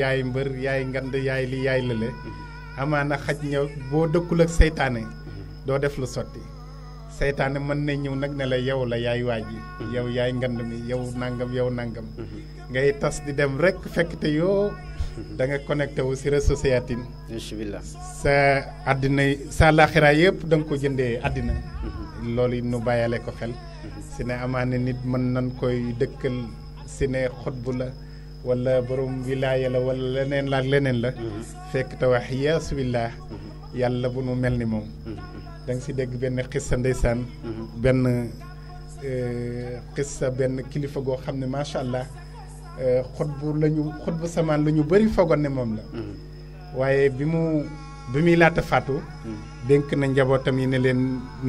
yaay mbër yaay ngand yaay li yaay lële. amaana xaj ñëw boo dëkkul ak seytaane. doo def lu sotti. seytaane mën na ñëw nag ne la yow la yaay waaj yi mhm. yow yaay ngand mi yow nangam yow nangam. Mhm. ngay tas di dem rek fekk te yoo mhm. da nga connecté wu si réseaux sociaux yi. sa àddina sa laaxira yëpp danga ko jëndee àddina. loolu it nu bàyyale ko xel. si ne amaane nit mën nañ koy dëkkal si ne xotbu la wala borom wilaaya la wala leneen la leneen la. fekk te wax yaasu billah yàlla bu nu mel ni moom. danga nga si dégg benn xissa ndeysaan mhm. benn euh, xissa benn kilifa goo xam ne macha allah euh, xutbu la ñu xutbu samaan la ñu bëri foogoon ne moom la mhm. waaye bi mu bi muy laata faatu mhm. dénk na njabootam yi ne leen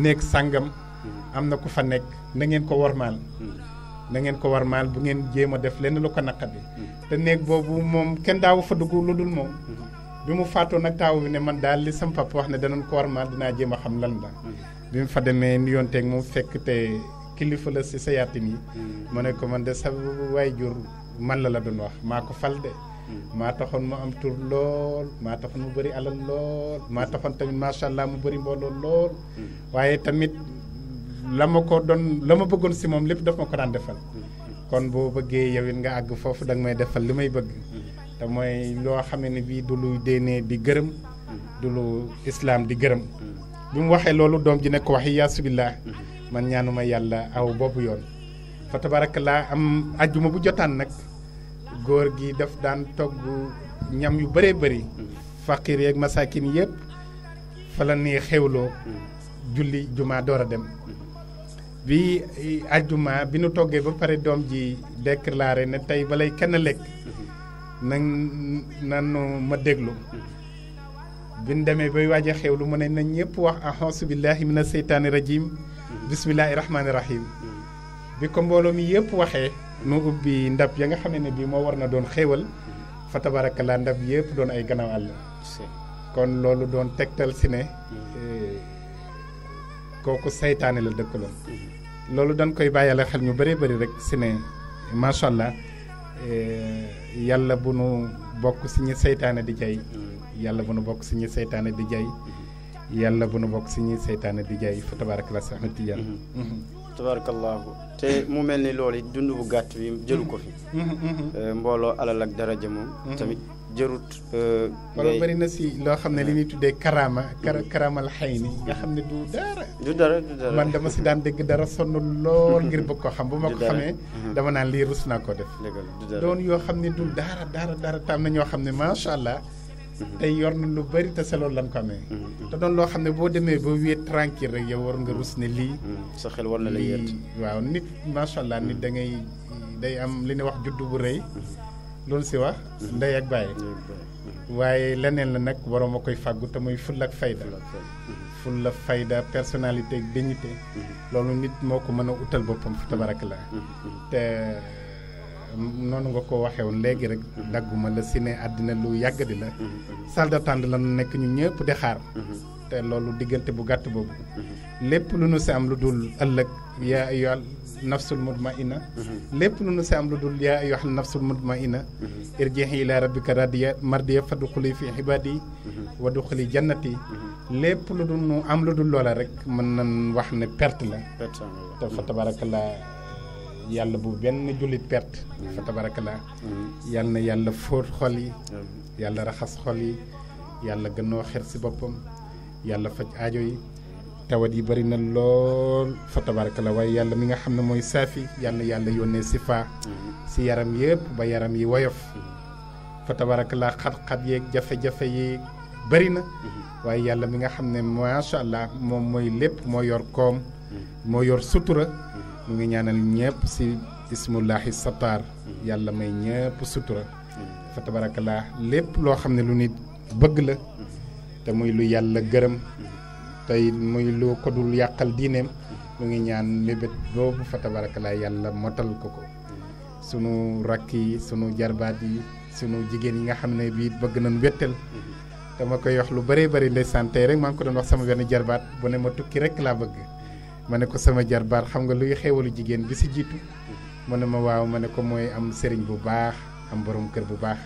néeg sàngam am na ku fa nekk na ngeen ko warmaal na ngeen ko warmaal bu ngeen jéem a def lenn lu ko naqat bi te néeg boobu moom kenn daawu fa dugg lu dul moom bi mu faatoo nag taaw bi ne man daal li sam papa wax ne danañ ko war ma dinaa jéem a xam lan la. bi mu fa demee nuyonteeg moom fekk te kilifa la si sa yaatin yi. Mm. ma ne ko man de sa jur man la la doon wax maa ko fal de. Mm. maa taxoon mu am tur lool maa taxoon mu bëri alal lool maa taxoon tamit macha allah mu bëri mbooloo lool. Mm. waaye tamit la ma ko doon la ma bëggoon si moom lépp daf ma ko daan defal. kon boo bëggee yow it nga àgg foofu danga may li may bëgg. te mooy loo xamee ne bii du lu déenee di gërëm du lu islaam di gërëm mm-hmm. bi mu waxee loolu doom ji ne ko wax waxi yaasubillah mm-hmm. man ñaanuma yàlla aw boobu yoon fa laa am ajjuma bu jotaan nag góor gi daf daan togg ñam yu bëree bëri mm-hmm. faqir yeeg masakin yëpp fa la ni xewloo julli juma door a dem bi ajjuma bi nu toggee ba pare doom ji déclaré ne tey balay kenn lekk nan nan ma déglu bi demee bay waaj a xewlu mu ne nañ ñëpp wax axoosu billahi mina seytaani rajim bismillahi rahmaani rahim bi ko mbooloo mi yëpp waxee nu ubbi ndab ya nga xam ne bii moo war na doon xéewal fa tabarakalaa ndab yëpp doon ay gannaaw àll kon loolu doon tegtal si ne eh, kooku seytaane la dëkkaloon loolu dañ koy bàyyale xel ñu bëree bëri rekk si ne macha allah eh, yàlla bu nu bokk si ñi seytaane di jay mm. yàlla bu nu bokk si ñi seytaane di jay yàlla bu nu bokk si ñi seytaane di jay fa tabaarakallaa si Ahmed Tidiane mm-hmm. mm-hmm. tabaarakallaahu te mu mel ni loolu dund bu gàtt bi jëlu ko fi mm-hmm. Eh, mbooloo alal ak daraja moom tamit jërut. wala bëri na si loo xam ne li ñuy tuddee karama. kara karamal xay ni nga xam ne du dara. du dara du dara man dama si daan dégg dara sonn lool ngir bëgg koo xam. bu ma ko xamee dama naan lii rus naa ko def. doon yoo xam ne du dara dara dara tam na ñoo xam ne macha allah. tey yor na lu bëri te seloon lan ko amee. te doon loo xam ne boo demee ba wéet tranquille rek yow war nga rus ne lii. sa xel war na la yett waaw nit macha allah nit da ngay day am li ne wax juddu bu rëy. loolu si wax mhm. ndey ak bàyyi mhm. waaye leneen la nag borom a koy fàggu te muy ful ak fayda la mhm. fayda personnalité ak dignité loolu nit moo ko mën a utal boppam fu tabarak la te noonu nga ko waxee woon léegi rek dagguma la si ne àddina lu yàgg di la salle d'attente la nekk ñu ñëpp di xaar te loolu diggante bu gàtt boobu lépp lu nu si am lu dul ëllëg yaa ya, nafsul mutmaina lépp lu nu si am lu dul yaa ayyuhan nafsul mutmaina irji'i ila rabbika radiya mardiya fadxuli fi ibadi wa duxuli jannati lépp lu dul nu am lu dul loola rek mën nan wax ne perte la te fa tabarakallah yàlla bu benn jullit perte fa tabarakalaa yàlla na yàlla fóot xol yi yàlla raxas xol yi yàlla gënoo xer si boppam yàlla faj aajo yi tawat yi bëri na lool fa tabarakalla waaye yàlla mi nga xam ne mooy saafi yàlla yàlla yónnee sifa si yaram yëpp ba yaram yi woyof fa tabarakalla xat-xat yeeg jafe-jafe yi bëri na waaye yàlla mi nga xam ne macha allah moom mooy lépp moo yor koom moo yor sutura mu ngi ñaanal ñëpp si ismullahi satar yàlla may ñëpp sutura fa tabarakalla lépp loo xam ne lu nit bëgg la te muy lu yàlla gërëm tay muy lo ko dul yakal dinem mu ngi ñaan mebet bobu fa yalla motal ko ko sunu rakki sunu jarbaat sunu jigen yi nga xamne bi bii bëgg nañu wéttal dama koy wax lu bëree bëri ndeysaan santé rek ma ko doon wax sama benn jarbaat bu ne ma tukki rek la bëgg mané ko sama jarbaat xam nga luy jigen bi ci jitu ma waaw mané ko moy am sëriñ bu baax am borom kër bu baax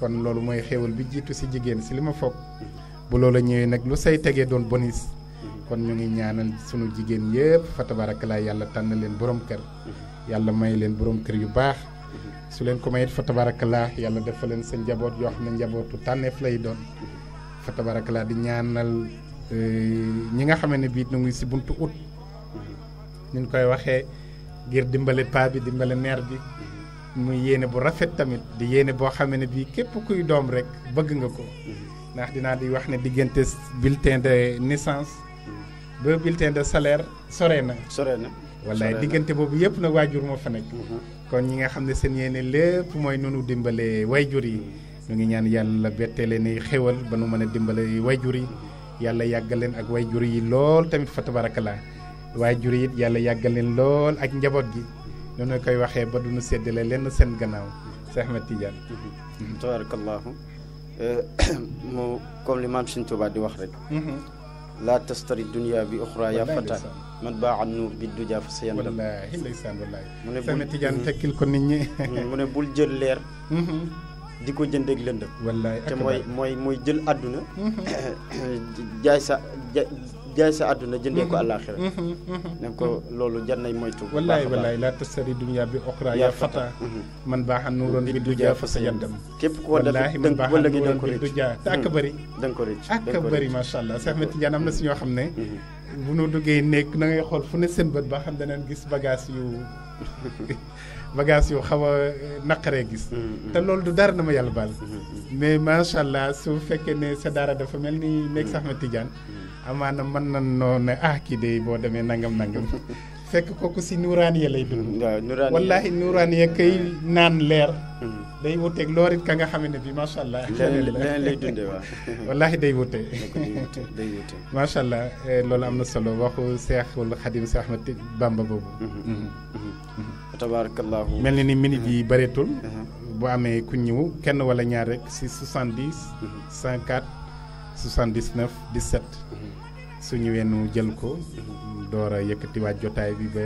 kon lolu moy xéewal bi jitu, si jigen ci lima fokk bu loola ñëwee nag lu say tegee doon bonis kon ñu ngi ñaanal sunu jigéen yëpp foto tabaarakallaa yàlla tànn leen borom kër yàlla may leen borom kër yu baax su leen ko mayit fa tabaarakallaa yàlla defal leen sa njaboot yoo xam ne njabootu tànneef lay doon fa tabaarakallaa di ñaanal eh, ñi nga xam ne bii ñu ngi si buntu ut ñu koy waxee ngir dimbale paa bi dimbale meer bi muy yéene bu rafet tamit di yéene boo xam ne bii képp kuy doom rek bëgg nga ko ndax dinaa di wax ne diggante bulletin de naissance ba bulletin de salaire sore na sore na wallaay diggante boobu yëpp nag waajur moo fa nekk kon ñi nga xam ne seen yéene lépp mooy nunu dimbale waajur yi ñu ngi ñaan yàlla bettee leen ay xéwal ba nu mën a dimbale waajur yi yàlla yàggal leen ak waajur yi lool tamit fa tabarakalaa waajur yi it yàlla yàggal leen lool ak njaboot gi noonu koy waxee ba du nu séddale lenn seen gannaaw Cheikh Ahmed Tidiane tabarakallahu Euh, <coughs> mu comme li maam Sëriñ Tuubaa di wax rek mm-hmm. laa tastari dunia bi oxra ya fata man baa an nuur bi duja fa sa yandam wallaahi mu ne bul jël leer mm-hmm. di ko jëndeeg lëndëm wallaahi te mooy mooy mooy jël àdduna mm-hmm. <coughs> jaay sa jaay sa àdduna jëndee ko mm-hmm. àllaaxira mm-hmm. ne ko loolu jar nañ moytu wallaay wallaay laa tastari dunya bi oxra ya fata mm-hmm. man baax a nuuroon bi du jaa fa sa yaddam képp ku ko def dënk wala gi ko rëcc du jaa te ak bëri da nga ko rëcc ak bëri macha allah Cheikh Ahmed Tidiane am na si ñoo xam ne bu nu duggee nekk na xool fu ne seen bët ba xam daneen gis bagaas yu <laughs> bagage yu xaw a euh, naqaree gis te loolu du dara na ma yàlla baal mais macha allah su fekkee ne sa daara dafa mel ni nekk Cheikh Ahmed Tidiane amaana mën na noo ne ah kii de boo demee nangam nangam fekk kooku si nuuraan ya lay dund. waaw wallaahi nuuraan ya naan leer. Mm-hmm. day wuteeg loorit ka nga xam ne bii macha allah. leneen lay <laughs> day wute. day eh, loolu am na solo waxu Seexul Xadim Seex Ahmad Bamba boobu. Mm-hmm, mm-hmm, mel na ni minute yi bëreetul. bu amee ku ñëw kenn wala ñaar rek si 70. 104. 79 17. Mhm. su ñëwee nu jël ko. Mhm. door a yëkkatiwaat jotaay bi ba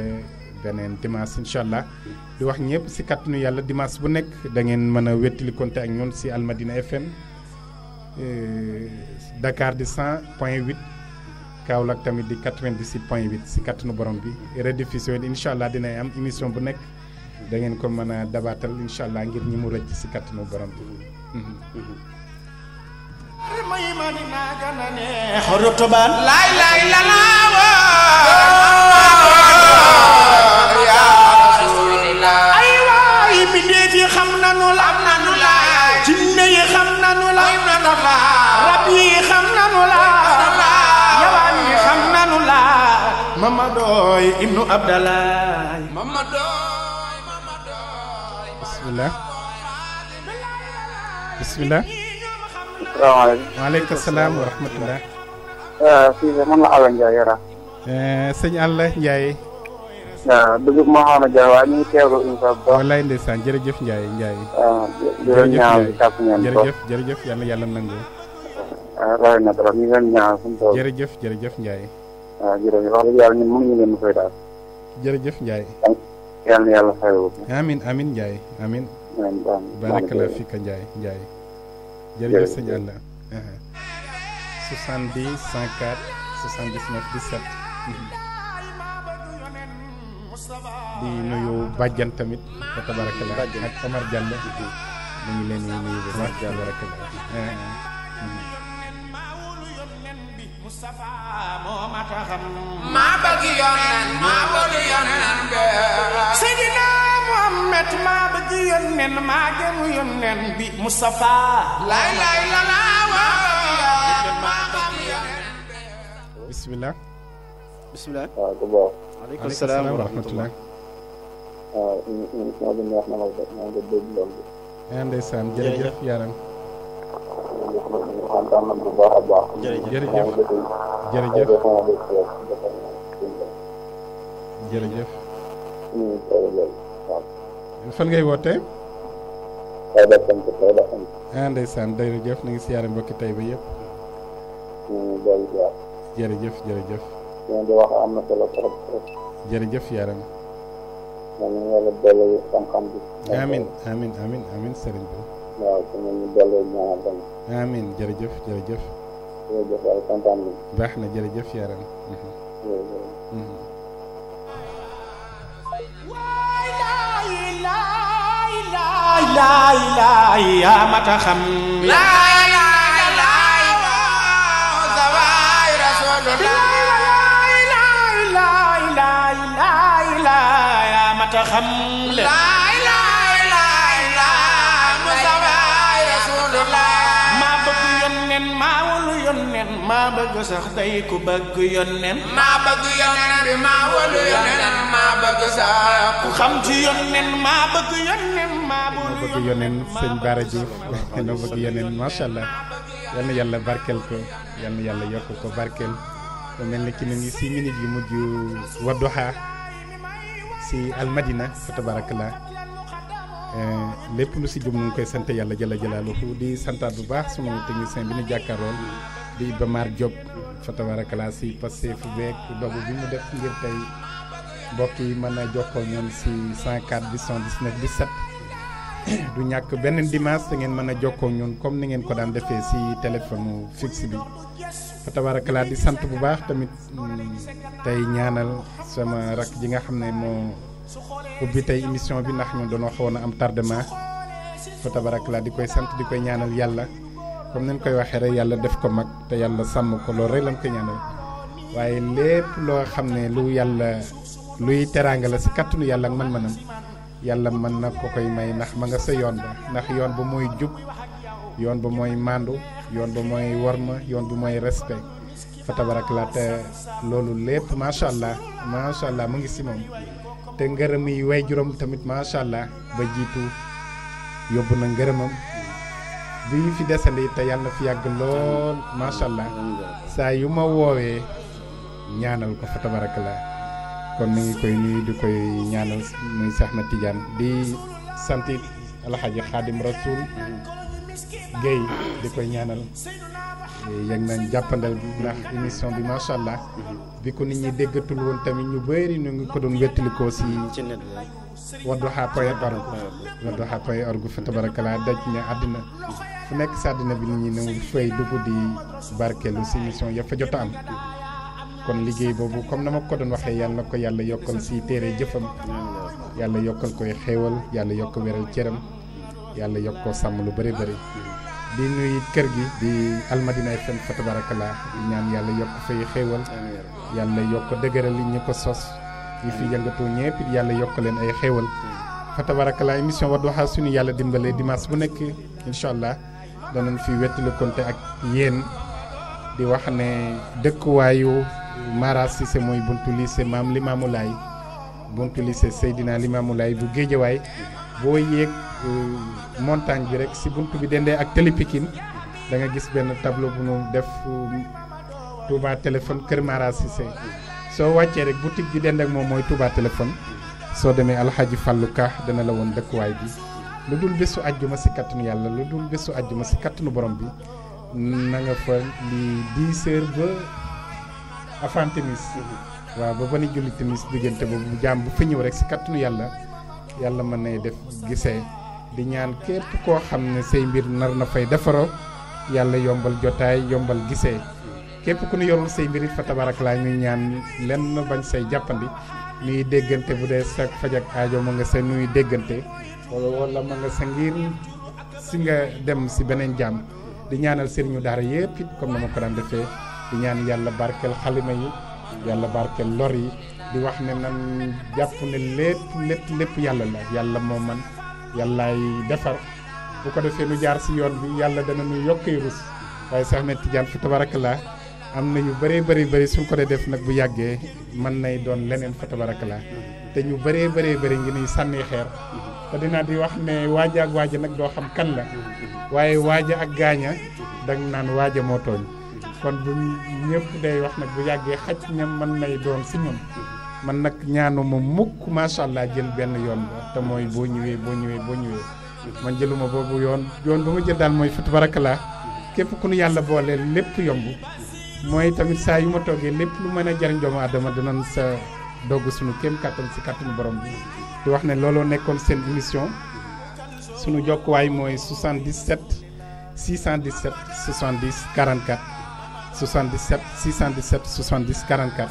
beneen dimanche incha allah. di wax ñëpp si kattanu yàlla dimanche bu nekk da ngeen mën a wettali konte ak ñun si Almadina FM. Euh, Dakar di 100 point 8 Kaolack tamit di 98 point 8 si kàttanu borom bi rediffusion yi incha allah dina am émission bu nekk. dangeen ko mën a dabaatal incha allah ngir ñi mu rëcc si kàttanu borom bi. Mhm. may ma dina gën a neex rutubaan laay laay la laawa yaa rasulillah ay waay bindéef yi xam nanu la am nanu la jinne yi xam nanu la am nanu la rab yi xam nanu la yawaan yi xam nanu la mamadooy ibnu abdalaay mamadooy mamadooy bismillah bismillah salaamaaleykum. waaleykum salaam wa rahmatulah. waaw eh, fii de man la Alla Ndiaye Yara. Eh, sëñ Alla Ndiaye. waaw moo xam ne Ndiaye waaye ñu ngi teewlu incha allah. wallaay ndeysaan eh, yàlla yàlla nangu. waaw rawatina na trop ñu ngi yàlla yàlla na yàlla fayoo. amiin amiin Ndiaye amiin. amiin jërëjëf sëñ Alla 70 104 79 17 di hmm. nuyu bàjjan tamit fa tabarakalla ak Omar Diallo mu ngi leen di nuyu bu baax tabarakalla maa yonen yonen Muhammad maa bëgg yónneen maa gënu yónneen bi Mustafa laay laay la bisimilah. bisimilah. waaw bu baax. waaleykum salaam wa rahmatulah. waaw eh, émission bi neex na ma de maa ngi dégg loolu. ndeysaan jërëjëf yaram. kontaan na bu baax a baax. jërëjëf jërëjëf jërëjëf. jërëjëf. fan ngay wootee. Tayba sant Tayba sant. ah ndeysaan jërëjëf na ngi siyaare mbokki Tayba yëpp. jërëjëf jërëjëf. li di na solo trop trop. jërëjëf yaram. moom ñu baax na jërëjëf yaram. jërëjëf. Mhm. Mhm. laa ilaa yaa mata xam laa ilaa sawaay rasulullah laa ilaa yaa mata xam ko sax day ku bëgg yónneen maa bëgg yónneen bi maa wolu yónneen maa bëgg sax ku xam ci yónneen maa bëgg yónneen maa bëgg yónneen sëñ Bara Diouf noo bëgg <laughs> yónneen macha allah yal na yàlla barkeel ko yal yàlla yokk ko barkeel mu mel ni ki ni si minutes yu mujj Wadduha si almadina fa tabarakallah eh, lépp lu si jum nu ngi koy sant yàlla jëla jëlaaluhu di santaat bu baax sunu technicien bi ñu jàkkaaroon di bamar job Diop wara classi passé fu bek dogu bi mu def ngir tay mbokk yi mën ñom ci ñoom si 104 819 17 du ñak beneen dimanche ngeen mën a ñun comme ni ngeen ko daan defé ci téléphone fixe bi fa tabarakalaa di sante bu baax tamit mm, tay ñaanal sama rak ji nga xam mo ubbi tay émission bi ndax ñu dañoo xawoon a am tardement fa tabarakalaa di koy sante di koy ñaanal yalla comme ni koy waxee rek yàlla def ko mag te yàlla sàmm ko loolu rek lañ koy ñaanal waaye lépp loo xam ne lu yàlla luy teraanga la si kàttanu yàlla ak man-manam yàlla mën na ko koy may ndax ma nga sa yoon ba ndax yoon ba mooy jub yoon ba mooy màndu yoon ba mooy worma yoon ba mooy respect fa tabarak te loolu lépp macha allah macha allah mu ngi si moom te ngërëm yi way juróom tamit macha allah ba jiitu yóbbu na ngërëmam. bi fi desande te yalla na fi yàgg lool sha allah sa yu ma ñaanal ko fa tabarakala kon ni koy nuyu di koy ñaanal muy sax di sant alxaji khadim rasul gay di koy ñaanal yëg nañ jappandal bi ndax émission bi sha allah bi ko nit ñi déggatul woon tamit ñu bëri ñu ko doon si wadduha point org wadduha point org fa tabarakalaa daj ne àddina fu nekk si àddina bi nit ñi newul fay dugg di barkeelu si émission ya fa jot am kon liggéey boobu comme na ma ko doon waxee yàlla ko yàlla yokkal si téere jëfam yàlla yokkal koy xéewal yàlla yokk wéral cëram yàlla yokk ko sàmm lu bëri bëri di nuyu kër gi di almadina FM fa tabarakalaa di ñaan yàlla yokk fay xéewal yàlla yokk dëgëral li ñu ko sos ñi fi yëngatoo ñëpp yàlla yokk leen ay xéewal fa tabarakalaa émission Wadduha suñu yàlla dimbalee dimanche bu nekk incha allah danañ fi wettali konte ak yéen di wax ne dëkkuwaayu Mara mooy buntu lycée maam Limaamu Laay buntu lycée Seydina Limaamu bu Géejawaay boo yéeg euh, montagne bi rek si buntu bi dendee ak télé Pikine da nga gis benn tableau bu nu def euh, Touba téléphone Kër Mara so wàccee rek boutique bi dend ak moom mooy Touba téléphone soo demee alxaaji fallu Ka dana la woon dëkkuwaay bi lu dul bésu àjjuma si kattanu yàlla lu dul bésu àjjuma si kattanu borom bi na nga fa li 10 heures ba avant wa mm-hmm. waaw ba bani ni julli timis diggante bu jaam bu fi ñëw rek si kattanu yàlla yàlla mën nay def gisee di ñaan képp koo xam ne say mbir nar na fay defaroo yàlla yombal jotaay yombal gisee képp ku ñu yorul say mbirit fa tabarak laa ñuy ñaan lenn bañ say jàppandi nuy déggante bu dee sa fajak aajo ma nga sa nuy déggante wala wala ma nga sa ngir si nga dem si beneen jàmm di ñaanal sëriñu daara yëpp it comme na ko daan defee di ñaan yàlla barkeel xalima yi yàlla barkeel lor yi di wax ne nan jàpp ne lépp lépp yàlla la yàlla moo man yàllaay defar bu ko defee nu jaar si yoon bi yàlla dana nuy yokkee rus waaye sax ne tijaan fa tabarak am na yu bëree bëri bëri suñ ko def nak bu yagge man nay doon leneen fa tabarakallah te ñu bëree bëree bëri ngi ni sanni xeer te dina di wax ne waja ak waja nak do xam kan la waye waja ak gaña dag naan waja mo tooñ kon bu ñepp day wax nak bu yagge xaj ñam man nay doon ci ñun man ñaanu mo mukk sha allah jël ben yoon te moy bo ñewé bo ñewé bo ñewé man jëluma bobu yoon yoon bu ma jël dal moy fa ku ñu yalla boole lepp yombu mooy tamit saa yu ma toogee lépp lu mën a jariñ doomu aadama dinañ sa dogg suñu kéem kattan si kattanu borom bi di wax ne looloo nekkoon seen émission suñu jokkuwaay mooy 77 617 70 44 77 617 70 44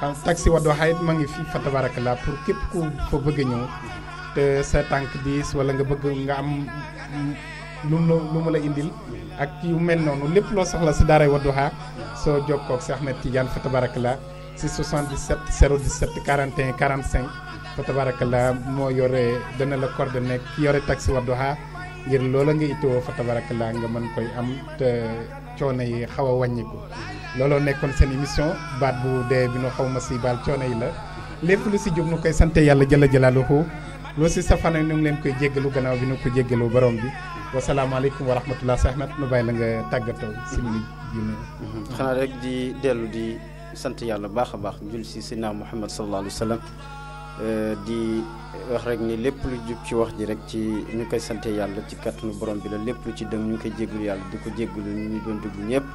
xam taxi Wadduha it ma ngi fii fa la pour képp ku fa bëgg a ñëw te sa tànk diis wala nga bëgg nga am lu lu mu la indil ak yu mel noonu lépp loo soxla si daaray Wadduha soo jokkoo ak si Ahmed Tidiane fa tabarakallah si 77 017 41 45 fa tabarakallah moo yore dana la coordonné ki yore taxi Wadduha ngir loola nga itoo fa tabarakallah nga mën koy am te coono yi xaw a wàññiku looloo nekkoon seen émission baat bu dee bi nu xaw ma si baal coono yi la lépp lu si jóg nu koy sante yàlla jëla jëlaaluhu loo si safana ñu ngi leen koy jéggalu gannaaw bi nu ko jéggalu borom bi wasalaamaaleykum wa rahmatulah Cheikh Ahmed nu bàyyi la nga tàggatoo simili junne xanaa rek di dellu di sant yàlla baax a baax jul si sinaa Muhammad sallallahu alayhi wa sallam euh, di wax rek ni lépp lu jub ci wax ji rek ci ñu koy sante yàlla ci kàttanu borom bi la lépp lu ci dëng ñu koy jégalu yàlla di ko jégalu ñu doon dugg ñëpp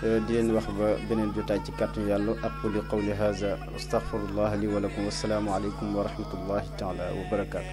di leen wax ba beneen jotaay ci kàttan yàlla aquli qawli haza astaghfirullah li wa lakum wassalaamu aleykum wa rahmatullahi taala wa barakatuh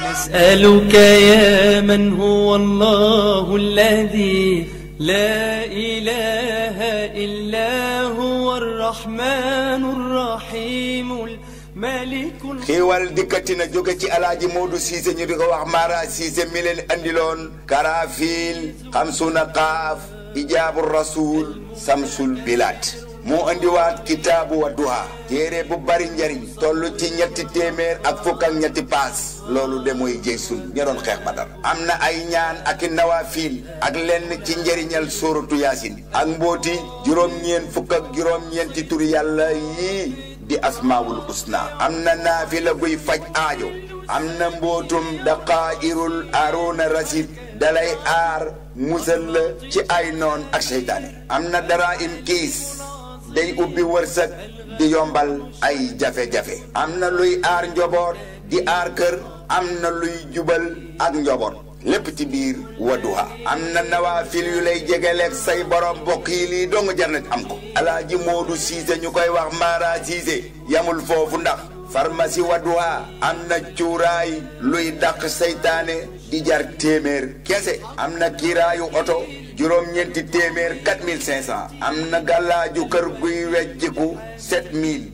نسألك يا من هو الله الذي لا إله إلا هو الرحمن الرحيم الملك xiiwal dikkati na jóge ci alaaji Modou Cissé ñu di ko wax Mara Cissé mi leen andiloon karafiil xamsuna qaaf ijaabu rasul samsul bilaat moo indiwaat kitaabu wadduha téere bu bari njariñ toll ci ñetti téeméer ak fukk ñetti paas loolu de mooy jëy sun ña doon xeex badar am na ay ñaan ak i nawafiil ak lenn ci njariñal sóoratu yaasin ak mbóoti juróom-ñeen fukk ak juróom-ñeenti turi yàlla yii di asmaawul usna am na naafila buy faj aajo am na mbootum daqaa'irul aruuna rasid dalay aar musal la ci ay noon ak seytaane am na dara im kiis day ubbi wërsëg di yombal ay jafe-jafe am na luy aar njaboot di aar kër am na luy jubal ak njaboot lépp ci biir Wadduha am na nawaafil yu lay jegeleeg say borom mbokk yi lii dong jar am ko alaaji Moodu Siise ñu koy wax Mara Siise yamul foofu ndax pharmacie Wadduha am na cuuraay luy dàq seytaane di téeméer kese am na kiiraayu oto juróom-ñeenti téeméer 4500 am na gàllaaju kër guy wejjiku 7000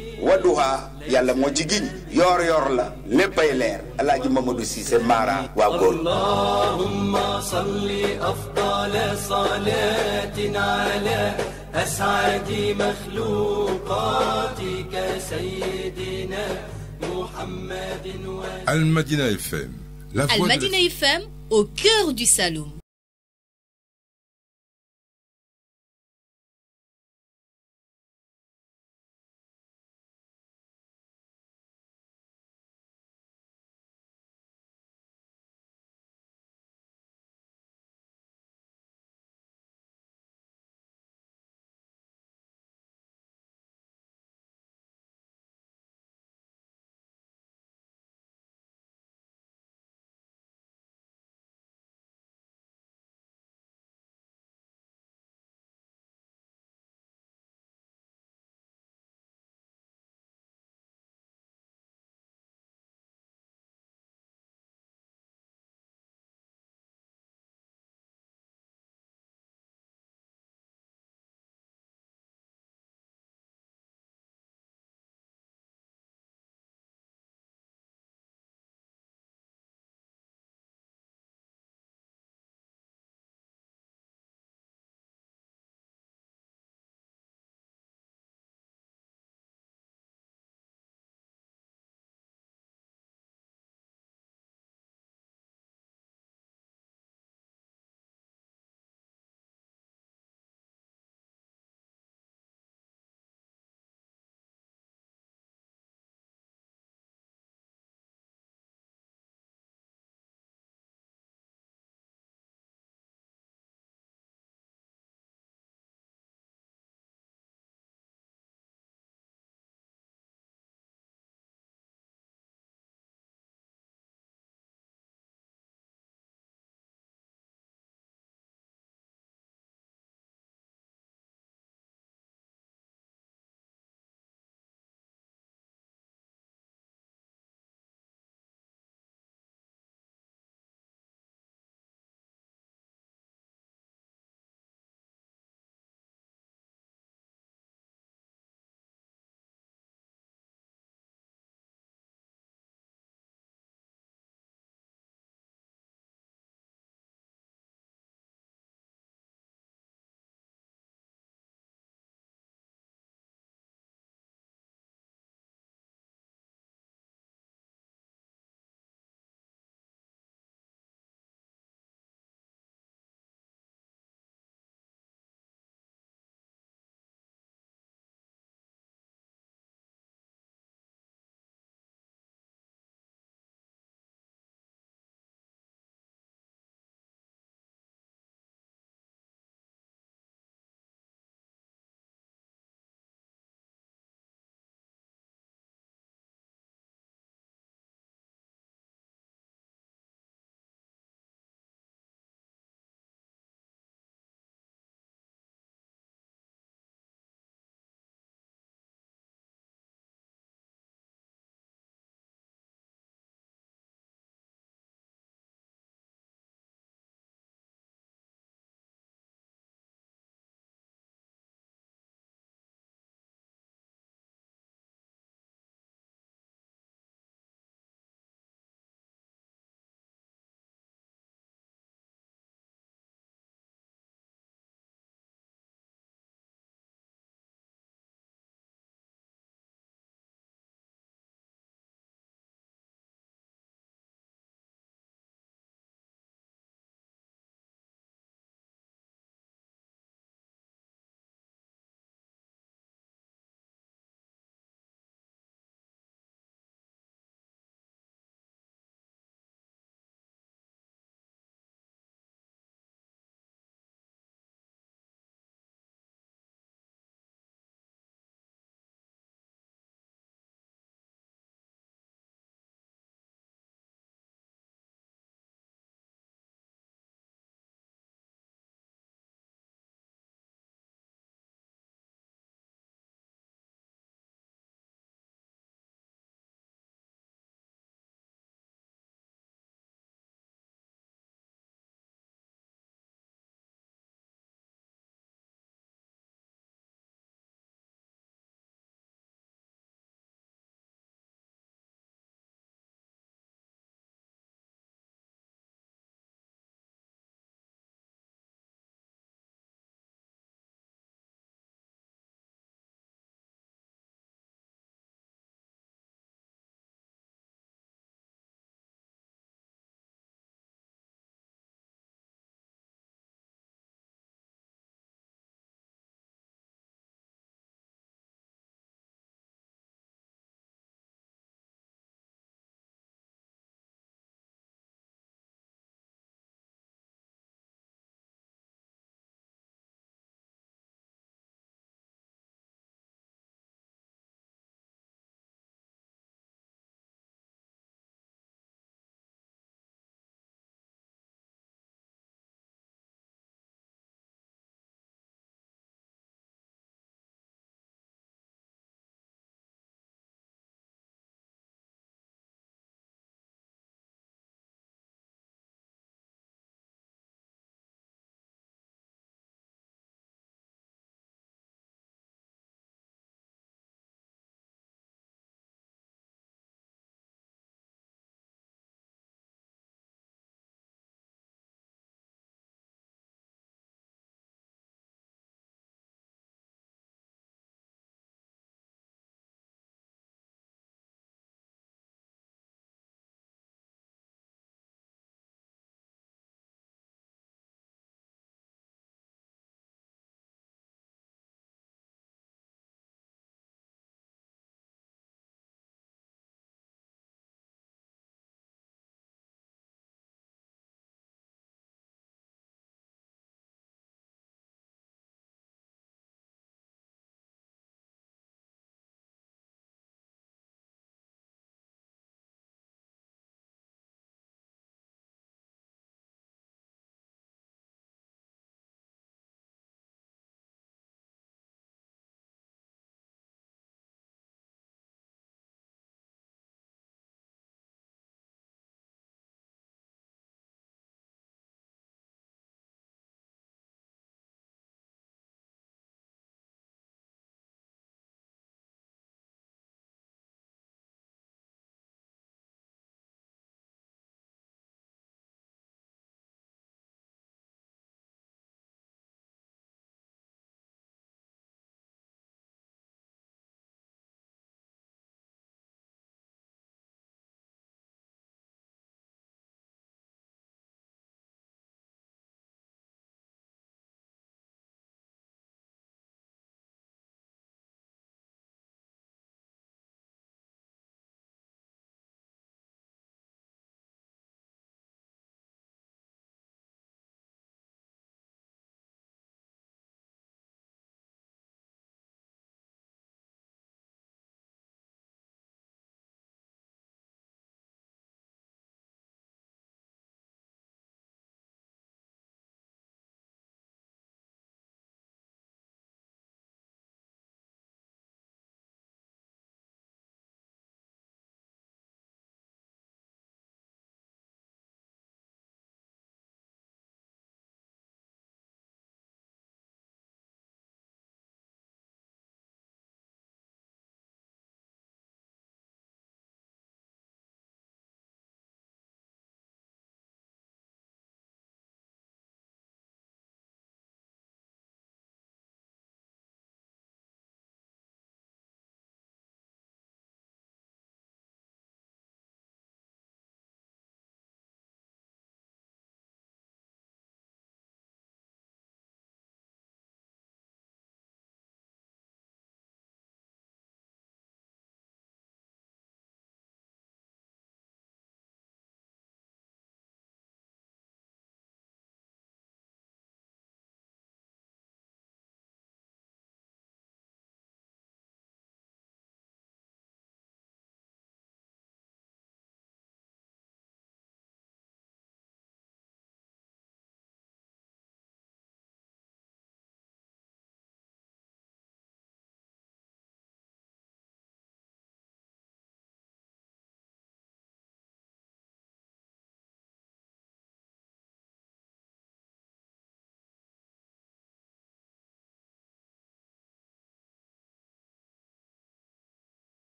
وادوها يلا موجيجين يور يور لا لبا الله محمد سيسي مارا وقول اللهم صل أفضل صلاة على أسعد مخلوقاتك سيدنا محمد المدينة يفهم المدينة يفهم au cœur du salon.